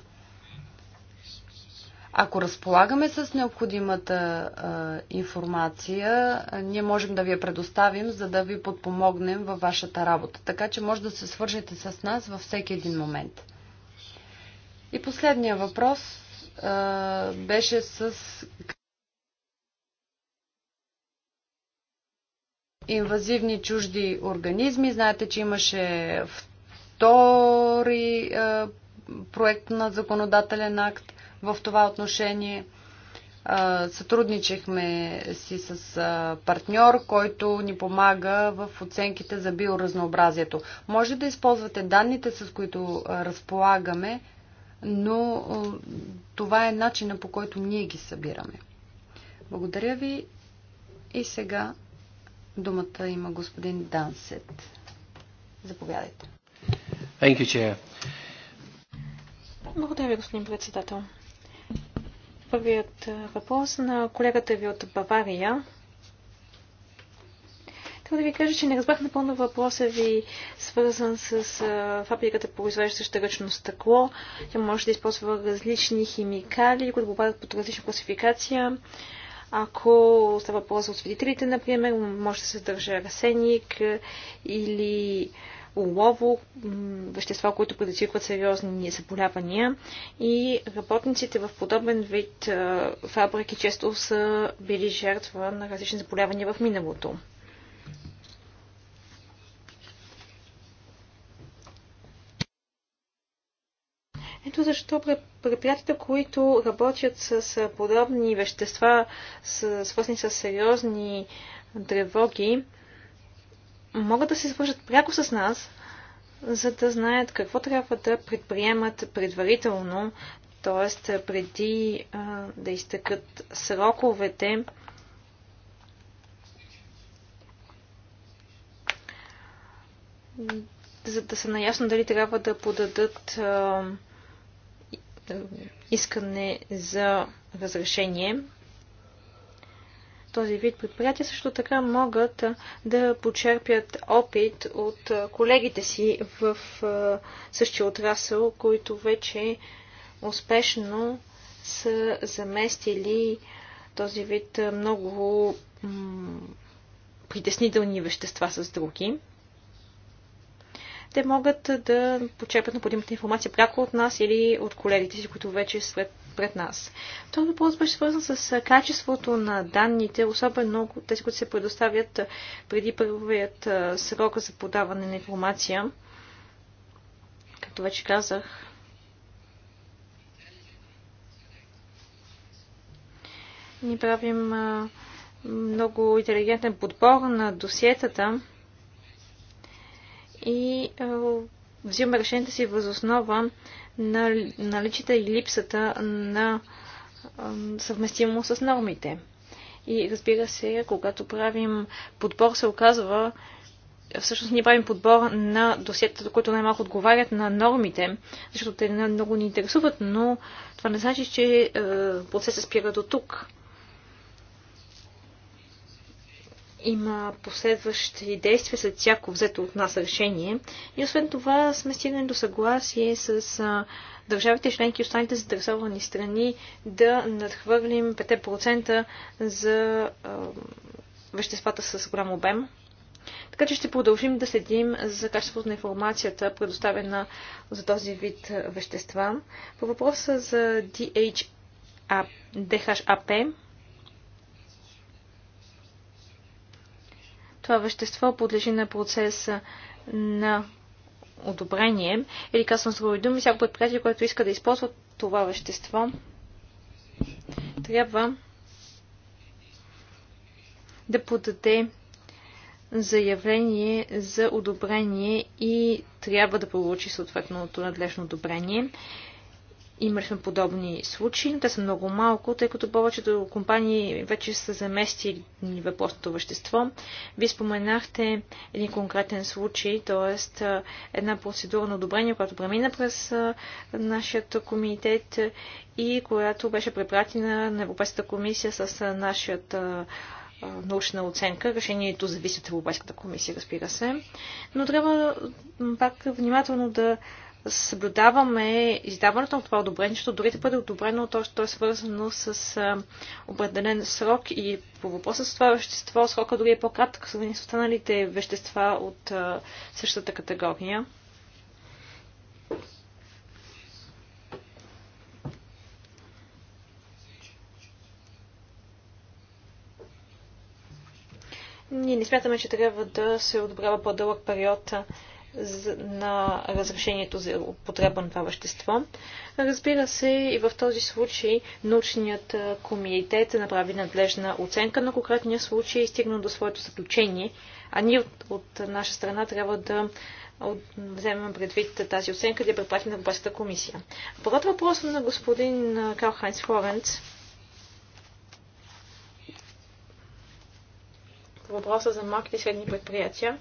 Ако разполагаме с необходимата а, информация, а, ние можем да ви я предоставим, за да ви подпомогнем във вашата работа. Така че може да се свържете с нас във всеки един момент. И последния въпрос а, беше с. Инвазивни чужди организми. Знаете, че имаше втори а, проект на законодателен акт в това отношение. Сътрудничехме си с партньор, който ни помага в оценките за биоразнообразието. Може да използвате данните, с които разполагаме, но това е начина по който ние ги събираме. Благодаря ви и сега думата има господин Дансет. Заповядайте. Thank you, Благодаря ви, господин председател първият въпрос на колегата ви от Бавария. Трябва да ви кажа, че не разбрах напълно въпроса ви, свързан с а, фабриката, произвеждаща ръчно стъкло. Тя може да използва различни химикали, които попадат под различна класификация. Ако става въпрос от свидетелите, например, може да се съдържа арсеник или улово, вещества, които предизвикват сериозни заболявания. И работниците в подобен вид фабрики често са били жертва на различни заболявания в миналото. Ето защо предприятията, които работят с подобни вещества, свързани с сериозни тревоги, могат да се свържат пряко с нас, за да знаят какво трябва да предприемат предварително, т.е. преди а, да изтъкат сроковете, за да са наясно дали трябва да подадат а, искане за разрешение този вид предприятия също така могат да почерпят опит от колегите си в същия отрасъл, които вече успешно са заместили този вид много притеснителни вещества с други. Те могат да почерпят необходимата информация пряко от нас или от колегите си, които вече след пред нас. Този въпрос беше свързан с качеството на данните, особено тези, които се предоставят преди първият срок за подаване на информация. Както вече казах, ни правим много интелигентен подбор на досиетата и взимаме решенията си възоснова на нали, наличията и липсата на съвместимо с нормите. И разбира се, когато правим подбор, се оказва, всъщност ние правим подбор на досиетата, които най-малко отговарят на нормите, защото те много ни интересуват, но това не значи, че е, процесът спира до тук. има последващи действия след всяко взето от нас решение. И освен това сме стигнали до съгласие с а, държавите членки и останалите заинтересовани страни да надхвърлим 5% за а, веществата с голям обем. Така че ще продължим да следим за качеството на информацията, предоставена за този вид вещества. По въпроса за DHAP, DHAP това вещество подлежи на процеса на одобрение. Или казвам с други думи, всяко предприятие, което иска да използва това вещество, трябва да подаде заявление за одобрение и трябва да получи съответното надлежно одобрение. Имали сме подобни случаи, но те са много малко, тъй като повечето компании вече са заместили въпросното вещество. Вие споменахте един конкретен случай, т.е. една процедура на одобрение, която премина през нашия комитет и която беше препратена на Европейската комисия с нашата научна оценка. Решението зависи от Европейската комисия, разбира се. Но трябва пак внимателно да съблюдаваме издаването на това одобрение, защото дори да бъде одобрено, то, ще е свързано с а, определен срок и по въпроса с това вещество срока дори е по-кратък, сравнение с останалите вещества от а, същата категория. Ние не смятаме, че трябва да се одобрява по-дълъг период на разрешението за употреба на това вещество. Разбира се, и в този случай научният комитет направи надлежна оценка на конкретния случай и е стигна до своето заключение, а ние от, от наша страна трябва да вземем предвид тази оценка и да я препратим на Европейската комисия. Поред въпрос на господин Карл Хайнц Флоренц, въпроса за малките и средни предприятия,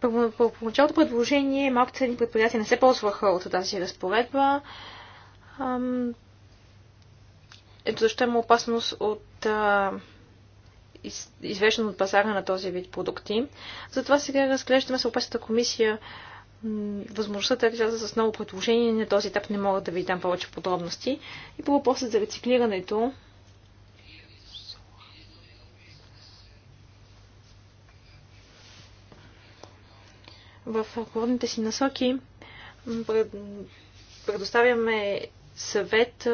първоначалното предложение е малките средни предприятия не се ползваха от тази разпоредба. Ето защо има опасност от извеждане от пазара на този вид продукти. Затова сега разглеждаме съвместната комисия възможността да изляза с ново предложение. На този етап не мога да ви дам повече подробности. И по въпросът за рециклирането, в ръководните си насоки предоставяме съвет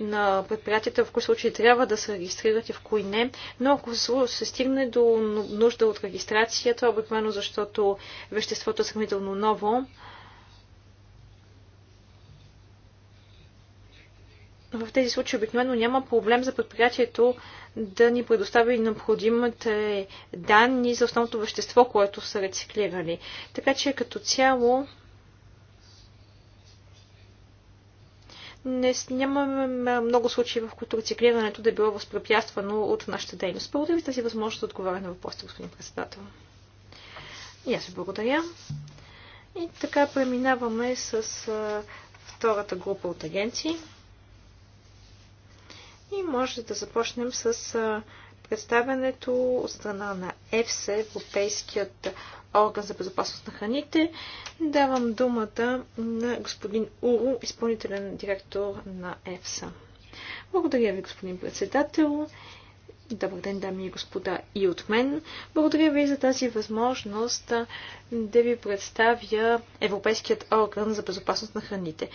на предприятията, в кои случаи трябва да се регистрират и в кои не. Но ако се стигне до нужда от регистрация, това е обикновено защото веществото е сравнително ново, в тези случаи обикновено няма проблем за предприятието да ни предостави необходимите данни за основното вещество, което са рециклирали. Така че като цяло не, нямаме много случаи, в които рециклирането да е било възпрепятствано от нашата дейност. Благодаря ви тази възможност да отговаря на въпросите, господин председател. И аз ви благодаря. И така преминаваме с втората група от агенции. И може да започнем с представянето от страна на ЕФСЕ, Европейският орган за безопасност на храните. Давам думата на господин Уру, изпълнителен директор на ЕФСА. Благодаря ви, господин председател. Добър ден, дами и господа, и от мен. Благодаря ви за тази възможност да ви представя Европейският орган за безопасност на храните.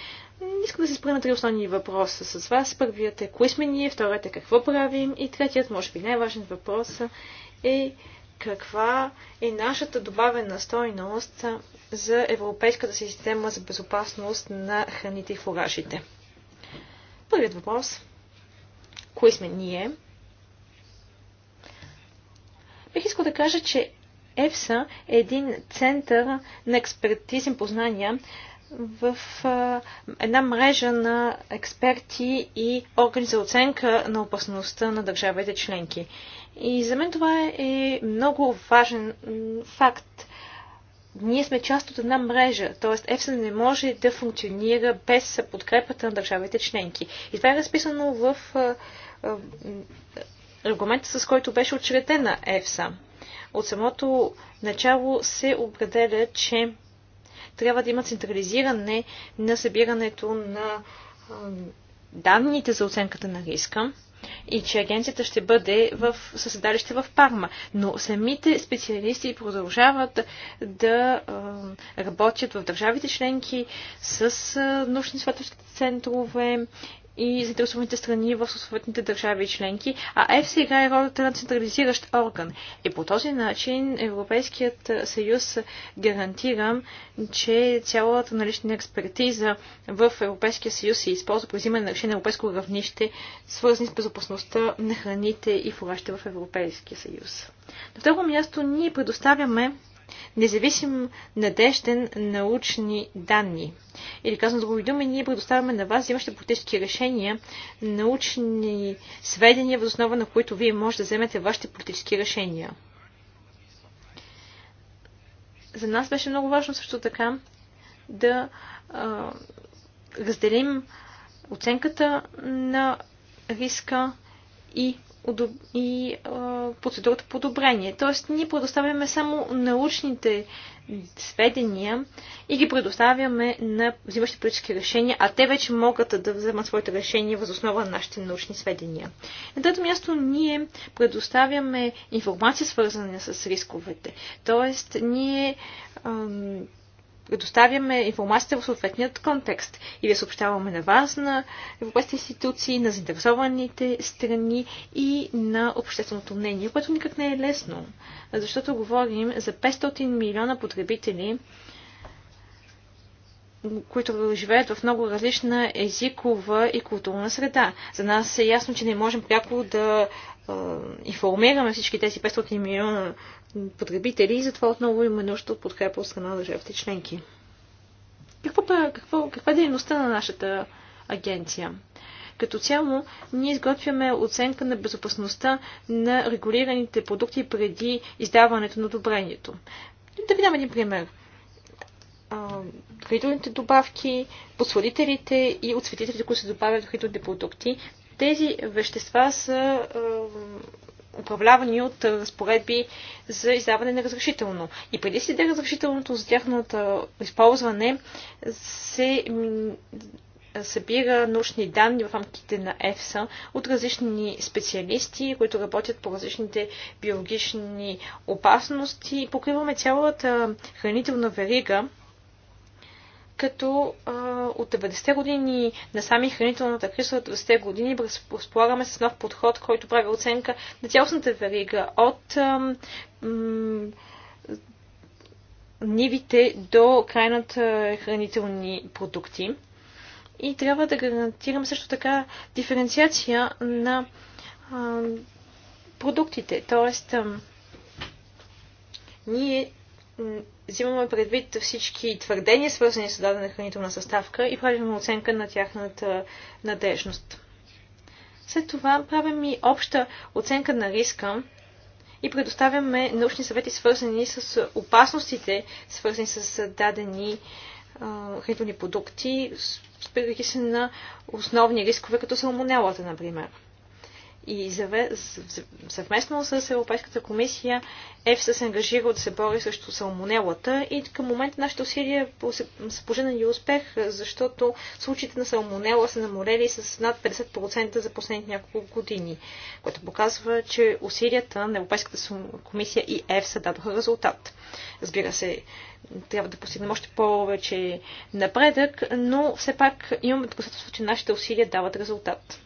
Искам да се спра на три основни въпроса с вас. Първият е кои сме ние, вторият е какво правим и третият, може би най-важен въпрос е каква е нашата добавена стойност за Европейската система за безопасност на храните и фуражите. Първият въпрос. Кои сме ние? Бих искал да кажа, че ЕФСА е един център на експертизен познания в а, една мрежа на експерти и органи за оценка на опасността на държавите членки. И за мен това е много важен факт. Ние сме част от една мрежа, т.е. ЕФСА не може да функционира без подкрепата на държавите членки. И това е разписано в а, а, регламента, с който беше учредена ЕФСА. От самото начало се определя, че трябва да има централизиране на събирането на данните за оценката на риска и че агенцията ще бъде в съседалище в Парма. Но самите специалисти продължават да работят в държавите членки с научно-изследователските центрове и заинтересованите страни в съответните държави и членки, а ЕФСА играе ролята на централизиращ орган. И по този начин Европейският съюз гарантира, че цялата налична експертиза в Европейския съюз се използва при взимане на решение на европейско равнище, свързани с безопасността на храните и фуражите в Европейския съюз. На второ място ние предоставяме независим, надежден научни данни. Или казвам с други думи, ние предоставяме на вас, имащи политически решения, научни сведения, въз основа на които вие можете да вземете вашите политически решения. За нас беше много важно също така да а, разделим оценката на риска и и а, процедурата по одобрение. Тоест, ние предоставяме само научните сведения и ги предоставяме на взимащи политически решения, а те вече могат да вземат своите решения въз основа на нашите научни сведения. На трето място ние предоставяме информация, свързана с рисковете. Тоест, ние предоставяме информацията в съответният контекст и да съобщаваме на вас, на европейските институции, на заинтересованите страни и на общественото мнение, което никак не е лесно, защото говорим за 500 милиона потребители, които живеят в много различна езикова и културна среда. За нас е ясно, че не можем пряко да информираме всички тези 500 милиона потребители и затова отново има нужда от подкрепа от страна на държавите членки. Какво, какво, каква е дейността на нашата агенция? Като цяло, ние изготвяме оценка на безопасността на регулираните продукти преди издаването на одобрението. Да ви дам един пример. Хранителните добавки, подсладителите и отсветителите, които се добавят в хранителните продукти, тези вещества са управлявани от разпоредби за издаване на разрешително. И преди си да разрешителното за тяхното използване се събира научни данни в рамките на ЕФСА от различни специалисти, които работят по различните биологични опасности. Покриваме цялата хранителна верига като а, от 90-те години на сами хранителната криза от 90-те години разполагаме с нов подход, който прави оценка на цялостната верига от а, м, нивите до крайната хранителни продукти. И трябва да гарантираме също така диференциация на а, продуктите. Тоест, а, ние взимаме предвид всички твърдения, свързани с дадена хранителна съставка и правим оценка на тяхната надежност. След това правим и обща оценка на риска и предоставяме научни съвети, свързани с опасностите, свързани с дадени хранителни продукти, спирайки се на основни рискове, като салмонелата, например и съвместно с Европейската комисия ЕФСА се ангажира да се бори срещу салмонелата и към момента нашите усилия са поженени успех, защото случаите на салмонела са намалели с над 50% за последните няколко години, което показва, че усилията на Европейската комисия и ЕФСА дадоха резултат. Разбира се, трябва да постигнем още повече напредък, но все пак имаме доказателство, че нашите усилия дават резултат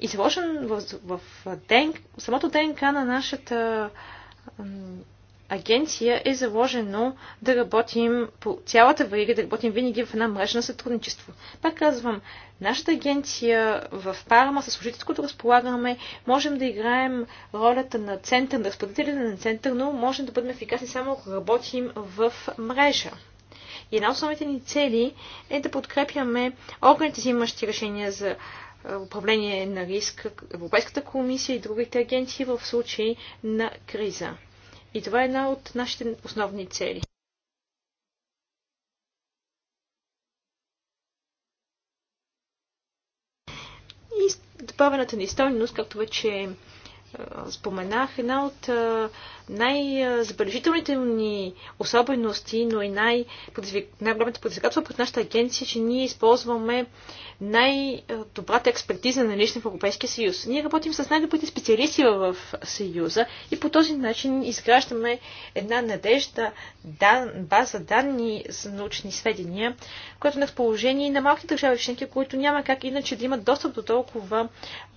и в, в, в самото ДНК на нашата агенция е заложено да работим по цялата верига, да работим винаги в една мрежа на сътрудничество. Пак казвам, нашата агенция в Парама, със служителите, които разполагаме, можем да играем ролята на център, на разпределителя на център, но можем да бъдем ефикасни само ако работим в мрежа. И една от основните ни цели е да подкрепяме органите, взимащи решения за управление на риск, Европейската комисия и другите агенции в случай на криза. И това е една от нашите основни цели. И добавената ни стойност, както вече споменах, една от най-забележителните ни особености, но и най голямата предизвикателство пред нашата агенция, е, че ние използваме най-добрата експертиза на лични в Европейския съюз. Ние работим с най-добрите специалисти в съюза и по този начин изграждаме една надежда, дан, база данни за научни сведения, която е на и на малки държави членки, които няма как иначе да имат достъп до толкова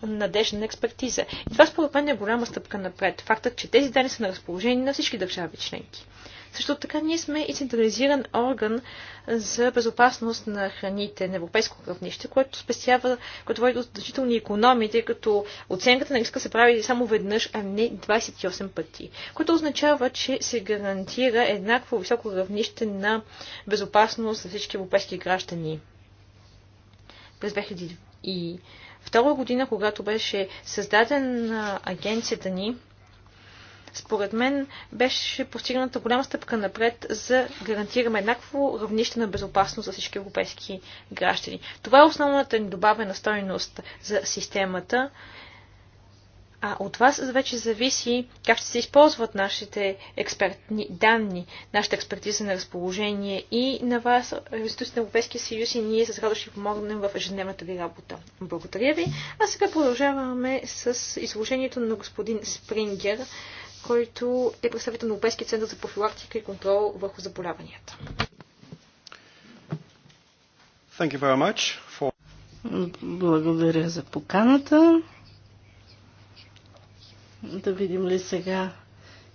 надежна експертиза. И това според мен е голяма стъпка напред. Фактът, че тези данни са на разположение на всички държави членки. Също така ние сме и централизиран орган за безопасност на храните на европейско равнище, което спестява, което води до значителни економии, тъй като оценката на риска се прави само веднъж, а не 28 пъти. Което означава, че се гарантира еднакво високо равнище на безопасност за всички европейски граждани. През 2002 година, когато беше създадена агенцията ни, според мен беше постигната голяма стъпка напред за гарантираме еднакво равнище на безопасност за всички европейски граждани. Това е основната ни добавена стойност за системата. А от вас вече зависи как ще се използват нашите експертни данни, нашата експертиза на разположение и на вас, институция на Европейския съюз и ние с радост ще помогнем в ежедневната ви работа. Благодаря ви. А сега продължаваме с изложението на господин Спрингер, който е представител на Европейския център за профилактика и контрол върху заболяванията. Thank you very much for... Благодаря за поканата. Да видим ли сега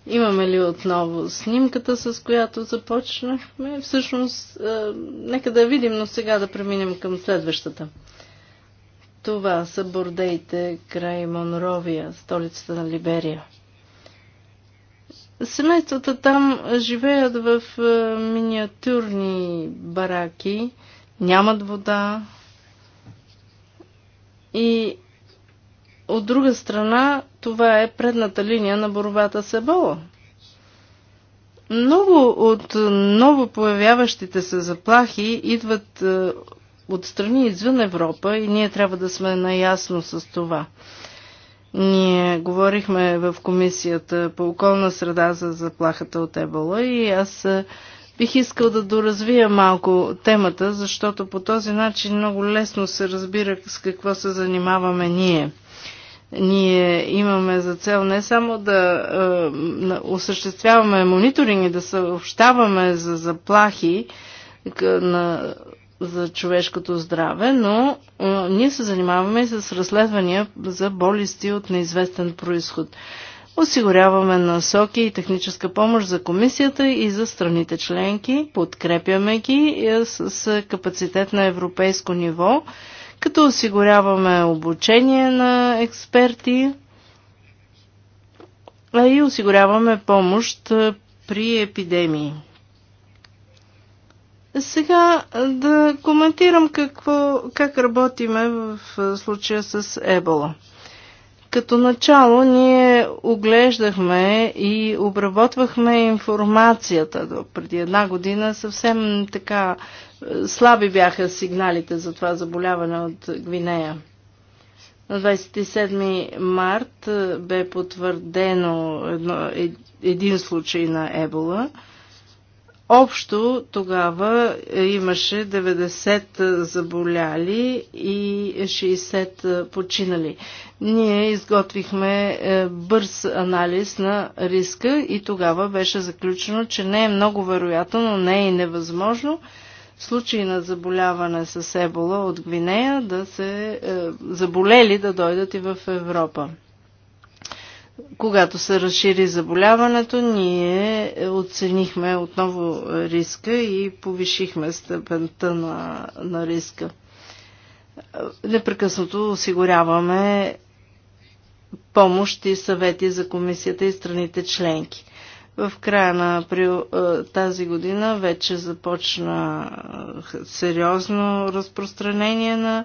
Имаме ли отново снимката, с която започнахме? Всъщност, е, нека да видим, но сега да преминем към следващата. Това са бордеите край Монровия, столицата на Либерия. Семействата там живеят в е, миниатюрни бараки, нямат вода и от друга страна това е предната линия на борбата с ебола. Много от ново появяващите се заплахи идват е, от страни извън Европа и ние трябва да сме наясно с това. Ние говорихме в комисията по околна среда за заплахата от ебола и аз бих искал да доразвия малко темата, защото по този начин много лесно се разбира с какво се занимаваме ние. Ние имаме за цел не само да е, осъществяваме мониторинг и да съобщаваме за заплахи, на за човешкото здраве, но а, ние се занимаваме и с разследвания за болести от неизвестен происход. Осигуряваме насоки и техническа помощ за комисията и за страните членки, подкрепяме ги с, капацитет на европейско ниво, като осигуряваме обучение на експерти а и осигуряваме помощ при епидемии. Сега да коментирам какво, как работиме в случая с Ебола. Като начало ние оглеждахме и обработвахме информацията. До преди една година съвсем така е, слаби бяха сигналите за това заболяване от Гвинея. На 27 март е, бе потвърдено едно, е, един случай на Ебола – Общо тогава е, имаше 90 е, заболяли и 60 е, починали. Ние изготвихме бърз анализ на риска и тогава беше заключено, че не е много вероятно, но не е и невъзможно случаи на заболяване с ебола от Гвинея да се заболели да дойдат и в Европа. Когато се разшири заболяването, ние оценихме отново риска и повишихме степента на, на риска. Непрекъснато осигуряваме помощ и съвети за комисията и страните членки. В края на април е, тази година вече започна е, сериозно разпространение на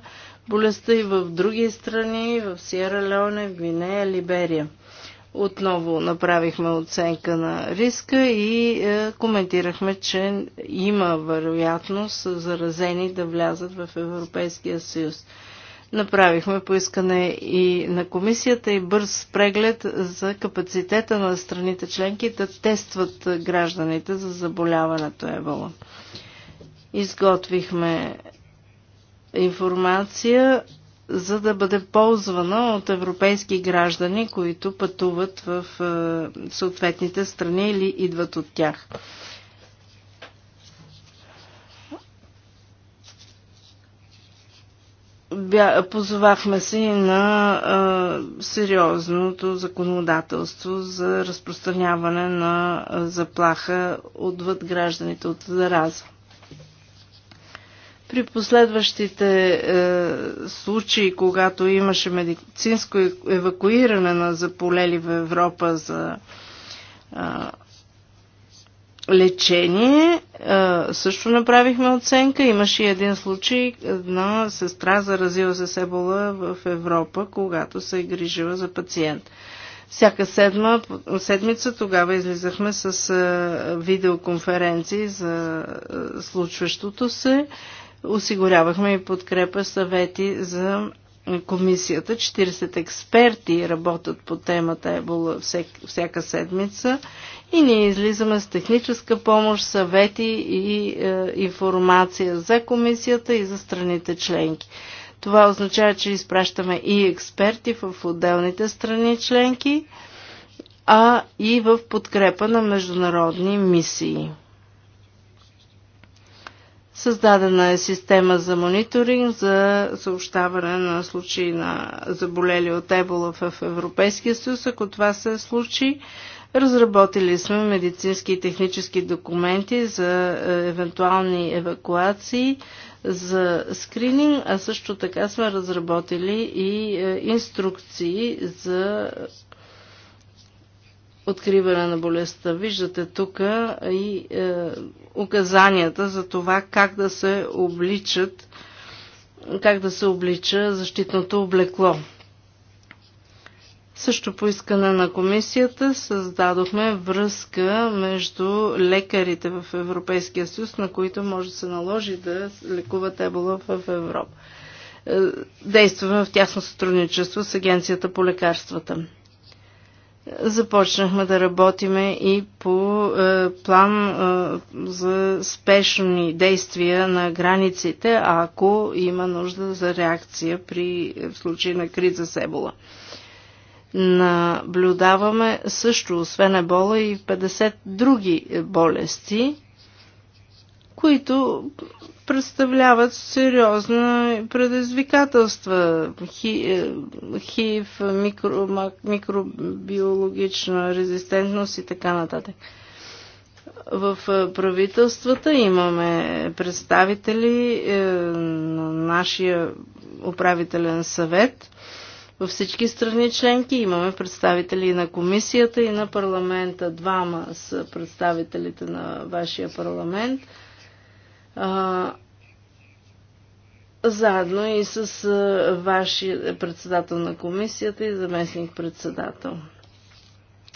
болестта и в други страни, в Сиера Леоне, в Гвинея, Либерия – отново направихме оценка на риска и е, коментирахме, че има вероятност заразени да влязат в Европейския съюз. Направихме поискане и на комисията и бърз преглед за капацитета на страните членки да тестват гражданите за заболяването Ебола. Изготвихме информация за да бъде ползвана от европейски граждани, които пътуват в е, съответните страни или идват от тях. позовахме се и на а, е, сериозното законодателство за разпространяване на е, заплаха отвъд гражданите от зараза. При последващите е, случаи, когато имаше медицинско евакуиране на заполели в Европа за е, лечение, също направихме оценка. Имаше един случай, една сестра заразила се ебола в Европа, когато се е грижила за пациент. Всяка седма, седмица тогава излизахме с видеоконференции за случващото се. Осигурявахме и подкрепа съвети за комисията. 40 експерти работят по темата Ебола всяка седмица и ние излизаме с техническа помощ, съвети и е, информация за комисията и за страните членки. Това означава, че изпращаме и експерти в отделните страни членки, а и в подкрепа на международни мисии. Създадена е система за мониторинг за съобщаване на случаи на заболели от ебола в Европейския съюз. Ако това се случи, разработили сме медицински и технически документи за е, евентуални евакуации, за скрининг, а също така сме разработили и е, инструкции за откриване на болестта. Виждате тук и е, указанията за това как да се обличат как да се облича защитното облекло. Също по искане на комисията създадохме връзка между лекарите в Европейския съюз, на които може да се наложи да лекуват ебола в Европа. Е, действаме в тясно сътрудничество с Агенцията по лекарствата. Започнахме да работиме и по е, план е, за спешни действия на границите, ако има нужда за реакция при в случай на криза с ебола. Наблюдаваме също, освен ебола, и 50 други болести, които представляват сериозно предизвикателства. Хи, е, хив, микро, микробиологична резистентност и така нататък. В е, правителствата имаме представители е, на нашия управителен съвет. Във всички страни членки имаме представители на комисията и на парламента. Двама са представителите на вашия парламент – заедно и с а, вашия председател на комисията и заместник председател.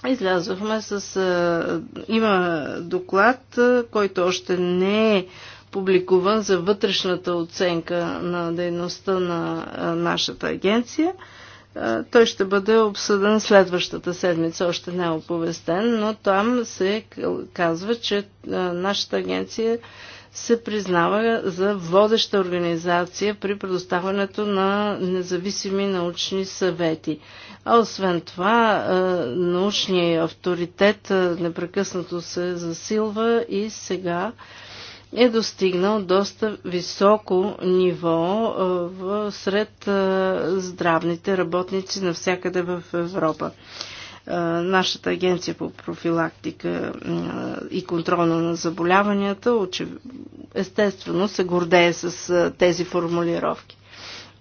Излязохме с... А, има доклад, а, който още не е публикуван за вътрешната оценка на дейността на а, нашата агенция. А, той ще бъде обсъден следващата седмица, още не е оповестен, но там се казва, че а, нашата агенция се признава за водеща организация при предоставянето на независими научни съвети. А освен това, е, научният авторитет е, непрекъснато се засилва и сега е достигнал доста високо ниво е, сред здравните работници навсякъде в Европа. Нашата агенция по профилактика и контрол на заболяванията естествено се гордее с тези формулировки.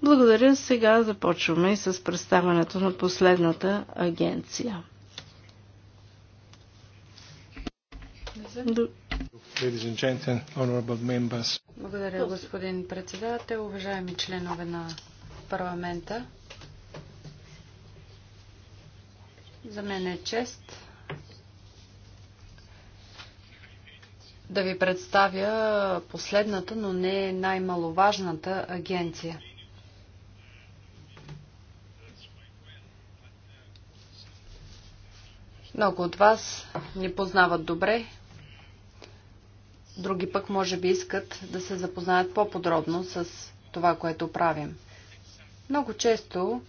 Благодаря. Сега започваме и с представането на последната агенция. Благодаря, господин председател, уважаеми членове на парламента. За мен е чест да ви представя последната, но не най-маловажната агенция. Много от вас ни познават добре, други пък може би искат да се запознаят по-подробно с това, което правим. Много често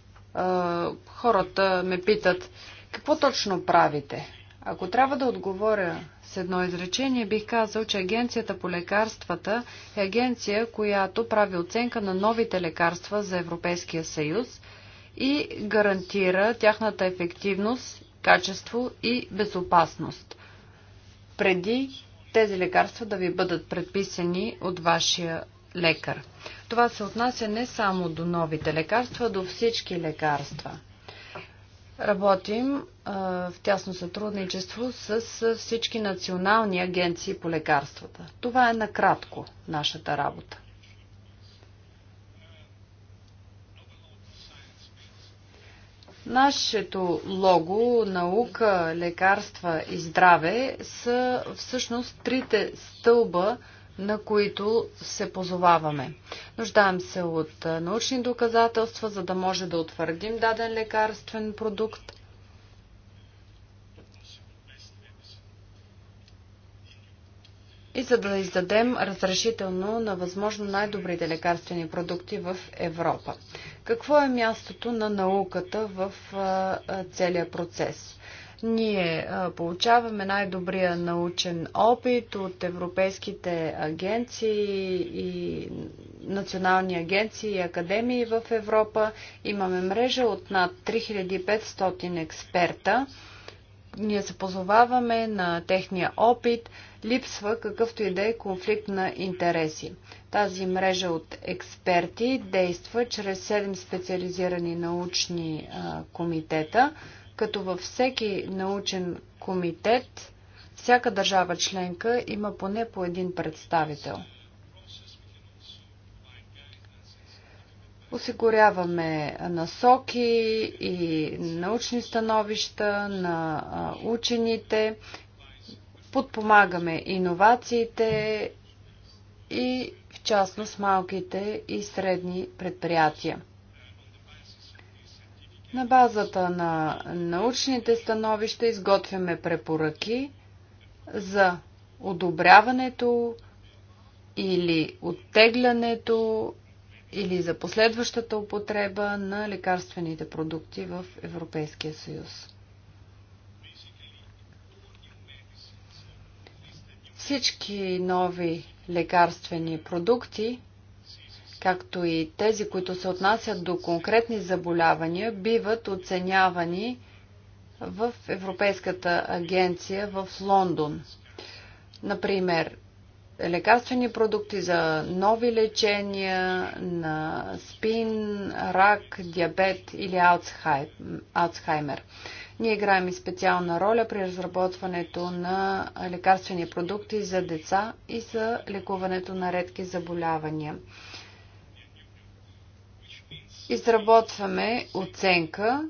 хората ме питат, какво точно правите? Ако трябва да отговоря с едно изречение, бих казал, че Агенцията по лекарствата е агенция, която прави оценка на новите лекарства за Европейския съюз и гарантира тяхната ефективност, качество и безопасност. Преди тези лекарства да ви бъдат предписани от вашия лекар. Това се отнася не само до новите лекарства, до всички лекарства. Работим в тясно сътрудничество с всички национални агенции по лекарствата. Това е накратко нашата работа. Нашето лого, наука, лекарства и здраве са всъщност трите стълба на които се позоваваме. Нуждаем се от научни доказателства, за да може да утвърдим даден лекарствен продукт. И за да издадем разрешително на възможно най-добрите лекарствени продукти в Европа. Какво е мястото на науката в целия процес? Ние получаваме най-добрия научен опит от европейските агенции и национални агенции и академии в Европа. Имаме мрежа от над 3500 експерта ние се позоваваме на техния опит, липсва какъвто и да е конфликт на интереси. Тази мрежа от експерти действа чрез 7 специализирани научни а, комитета, като във всеки научен комитет всяка държава членка има поне по един представител. Осигуряваме насоки и научни становища на учените, подпомагаме иновациите и в частност малките и средни предприятия. На базата на научните становища изготвяме препоръки за одобряването или оттеглянето или за последващата употреба на лекарствените продукти в Европейския съюз. Всички нови лекарствени продукти – както и тези, които се отнасят до конкретни заболявания, биват оценявани в Европейската агенция в Лондон. Например, лекарствени продукти за нови лечения на спин, рак, диабет или Алцхаймер. Ние играем и специална роля при разработването на лекарствени продукти за деца и за лекуването на редки заболявания. Изработваме оценка,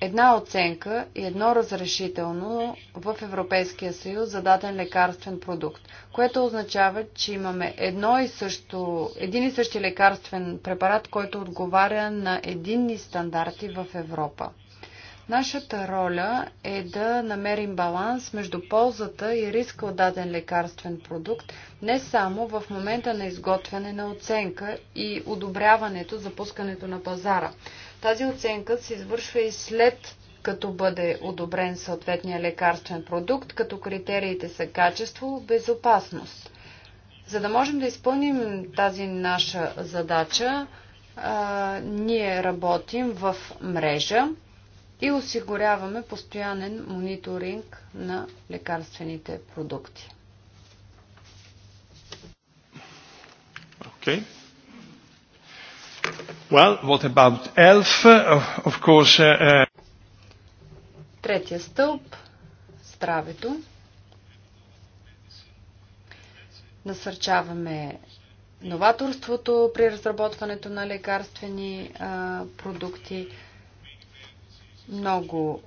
една оценка и едно разрешително в Европейския съюз за даден лекарствен продукт, което означава, че имаме едно и също, един и същи лекарствен препарат, който отговаря на единни стандарти в Европа. Нашата роля е да намерим баланс между ползата и риска от даден лекарствен продукт, не само в момента на изготвяне на оценка и одобряването за пускането на пазара. Тази оценка се извършва и след като бъде одобрен съответния лекарствен продукт, като критериите са качество, безопасност. За да можем да изпълним тази наша задача, а, ние работим в мрежа и осигуряваме постоянен мониторинг на лекарствените продукти. Okay. Well, what about ELF? Of course, uh... uh Третия стълб здравето. Насърчаваме новаторството при разработването на лекарствени а, продукти много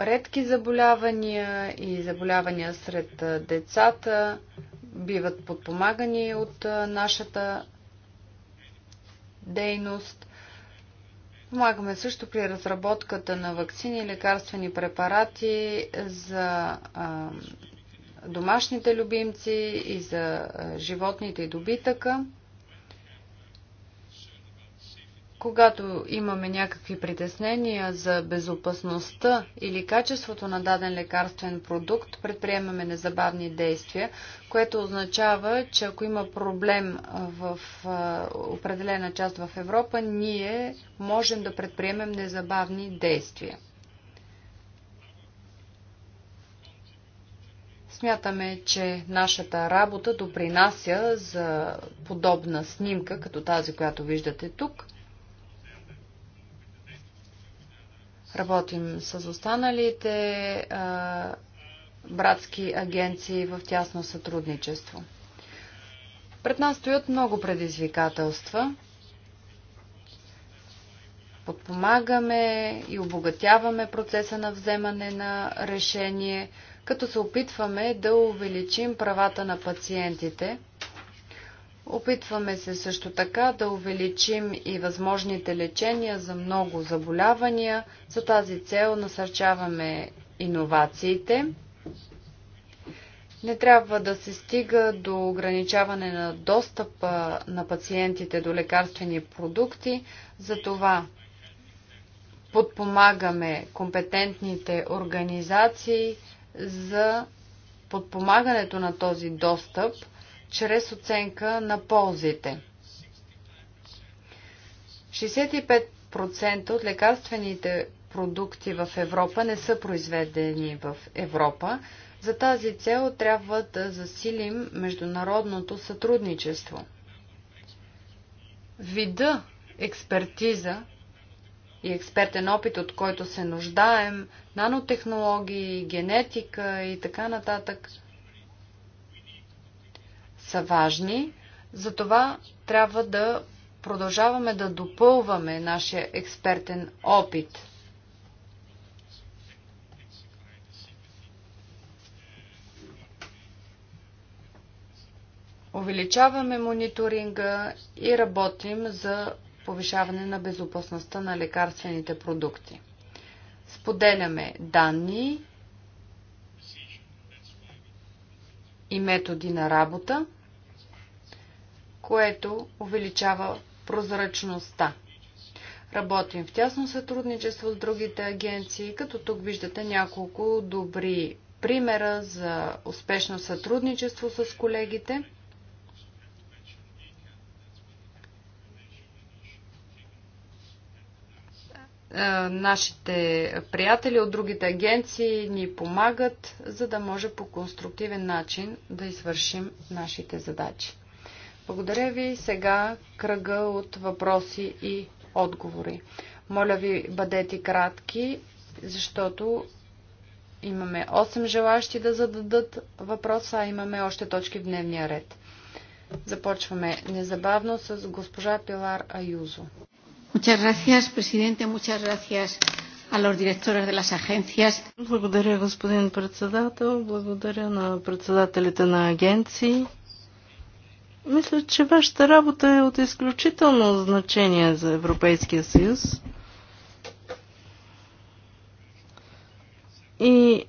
редки заболявания и заболявания сред децата биват подпомагани от нашата дейност. Помагаме също при разработката на вакцини и лекарствени препарати за домашните любимци и за животните и добитъка. Когато имаме някакви притеснения за безопасността или качеството на даден лекарствен продукт, предприемаме незабавни действия, което означава, че ако има проблем в определена част в Европа, ние можем да предприемем незабавни действия. Смятаме, че нашата работа допринася за подобна снимка, като тази, която виждате тук – Работим с останалите а, братски агенции в тясно сътрудничество. Пред нас стоят много предизвикателства. Подпомагаме и обогатяваме процеса на вземане на решение, като се опитваме да увеличим правата на пациентите – Опитваме се също така да увеличим и възможните лечения за много заболявания. За тази цел насърчаваме иновациите. Не трябва да се стига до ограничаване на достъпа на пациентите до лекарствени продукти. Затова подпомагаме компетентните организации за подпомагането на този достъп – чрез оценка на ползите. 65% от лекарствените продукти в Европа не са произведени в Европа. За тази цел трябва да засилим международното сътрудничество. Вида експертиза и експертен опит, от който се нуждаем, нанотехнологии, генетика и така нататък – са важни. Затова трябва да продължаваме да допълваме нашия експертен опит. Увеличаваме мониторинга и работим за повишаване на безопасността на лекарствените продукти. Споделяме данни и методи на работа което увеличава прозрачността. Работим в тясно сътрудничество с другите агенции, като тук виждате няколко добри примера за успешно сътрудничество с колегите. Е, нашите приятели от другите агенции ни помагат, за да може по конструктивен начин да извършим нашите задачи. Благодаря ви. Сега кръга от въпроси и отговори. Моля ви, бъдете кратки, защото имаме 8 желащи да зададат въпроса, а имаме още точки в дневния ред. Започваме незабавно с госпожа Пилар Аюзо. Muchas gracias, presidente. Muchas gracias a los directores de las agencias. Благодаря, господин председател. Благодаря на председателите на агенции. Мисля, че вашата работа е от изключително значение за Европейския съюз. И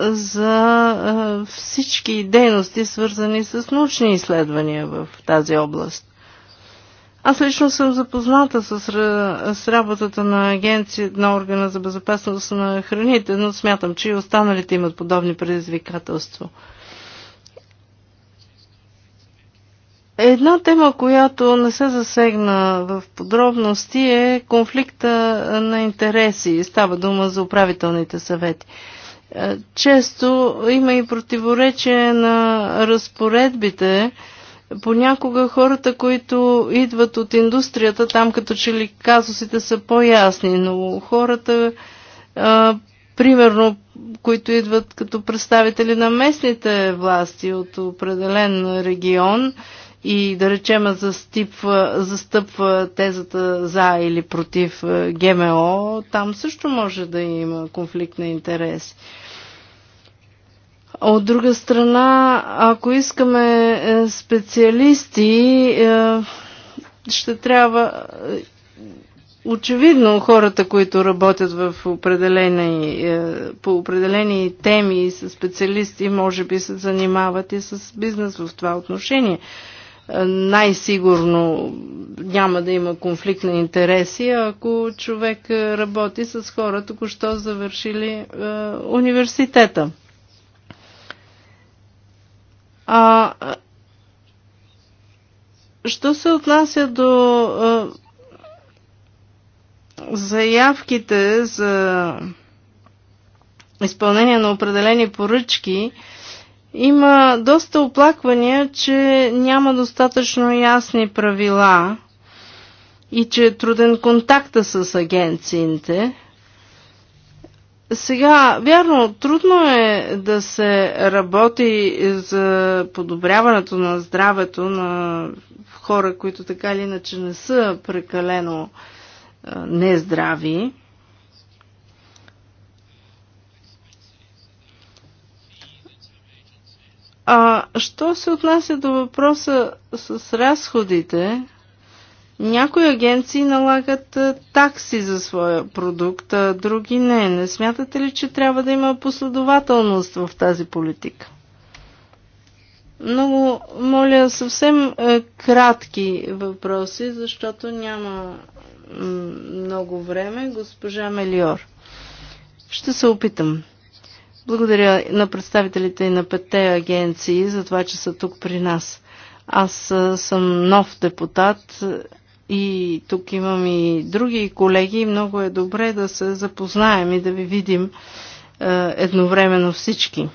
за всички дейности, свързани с научни изследвания в тази област. Аз лично съм запозната с, с работата на агенция на органа за безопасност на храните, но смятам, че и останалите имат подобни предизвикателства. Една тема, която не се засегна в подробности е конфликта на интереси. Става дума за управителните съвети. Е, често има и противоречие на разпоредбите. Понякога хората, които идват от индустрията, там като че ли казусите са по-ясни, но хората, а, е, примерно, които идват като представители на местните власти от определен регион, и да речем застъпва, застъпва тезата за или против е, ГМО, там също може да има конфликт на интереси. От друга страна, ако искаме е, специалисти, е, ще трябва очевидно хората, които работят в определени, по определени теми и са специалисти, може би се занимават и с бизнес в това отношение най-сигурно няма да има конфликт на интереси, ако човек работи с хора, току-що завършили е, университета. А, е, що се отнася до е, заявките за изпълнение на определени поръчки, е, има доста оплаквания, че няма достатъчно ясни правила и че е труден контакта с агенциите. Сега, вярно, трудно е да се работи за подобряването на здравето на хора, които така или иначе не са прекалено нездрави. А що се отнася до въпроса с разходите, някои агенции налагат такси за своя продукт, а други не. Не смятате ли, че трябва да има последователност в тази политика? Много моля съвсем е, кратки въпроси, защото няма много време. Госпожа Мелиор. Ще се опитам. Благодаря на представителите и на петте агенции за това, че са тук при нас. Аз съм нов депутат и тук имам и други колеги. Много е добре да се запознаем и да ви видим едновременно всички.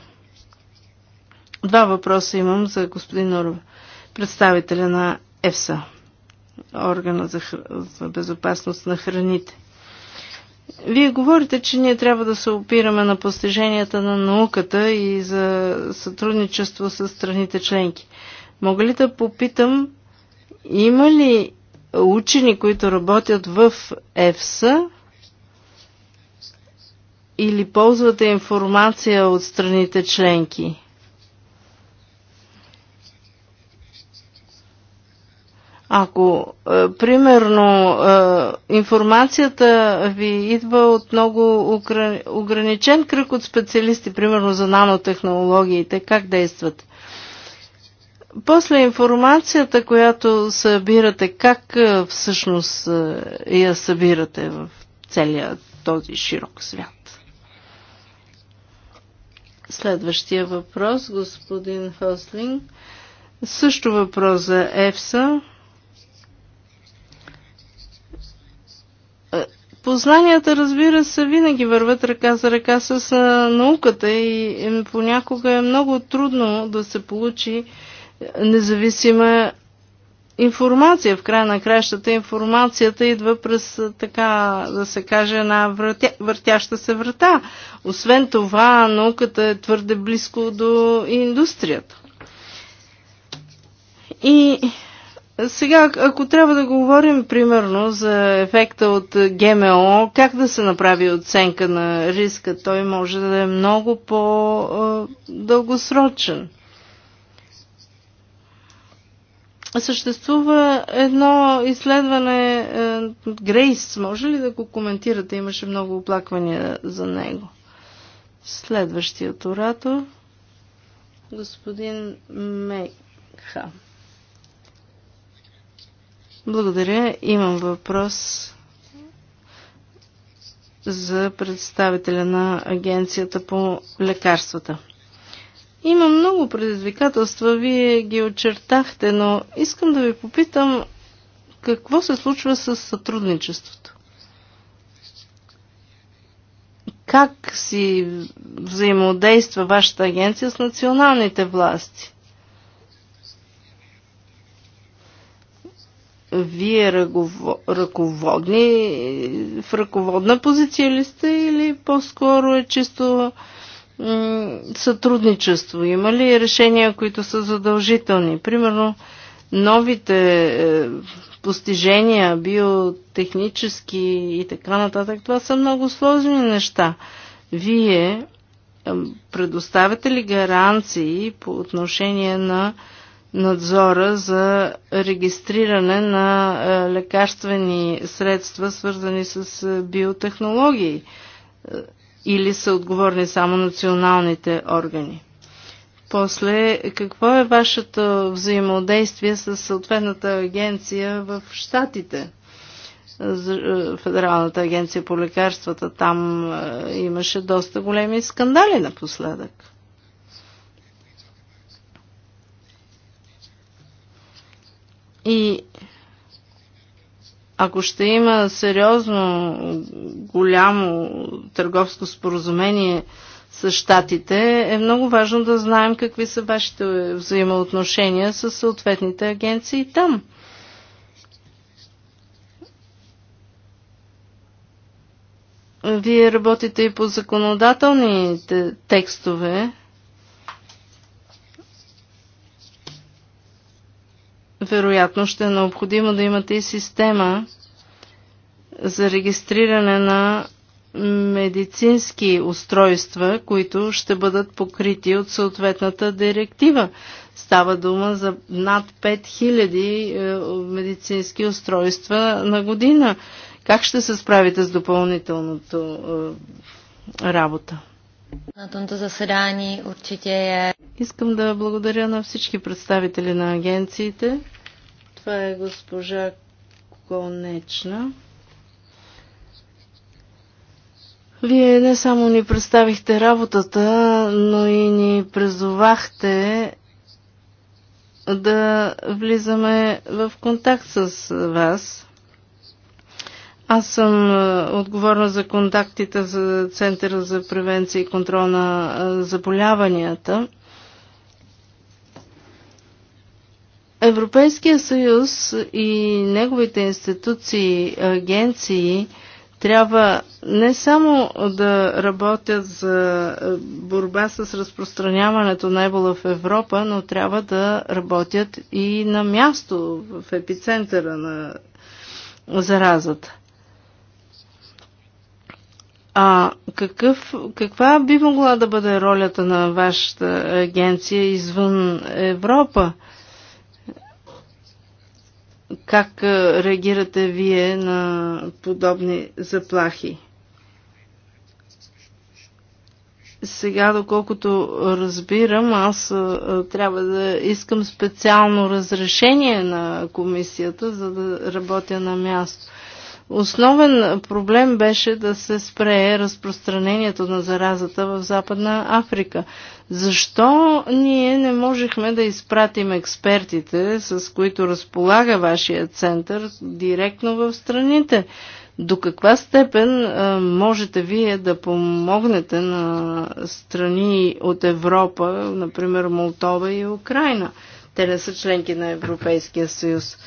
Два въпроса имам за господин Оров, представителя на ЕФСА, органа за, за безопасност на храните. Вие говорите, че ние трябва да се опираме на постиженията на науката и за сътрудничество с страните членки. Мога ли да попитам, има ли учени, които работят в ЕФСА или ползвате информация от страните членки? Ако, е, примерно, е, информацията ви идва от много ограничен кръг от специалисти, примерно за нанотехнологиите, как действат? После информацията, която събирате, как е, всъщност я събирате в целия този широк свят? Следващия въпрос, господин Хослинг. Също въпрос за ЕФСА. Познанията, разбира се, винаги върват ръка за ръка с науката и понякога е много трудно да се получи е, независима информация. В края на кращата информацията идва през така, да се каже, една въртя, въртяща се врата. Освен това, науката е твърде близко до индустрията. И сега, ако трябва да говорим примерно за ефекта от ГМО, как да се направи оценка на риска, той може да е много по-дългосрочен. Съществува едно изследване е, Грейс. Може ли да го коментирате? Имаше много оплаквания за него. Следващият оратор господин Мейхам. Благодаря. Имам въпрос за представителя на Агенцията по лекарствата. Има много предизвикателства, вие ги очертахте, но искам да ви попитам какво се случва с сътрудничеството. Как си взаимодейства вашата агенция с националните власти? Вие ръководни, в ръководна позиция ли сте или по-скоро е чисто сътрудничество? Има ли решения, които са задължителни? Примерно, новите е, постижения, биотехнически и така нататък, това са много сложни неща. Вие предоставяте ли гаранции по отношение на надзора за регистриране на е, лекарствени средства, свързани с е, биотехнологии? Е, или са отговорни само националните органи? После, какво е вашето взаимодействие с съответната агенция в Штатите? Федералната агенция по лекарствата. Там имаше доста големи скандали напоследък. И ако ще има сериозно голямо търговско споразумение с щатите, е много важно да знаем какви са вашите взаимоотношения с съответните агенции там. Вие работите и по законодателните текстове. вероятно ще е необходимо да имате и система за регистриране на медицински устройства, които ще бъдат покрити от съответната директива. Става дума за над 5000 е, медицински устройства на година. Как ще се справите с допълнителното е, работа? На заседание е... Искам да благодаря на всички представители на агенциите. Това е госпожа Конечна. Вие не само ни представихте работата, но и ни призовахте да влизаме в контакт с вас. Аз съм отговорна за контактите за Центъра за превенция и контрол на заболяванията. Европейския съюз и неговите институции, агенции трябва не само да работят за борба с разпространяването на ебола в Европа, но трябва да работят и на място в епицентъра на заразата. А какъв, каква би могла да бъде ролята на вашата агенция извън Европа? Как реагирате вие на подобни заплахи? Сега, доколкото разбирам, аз трябва да искам специално разрешение на комисията, за да работя на място. Основен проблем беше да се спрее разпространението на заразата в Западна Африка. Защо ние не можехме да изпратим експертите, с които разполага вашия център, директно в страните? До каква степен можете вие да помогнете на страни от Европа, например Молдова и Украина? Те не са членки на Европейския съюз.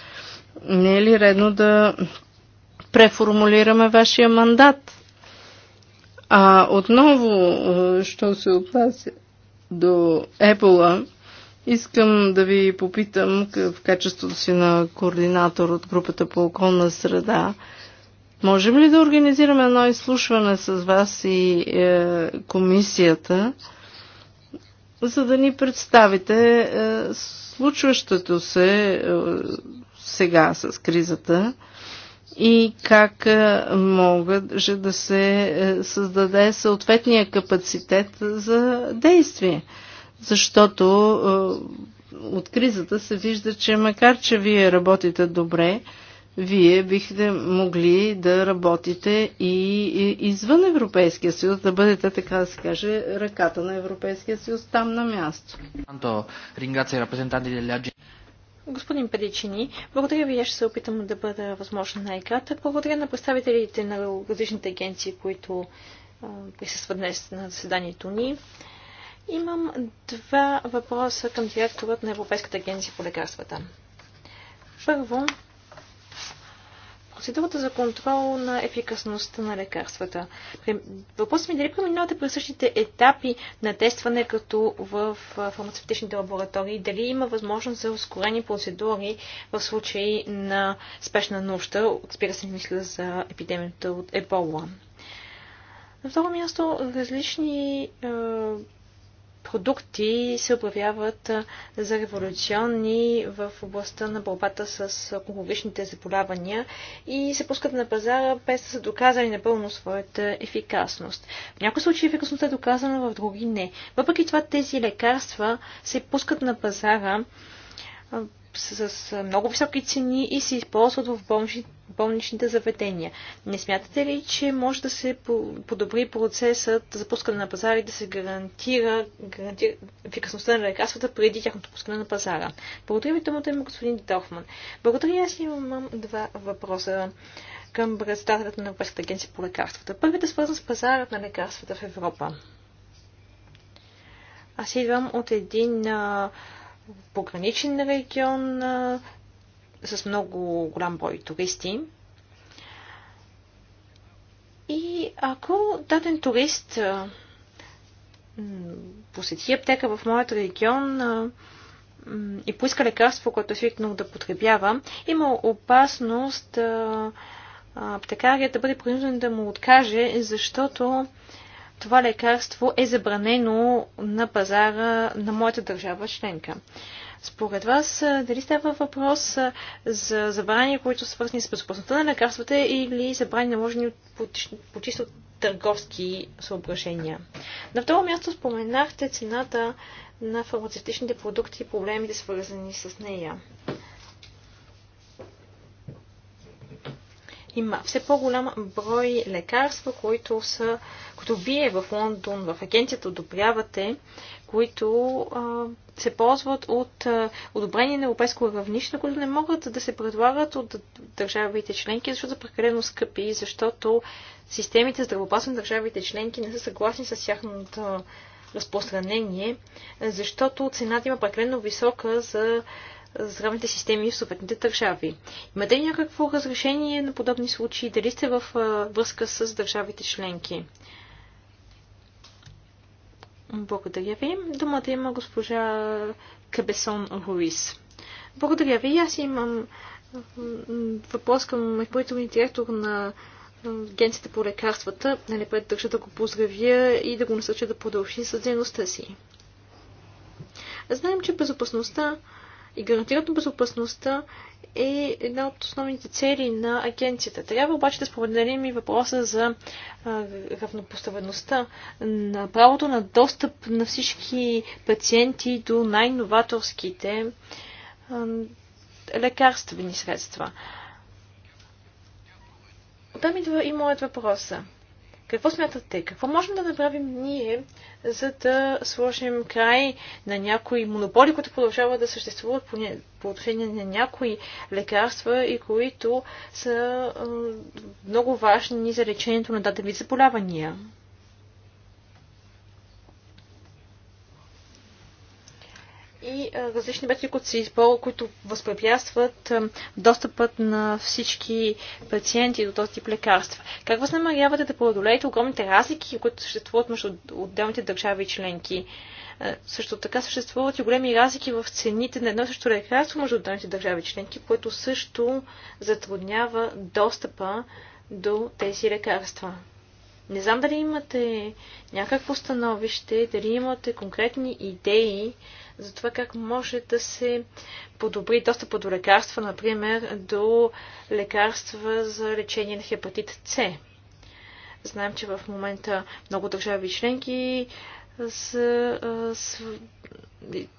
Не е ли редно да преформулираме вашия мандат. А отново, що се отнася до Ебола, искам да ви попитам в качеството си на координатор от групата по околна среда, можем ли да организираме едно изслушване с вас и е, комисията, за да ни представите е, случващото се е, сега с кризата, и как е, може да се е, създаде съответния капацитет за действие. Защото е, от кризата се вижда, че макар, че вие работите добре, вие бихте могли да работите и извън Европейския съюз, да бъдете, така да се каже, ръката на Европейския съюз там на място. Господин Педичини, благодаря ви, аз ще се опитам да бъда възможно най-кратък. Благодаря на представителите на различните агенции, които присъстват днес на заседанието ни. Имам два въпроса към директорът на Европейската агенция по лекарствата. Първо, процедурата за контрол на ефикасността на лекарствата. Въпросът ми е дали преминавате през същите етапи на тестване, като в фармацевтичните лаборатории, дали има възможност за ускорени процедури в случай на спешна нужда, спира се мисля за епидемията от ебола. На второ място, различни е, продукти се обявяват за революционни в областта на борбата с онкологичните заболявания и се пускат на пазара без да са доказали напълно своята ефикасност. В някои случаи ефикасността е доказана, в други не. Въпреки това тези лекарства се пускат на пазара с, с много високи цени и се използват в болнични, болничните заведения. Не смятате ли, че може да се подобри процесът за пускане на пазара и да се гарантира, гарантира ефикасността на лекарствата преди тяхното пускане на пазара? Благодаря ви думата има господин Дорфман. Благодаря, аз имам два въпроса към председателят на Европейската агенция по лекарствата. Първият е свързан с пазарът на лекарствата в Европа. Аз идвам от един а, пограничен регион с много голям брой туристи. И ако даден турист посети аптека в моят регион и поиска лекарство, което е свикнал да потребява, има опасност аптекарият да бъде принуден да му откаже, защото това лекарство е забранено на пазара на моята държава членка. Според вас, дали става въпрос за забрани, които са свързани с безопасността на лекарствата или забрани наложени по чисто търговски съображения? На второ място споменахте цената на фармацевтичните продукти и проблемите свързани с нея. има все по-голям брой лекарства, които, са, които вие в Лондон, в агенцията одобрявате, които а, се ползват от а, одобрение на европейско равнище, които не могат да се предлагат от държавите членки, защото са прекалено скъпи, защото системите за здравеопазване на държавите членки не са съгласни с тяхното разпространение, защото цената има прекалено висока за здравните системи в съответните държави. Имате ли някакво разрешение на подобни случаи? Дали сте в връзка с държавите членки? Благодаря ви. Думата има госпожа Кабесон Руис. Благодаря ви. Аз имам въпрос към изпълнителния директор на Агенцията по лекарствата. Най-напред нали, държа да го поздравя и да го насъча да продължи с дейността си. Знаем, че безопасността и гарантират безопасността е една от основните цели на агенцията. Трябва обаче да споменем и въпроса за равнопоставеността на правото на достъп на всички пациенти до най-новаторските лекарствени средства. Там идва и моят въпрос. Какво смятате? Какво можем да направим ние, за да сложим край на някои монополи, които продължават да съществуват по, по отношение на някои лекарства и които са а, много важни за лечението на дадени заболявания? и различни методи, които се използват, които възпрепятстват достъпът на всички пациенти до този тип лекарства. Как възнамерявате да преодолеете огромните разлики, които съществуват между отделните държави и членки? Също така съществуват и големи разлики в цените на едно и също лекарство между отделните държави и членки, което също затруднява достъпа до тези лекарства. Не знам дали имате някакво становище, дали имате конкретни идеи за това как може да се подобри доста до лекарства, например до лекарства за лечение на хепатит С. Знаем, че в момента много държави членки са,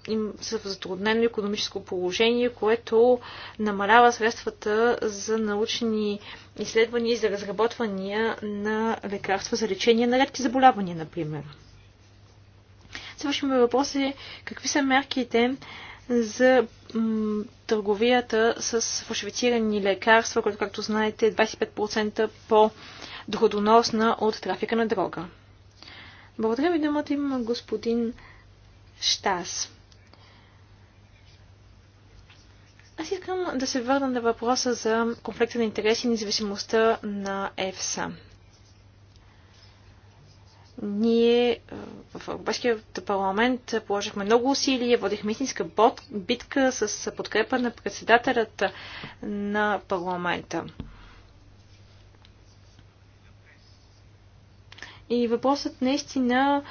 им са в затруднено економическо положение, което намалява средствата за научни изследвания и за разработвания на лекарства за лечение на редки заболявания, например. Следващия ми въпрос е какви са мерките за търговията с фалшифицирани лекарства, което, както знаете, е 25% по-доходоносна от трафика на дрога. Благодаря ви, думата има господин Штас. Аз искам да се върна на въпроса за конфликта на интереси и независимостта на ЕФСА ние е, в Европейският парламент положихме много усилия, водихме истинска битка с подкрепа на председателят на парламента. И въпросът наистина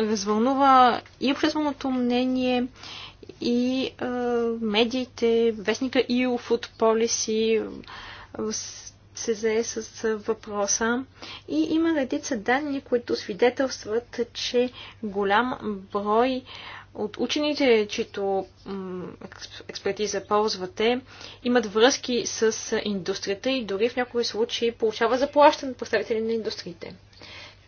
развълнува и общественото мнение, и е, медиите, вестника EU Food Policy, се зае с въпроса и има редица данни, които свидетелстват, че голям брой от учените, чието експертиза ползвате, имат връзки с индустрията и дори в някои случаи получава заплащане от представители на индустриите.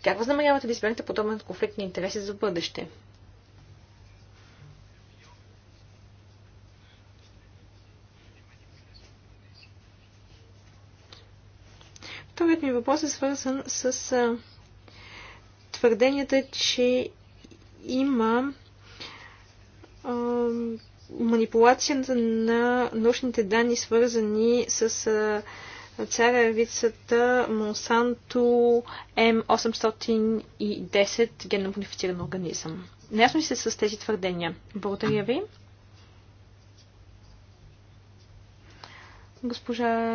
Как възнамерявате да избегнете подобен конфликт на интереси за бъдеще? Вторият ми въпрос е свързан с а, твърденията, че има а, манипулацията на научните данни, свързани с а, царевицата Монсанто М810 генно модифициран организъм. Неясно ли се с тези твърдения? Благодаря ви. Госпожа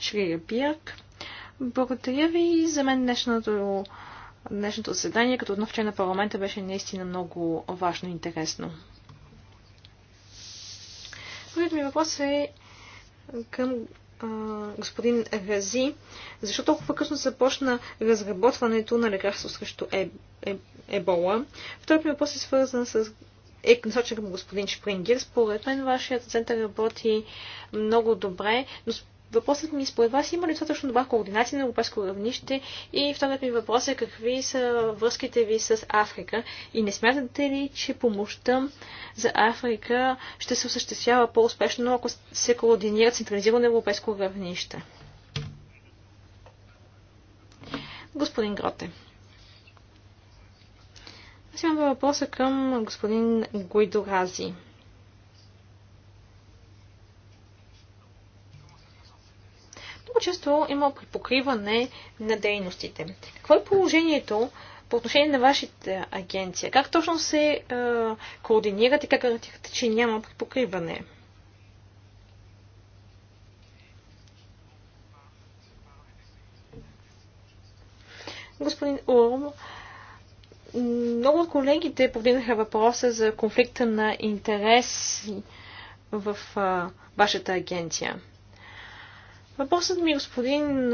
Шрия Бирк. Благодаря ви за мен днешното, днешното заседание, като отново член на парламента беше наистина много важно и интересно. Първият ми въпрос е към а, господин Рази. Защо толкова късно започна разработването на лекарство срещу е, е, ебола? Вторият ми въпрос е свързан с е насочен към господин Шпрингер. Според мен вашият център работи много добре, но Въпросът ми според вас има ли достатъчно добра координация на европейско равнище? И вторият ми въпрос е какви са връзките ви с Африка? И не смятате ли, че помощта за Африка ще се осъществява по-успешно, ако се координира централизирано европейско равнище? Господин Гроте. Аз имам въпроса към господин Гуидорази. Рази. често има припокриване на дейностите. Какво е положението по отношение на вашата агенция? Как точно се е, координирате, как гарантирате, че няма припокриване? Господин Урм, много от колегите повдигнаха въпроса за конфликта на интереси в а, вашата агенция. Въпросът ми, господин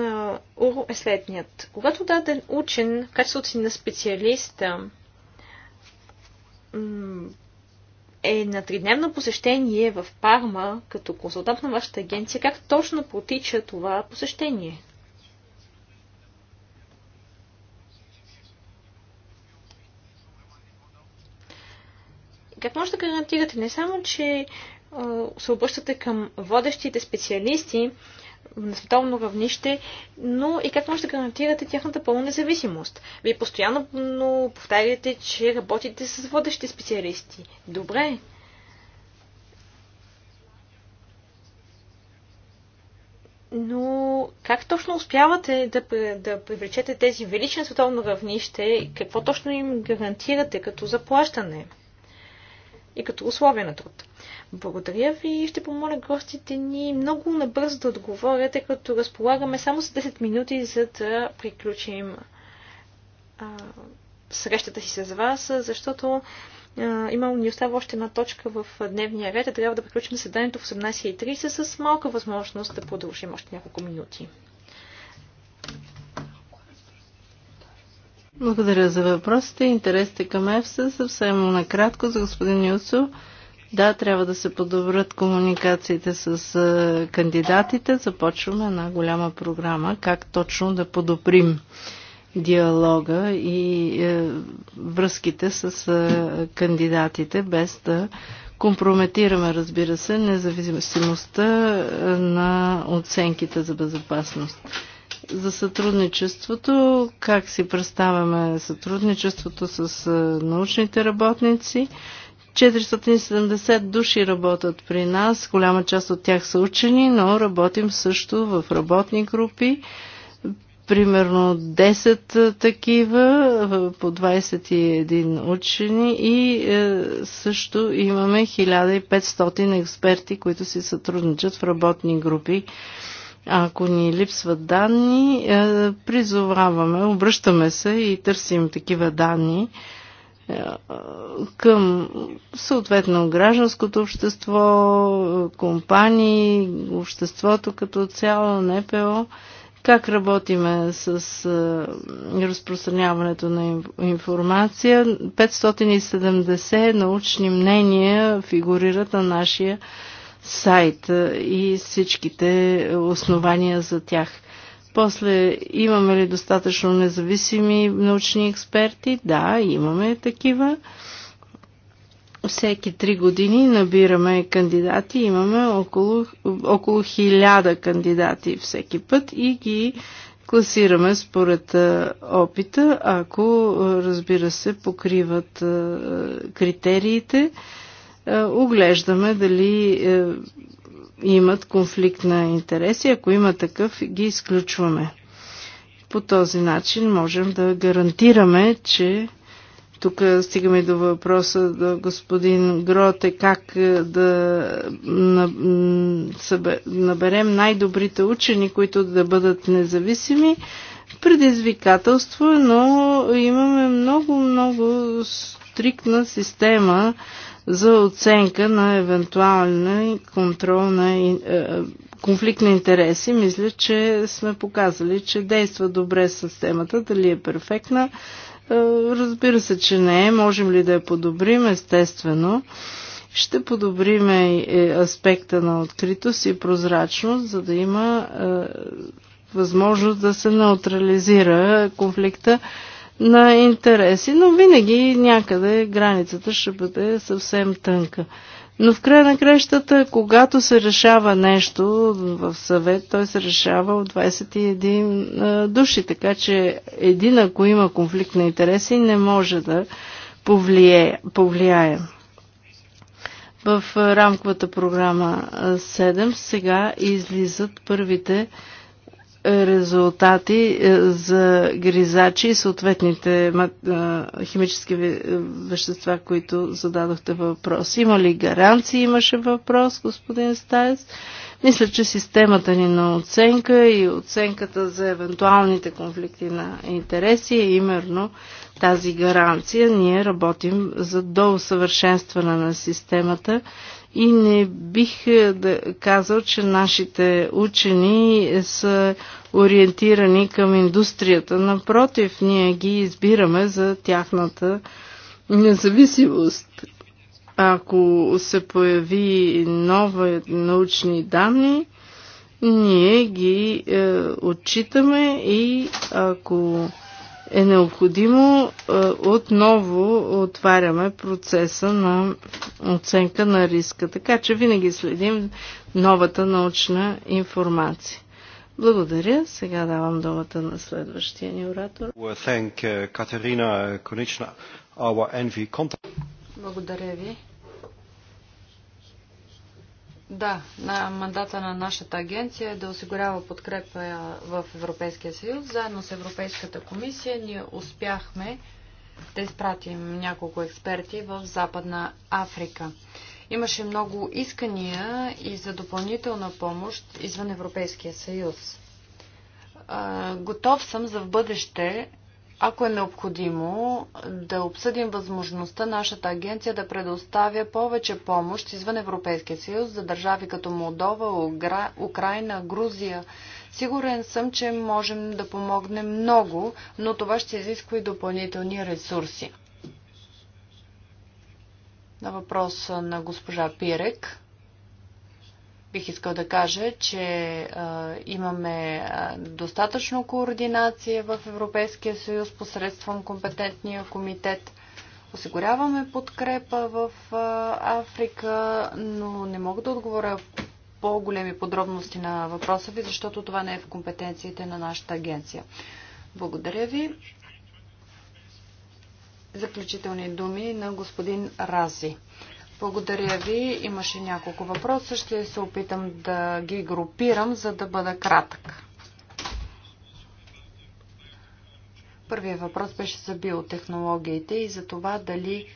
Уру, е следният. Когато даден учен, в качеството си на специалиста, е на тридневно посещение в Парма, като консултант на вашата агенция, как точно протича това посещение? Как може да гарантирате не само, че се обръщате към водещите специалисти, на световно равнище, но и как може да гарантирате тяхната пълна независимост? Вие постоянно но повтаряте, че работите с водещи специалисти. Добре. Но как точно успявате да, да привлечете тези велични световно равнище? Какво точно им гарантирате като заплащане? и като условия на труд. Благодаря ви и ще помоля гостите ни много набързо да отговорят, тъй като разполагаме само с 10 минути, за да приключим а, срещата си с вас, защото а, има, ни остава още една точка в дневния ред, а трябва да приключим заседанието в 18.30 с малка възможност да продължим още няколко минути. Благодаря за въпросите. Интересите към ЕФСА съвсем накратко за господин Юсо. Да, трябва да се подобрят комуникациите с кандидатите. Започваме една голяма програма как точно да подобрим диалога и е, връзките с е, кандидатите, без да компрометираме, разбира се, независимостта на оценките за безопасност за сътрудничеството, как си представяме сътрудничеството с научните работници. 470 души работят при нас, голяма част от тях са учени, но работим също в работни групи, примерно 10 такива, по 21 учени и е, също имаме 1500 експерти, които си сътрудничат в работни групи ако ни липсват данни, е, призоваваме, обръщаме се и търсим такива данни е, към съответно гражданското общество, компании, обществото като цяло, НПО, как работиме с е, разпространяването на информация. 570 научни мнения фигурират на нашия сайта и всичките основания за тях. После имаме ли достатъчно независими научни експерти? Да, имаме такива. Всеки три години набираме кандидати, имаме около, около хиляда кандидати всеки път и ги класираме според опита, ако разбира се покриват критериите е, оглеждаме дали е, имат конфликт на интереси. Ако има такъв, ги изключваме. По този начин можем да гарантираме, че тук стигаме до въпроса до господин Гроте как е, да наберем най-добрите учени, които да бъдат независими. Предизвикателство, но имаме много, много стриктна система за оценка на евентуален контрол на е, е, конфликт на интереси. Мисля, че сме показали, че действа добре системата, дали е перфектна. Е, разбира се, че не е. Можем ли да я подобрим? Естествено. Ще подобрим аспекта на откритост и прозрачност, за да има възможност да се неутрализира конфликта на интереси, но винаги някъде границата ще бъде съвсем тънка. Но в края на крещата, когато се решава нещо в съвет, той се решава от 21 души, така че един, ако има конфликт на интереси, не може да повлие, повлияе. В рамковата програма 7 сега излизат първите резултати е, за гризачи и съответните е, химически вещества, които зададохте въпрос. Има ли гаранции, имаше въпрос, господин Стайс? Мисля, че системата ни на оценка и оценката за евентуалните конфликти на интереси е именно тази гаранция. Ние работим за доусъвършенстване на системата и не бих е, да казал, че нашите учени са ориентирани към индустрията. Напротив, ние ги избираме за тяхната независимост. Ако се появи нови научни данни, ние ги е, отчитаме и ако е необходимо е, отново отваряме процеса на оценка на риска, така че винаги следим новата научна информация. Благодаря. Сега давам думата на следващия ни оратор. Е, Благодаря ви. Да, на мандата на нашата агенция е да осигурява подкрепа в Европейския съюз. Заедно с Европейската комисия ние успяхме да изпратим няколко експерти в Западна Африка. Имаше много искания и за допълнителна помощ извън Европейския съюз. Готов съм за в бъдеще ако е необходимо, да обсъдим възможността нашата агенция да предоставя повече помощ извън Европейския съюз за държави като Молдова, Украина, Грузия. Сигурен съм, че можем да помогнем много, но това ще изисква и допълнителни ресурси. На въпрос на госпожа Пирек. Бих искал да кажа, че а, имаме а, достатъчно координация в Европейския съюз посредством компетентния комитет. Осигуряваме подкрепа в а, Африка, но не мога да отговоря по-големи подробности на въпроса ви, защото това не е в компетенциите на нашата агенция. Благодаря ви. Заключителни думи на господин Рази. Благодаря ви. Имаше няколко въпроса. Ще се опитам да ги групирам, за да бъда кратък. Първият въпрос беше за биотехнологиите и за това дали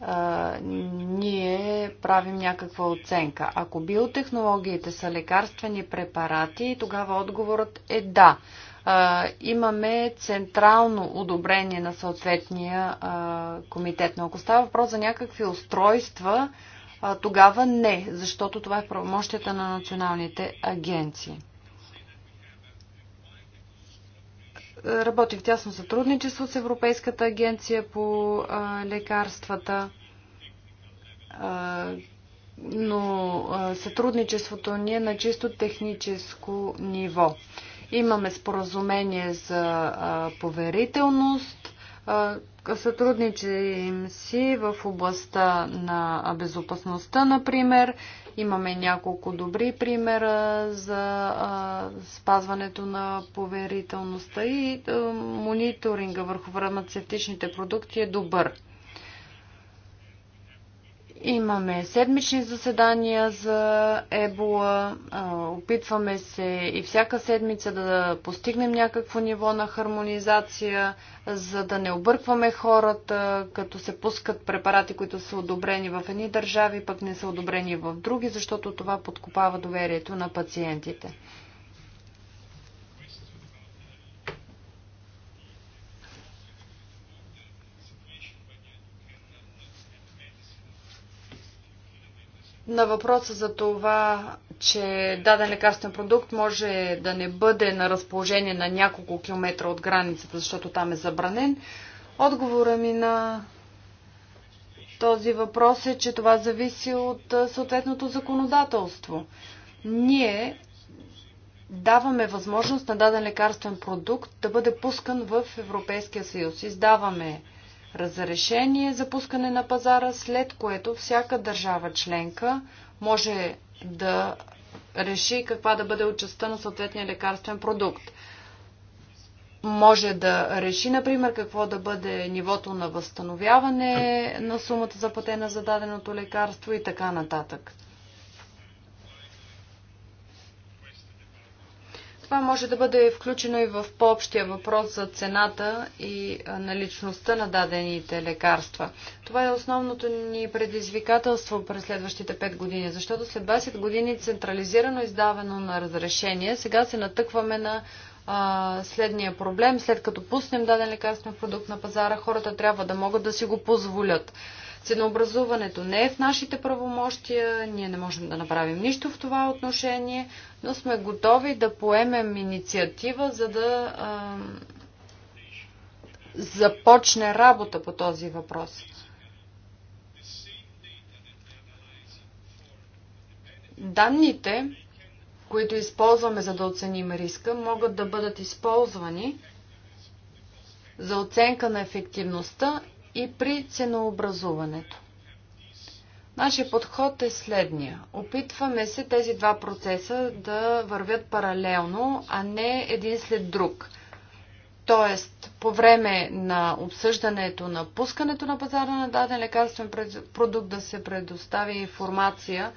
а, ние правим някаква оценка. Ако биотехнологиите са лекарствени препарати, тогава отговорът е да а, имаме централно одобрение на съответния а, комитет. Но ако става въпрос за някакви устройства, а, тогава не, защото това е правомощията на националните агенции. Работи в тясно сътрудничество с Европейската агенция по а, лекарствата, а, но а, сътрудничеството ни е на чисто техническо ниво. Имаме споразумение за поверителност. Сътрудничим си в областта на безопасността, например. Имаме няколко добри примера за спазването на поверителността и мониторинга върху фармацевтичните продукти е добър. Имаме седмични заседания за ебола. Опитваме се и всяка седмица да постигнем някакво ниво на хармонизация, за да не объркваме хората, като се пускат препарати, които са одобрени в едни държави, пък не са одобрени в други, защото това подкопава доверието на пациентите. На въпроса за това, че даден лекарствен продукт може да не бъде на разположение на няколко километра от границата, защото там е забранен, отговора ми на този въпрос е, че това зависи от съответното законодателство. Ние даваме възможност на даден лекарствен продукт да бъде пускан в Европейския съюз. Издаваме разрешение за пускане на пазара, след което всяка държава членка може да реши каква да бъде участта на съответния лекарствен продукт. Може да реши, например, какво да бъде нивото на възстановяване на сумата за платена за даденото лекарство и така нататък. Това може да бъде включено и в по-общия въпрос за цената и наличността на дадените лекарства. Това е основното ни предизвикателство през следващите 5 години, защото след 20 години централизирано издавано на разрешение, сега се натъкваме на а, следния проблем. След като пуснем даден лекарствен продукт на пазара, хората трябва да могат да си го позволят. Ценообразуването не е в нашите правомощия, ние не можем да направим нищо в това отношение, но сме готови да поемем инициатива, за да а, започне работа по този въпрос. Данните, които използваме за да оценим риска, могат да бъдат използвани за оценка на ефективността и при ценообразуването. Нашия подход е следния. Опитваме се тези два процеса да вървят паралелно, а не един след друг. Тоест, по време на обсъждането на пускането на пазара на даден лекарствен продукт да се предостави информация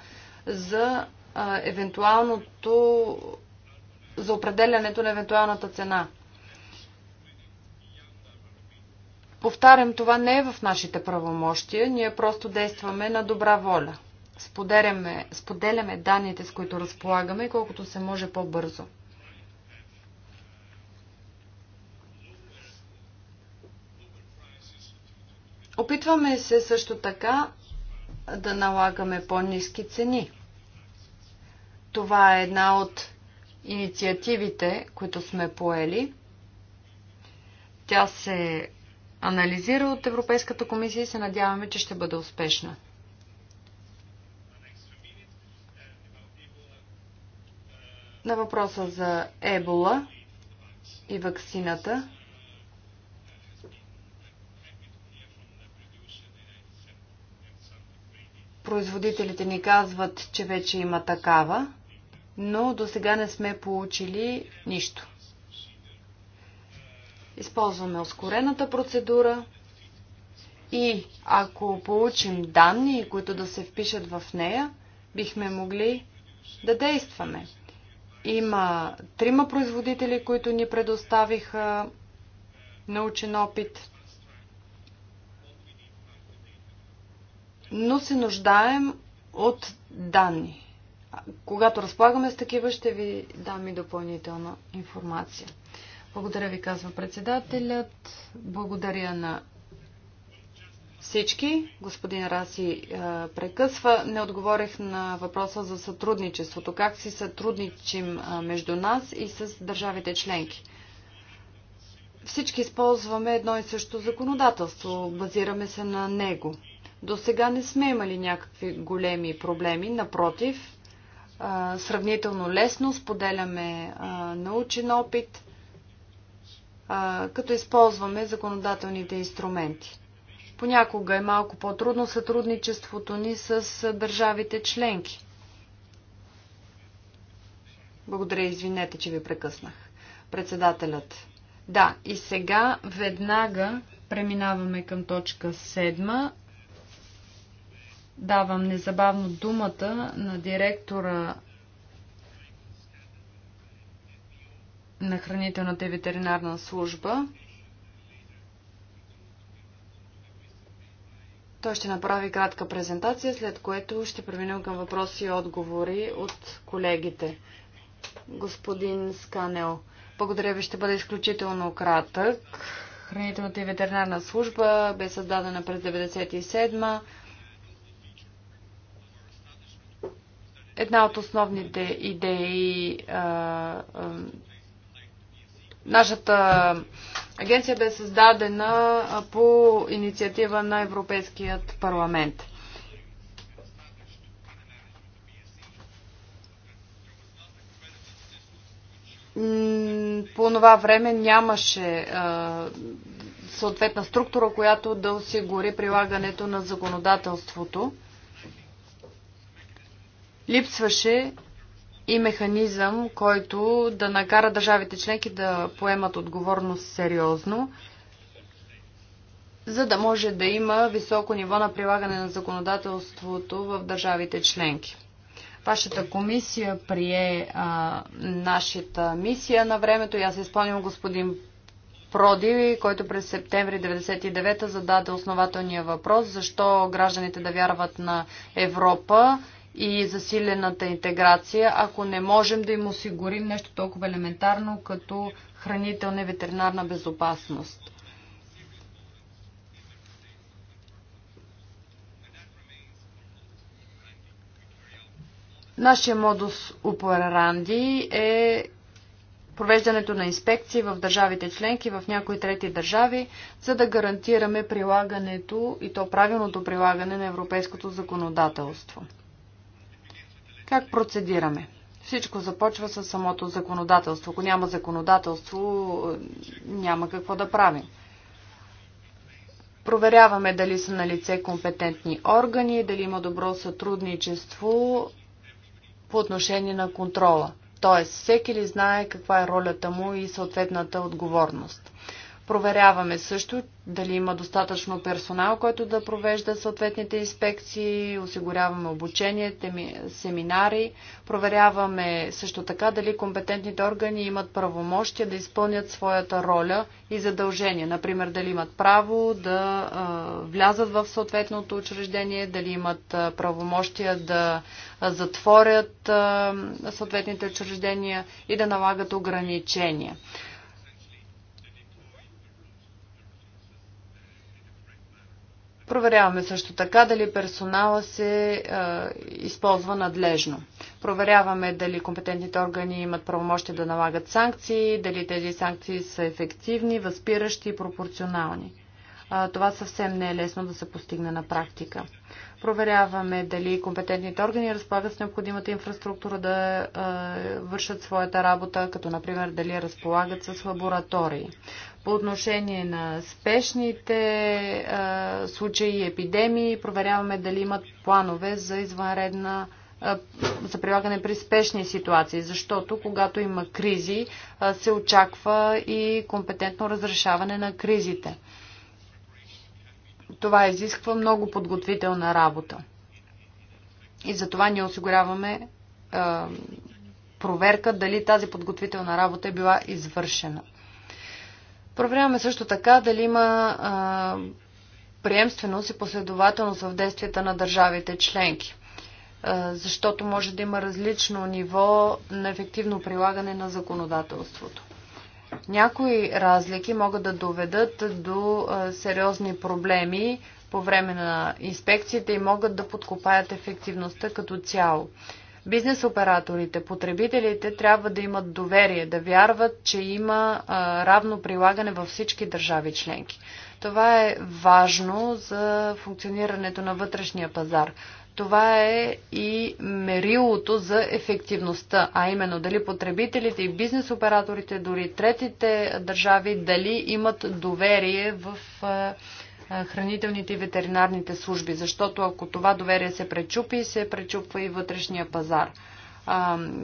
за евентуалното за определянето на евентуалната цена. Повтарям, това не е в нашите правомощия, ние просто действаме на добра воля. Споделяме, споделяме данните, с които разполагаме, колкото се може по-бързо. Опитваме се също така да налагаме по-низки цени. Това е една от инициативите, които сме поели. Тя се анализира от Европейската комисия и се надяваме, че ще бъде успешна. На въпроса за ебола и ваксината. Производителите ни казват, че вече има такава, но до сега не сме получили нищо използваме ускорената процедура и ако получим данни, които да се впишат в нея, бихме могли да действаме. Има трима производители, които ни предоставиха научен опит, но се нуждаем от данни. Когато разполагаме с такива, ще ви дам и допълнителна информация. Благодаря ви, казва председателят. Благодаря на всички. Господин Раси прекъсва. Не отговорих на въпроса за сътрудничеството. Как си сътрудничим между нас и с държавите членки? Всички използваме едно и също законодателство. Базираме се на него. До сега не сме имали някакви големи проблеми. Напротив, сравнително лесно споделяме научен опит – като използваме законодателните инструменти. Понякога е малко по-трудно сътрудничеството ни с държавите членки. Благодаря, извинете, че ви прекъснах. Председателят. Да, и сега веднага преминаваме към точка 7. Давам незабавно думата на директора на хранителната и ветеринарна служба. Той ще направи кратка презентация, след което ще преминем към въпроси и отговори от колегите. Господин Сканел, благодаря ви, ще бъде изключително кратък. Хранителната и ветеринарна служба бе създадена през 1997 Една от основните идеи а, а, Нашата агенция бе създадена по инициатива на Европейският парламент. По това време нямаше съответна структура, която да осигури прилагането на законодателството. Липсваше и механизъм, който да накара държавите членки да поемат отговорност сериозно, за да може да има високо ниво на прилагане на законодателството в държавите членки. Вашата комисия прие а, нашата мисия на времето и аз изпълням господин Проди, който през септември 1999 зададе основателния въпрос защо гражданите да вярват на Европа и засилената интеграция, ако не можем да им осигурим нещо толкова елементарно като хранителна и ветеринарна безопасност. Нашия модус operandi е провеждането на инспекции в държавите членки, в някои трети държави, за да гарантираме прилагането и то правилното прилагане на европейското законодателство. Как процедираме? Всичко започва с самото законодателство. Ако няма законодателство, е, няма какво да правим. Проверяваме дали са на лице компетентни органи, дали има добро сътрудничество по отношение на контрола. Тоест, всеки ли знае каква е ролята му и съответната отговорност. Проверяваме също дали има достатъчно персонал, който да провежда съответните инспекции, осигуряваме обучение, семинари, проверяваме също така дали компетентните органи имат правомощия да изпълнят своята роля и задължения. Например, дали имат право да влязат в съответното учреждение, дали имат правомощия да затворят съответните учреждения и да налагат ограничения. Проверяваме също така дали персонала се е, използва надлежно. Проверяваме дали компетентните органи имат правомощие да налагат санкции, дали тези санкции са ефективни, възпиращи и пропорционални. А, това съвсем не е лесно да се постигне на практика. Проверяваме дали компетентните органи разполагат с необходимата инфраструктура да вършат своята работа, като например дали разполагат с лаборатории. По отношение на спешните случаи и епидемии, проверяваме дали имат планове за извънредна за прилагане при спешни ситуации, защото когато има кризи, се очаква и компетентно разрешаване на кризите. Това изисква много подготвителна работа. И за това ние осигуряваме проверка дали тази подготвителна работа е била извършена. Проверяваме също така дали има приемственост и последователност в действията на държавите членки, защото може да има различно ниво на ефективно прилагане на законодателството. Някои разлики могат да доведат до сериозни проблеми по време на инспекциите и могат да подкопаят ефективността като цяло. Бизнес операторите, потребителите трябва да имат доверие, да вярват, че има равно прилагане във всички държави членки. Това е важно за функционирането на вътрешния пазар това е и мерилото за ефективността, а именно дали потребителите и бизнес операторите, дори третите държави, дали имат доверие в хранителните и ветеринарните служби, защото ако това доверие се пречупи, се пречупва и вътрешния пазар.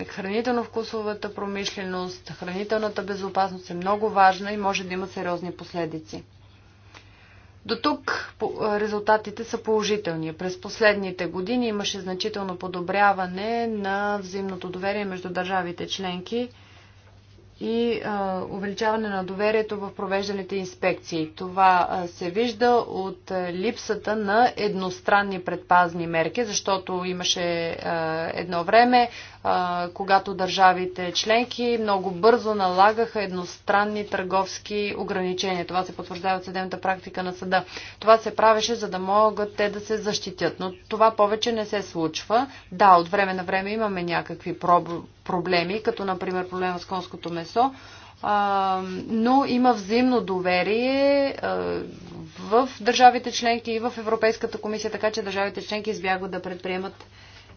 Хранително-вкусовата промишленост, хранителната безопасност е много важна и може да има сериозни последици. До тук резултатите са положителни. През последните години имаше значително подобряване на взаимното доверие между държавите членки и а, увеличаване на доверието в провежданите инспекции. Това а, се вижда от липсата на едностранни предпазни мерки, защото имаше а, едно време когато държавите членки много бързо налагаха едностранни търговски ограничения. Това се потвърждава от съдебната практика на съда. Това се правеше, за да могат те да се защитят. Но това повече не се случва. Да, от време на време имаме някакви проблеми, като например проблема с конското месо, но има взаимно доверие в държавите членки и в Европейската комисия, така че държавите членки избягват да предприемат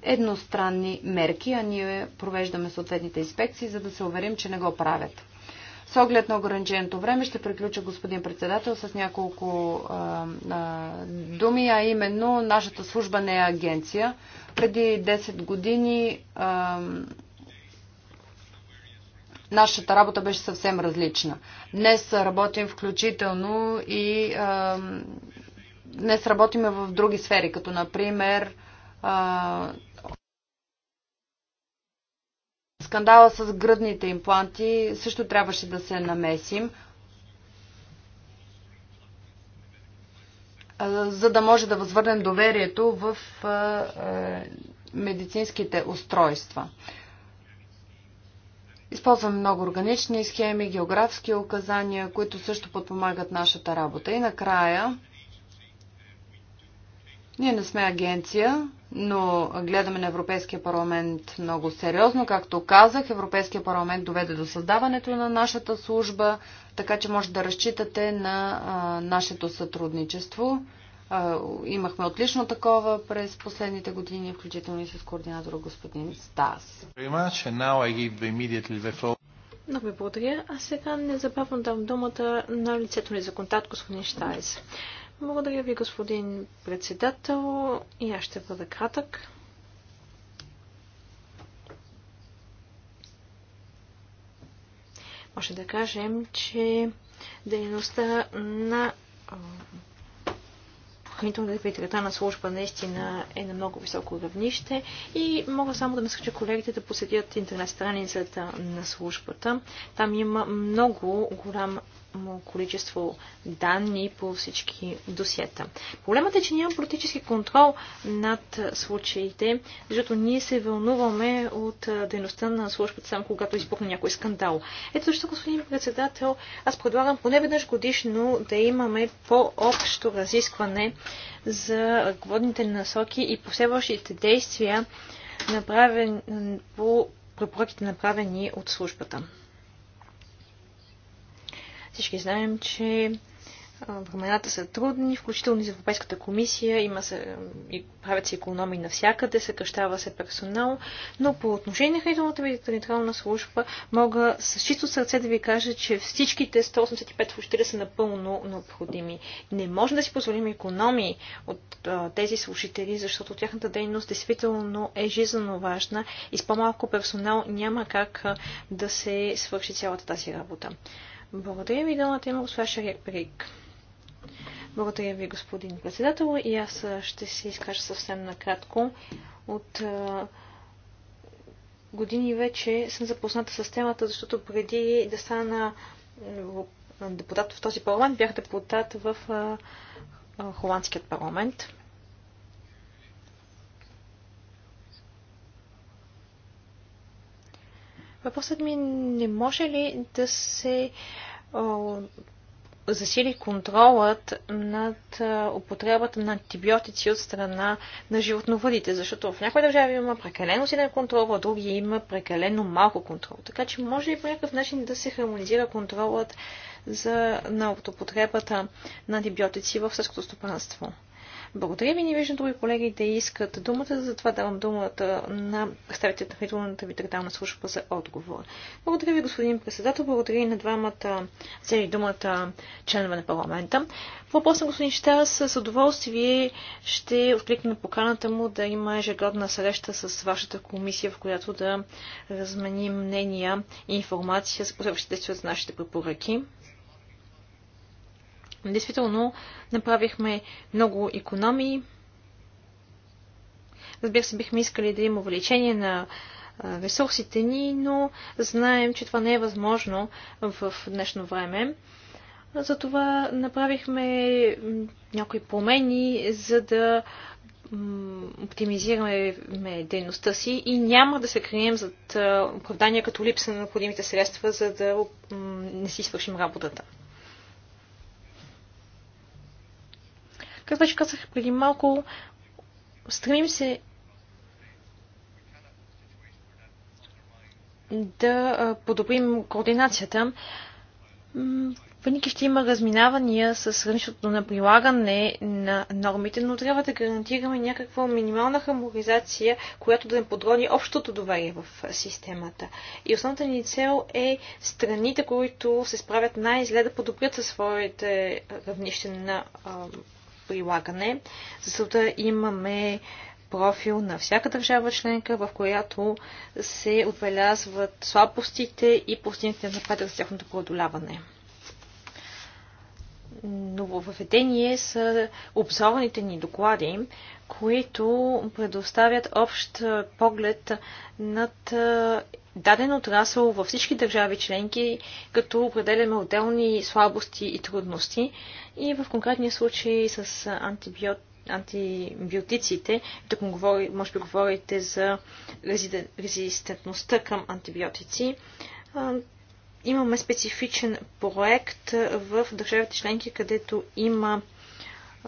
едностранни мерки, а ние провеждаме съответните инспекции, за да се уверим, че не го правят. С оглед на ограниченото време ще приключа господин председател с няколко а, а, думи, а именно нашата служба не е агенция. Преди 10 години а, нашата работа беше съвсем различна. Днес работим включително и а, днес работиме в други сфери, като например а, скандала с гръдните импланти също трябваше да се намесим, за да може да възвърнем доверието в медицинските устройства. Използвам много органични схеми, географски указания, които също подпомагат нашата работа. И накрая, ние не сме агенция, но гледаме на Европейския парламент много сериозно. Както казах, Европейския парламент доведе до създаването на нашата служба, така че може да разчитате на а, нашето сътрудничество. А, имахме отлично такова през последните години, включително и с координатора господин Стас. Много ви благодаря. А сега незабавно дам думата на лицето ни за контакт, господин Штайс. Благодаря ви, господин председател. И аз ще бъда кратък. Може да кажем, че дейността на хранителната петрета на служба наистина е на много високо равнище и мога само да насъча колегите да посетят интернет страницата на службата. Там има много голям му количество данни по всички досиета. Проблемът е, че няма политически контрол над случаите, защото ние се вълнуваме от дейността на службата само когато избухне някой скандал. Ето защо, господин председател, аз предлагам поне веднъж годишно да имаме по-общо разискване за ръководните насоки и последващите действия направен, по препоръките направени от службата. Всички знаем, че времената са трудни, включително и за Европейската комисия. Има се, и правят се економии навсякъде, съкръщава се персонал. Но по отношение на хранителната ветеринарна служба мога с чисто сърце да ви кажа, че всичките 185 служители са напълно необходими. Не може да си позволим економии от а, тези служители, защото тяхната дейност действително е жизненно важна и с по-малко персонал няма как а, да се свърши цялата тази работа. Благодаря ви, думата има госпожа Шарик. Благодаря ви, господин председател. И аз ще се изкажа съвсем накратко. От години вече съм запозната с темата, защото преди да стана депутат в този парламент, бях депутат в холандският парламент. Въпросът ми е, не може ли да се засили контролът над употребата на антибиотици от страна на животновъдите, защото в някои държави има прекалено силен контрол, а други има прекалено малко контрол. Така че може ли по някакъв начин да се хармонизира контролът за, на употребата на антибиотици в сърското стопанство? Благодаря ви. Не виждам други колеги да искат думата, затова давам думата на представителите на Хитроната витагдална служба за отговор. Благодаря ви, господин председател. Благодаря и на двамата цели думата членове на парламента. Въпрос на господин Штар с удоволствие ще откликна на поканата му да има ежегодна среща с вашата комисия, в която да разменим мнения и информация за последващите действия за нашите препоръки. Действително, направихме много економии. Разбира се, бихме искали да има увеличение на ресурсите ни, но знаем, че това не е възможно в днешно време. Затова направихме някои промени, за да оптимизираме дейността си и няма да се крием зад оправдания като липса на необходимите средства, за да не си свършим работата. Както вече казах преди малко, стремим се да подобрим координацията. Въпреки ще има разминавания с различното на прилагане на нормите, но трябва да гарантираме някаква минимална хармонизация, която да не подрони общото доверие в системата. И основната ни цел е страните, които се справят най-зле да подобрят със своите равнище на прилагане. За целта имаме профил на всяка държава членка, в която се отбелязват слабостите и постигнатите напредък за тяхното преодоляване. Нововведение са обзорните ни доклади, които предоставят общ поглед над даден отрасъл във всички държави членки, като определяме отделни слабости и трудности. И в конкретния случай с антибиот антибиотиците. Тук говори, може би говорите за резистентността към антибиотици. Имаме специфичен проект в държавите членки, където има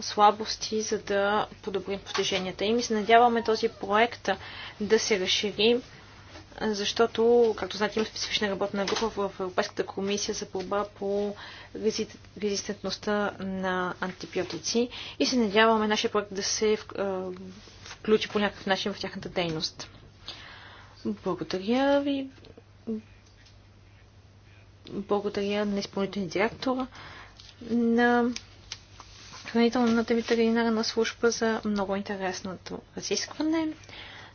слабости, за да подобрим постиженията им. И се надяваме този проект да се разшири защото, както знаете, има специфична работна група в Европейската комисия за борба по резистентността на антибиотици и се надяваме нашия проект да се включи по някакъв начин в тяхната дейност. Благодаря ви. Благодаря на изпълнителния директор на хранителната ветеринарна служба за много интересното разискване.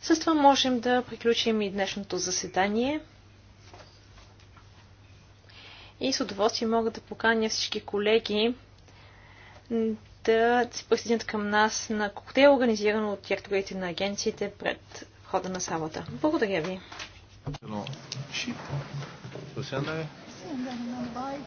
С това можем да приключим и днешното заседание. И с удоволствие мога да поканя всички колеги да се присъединят към нас на коктейл, организирано от директорите на агенциите пред входа на салата. Благодаря ви!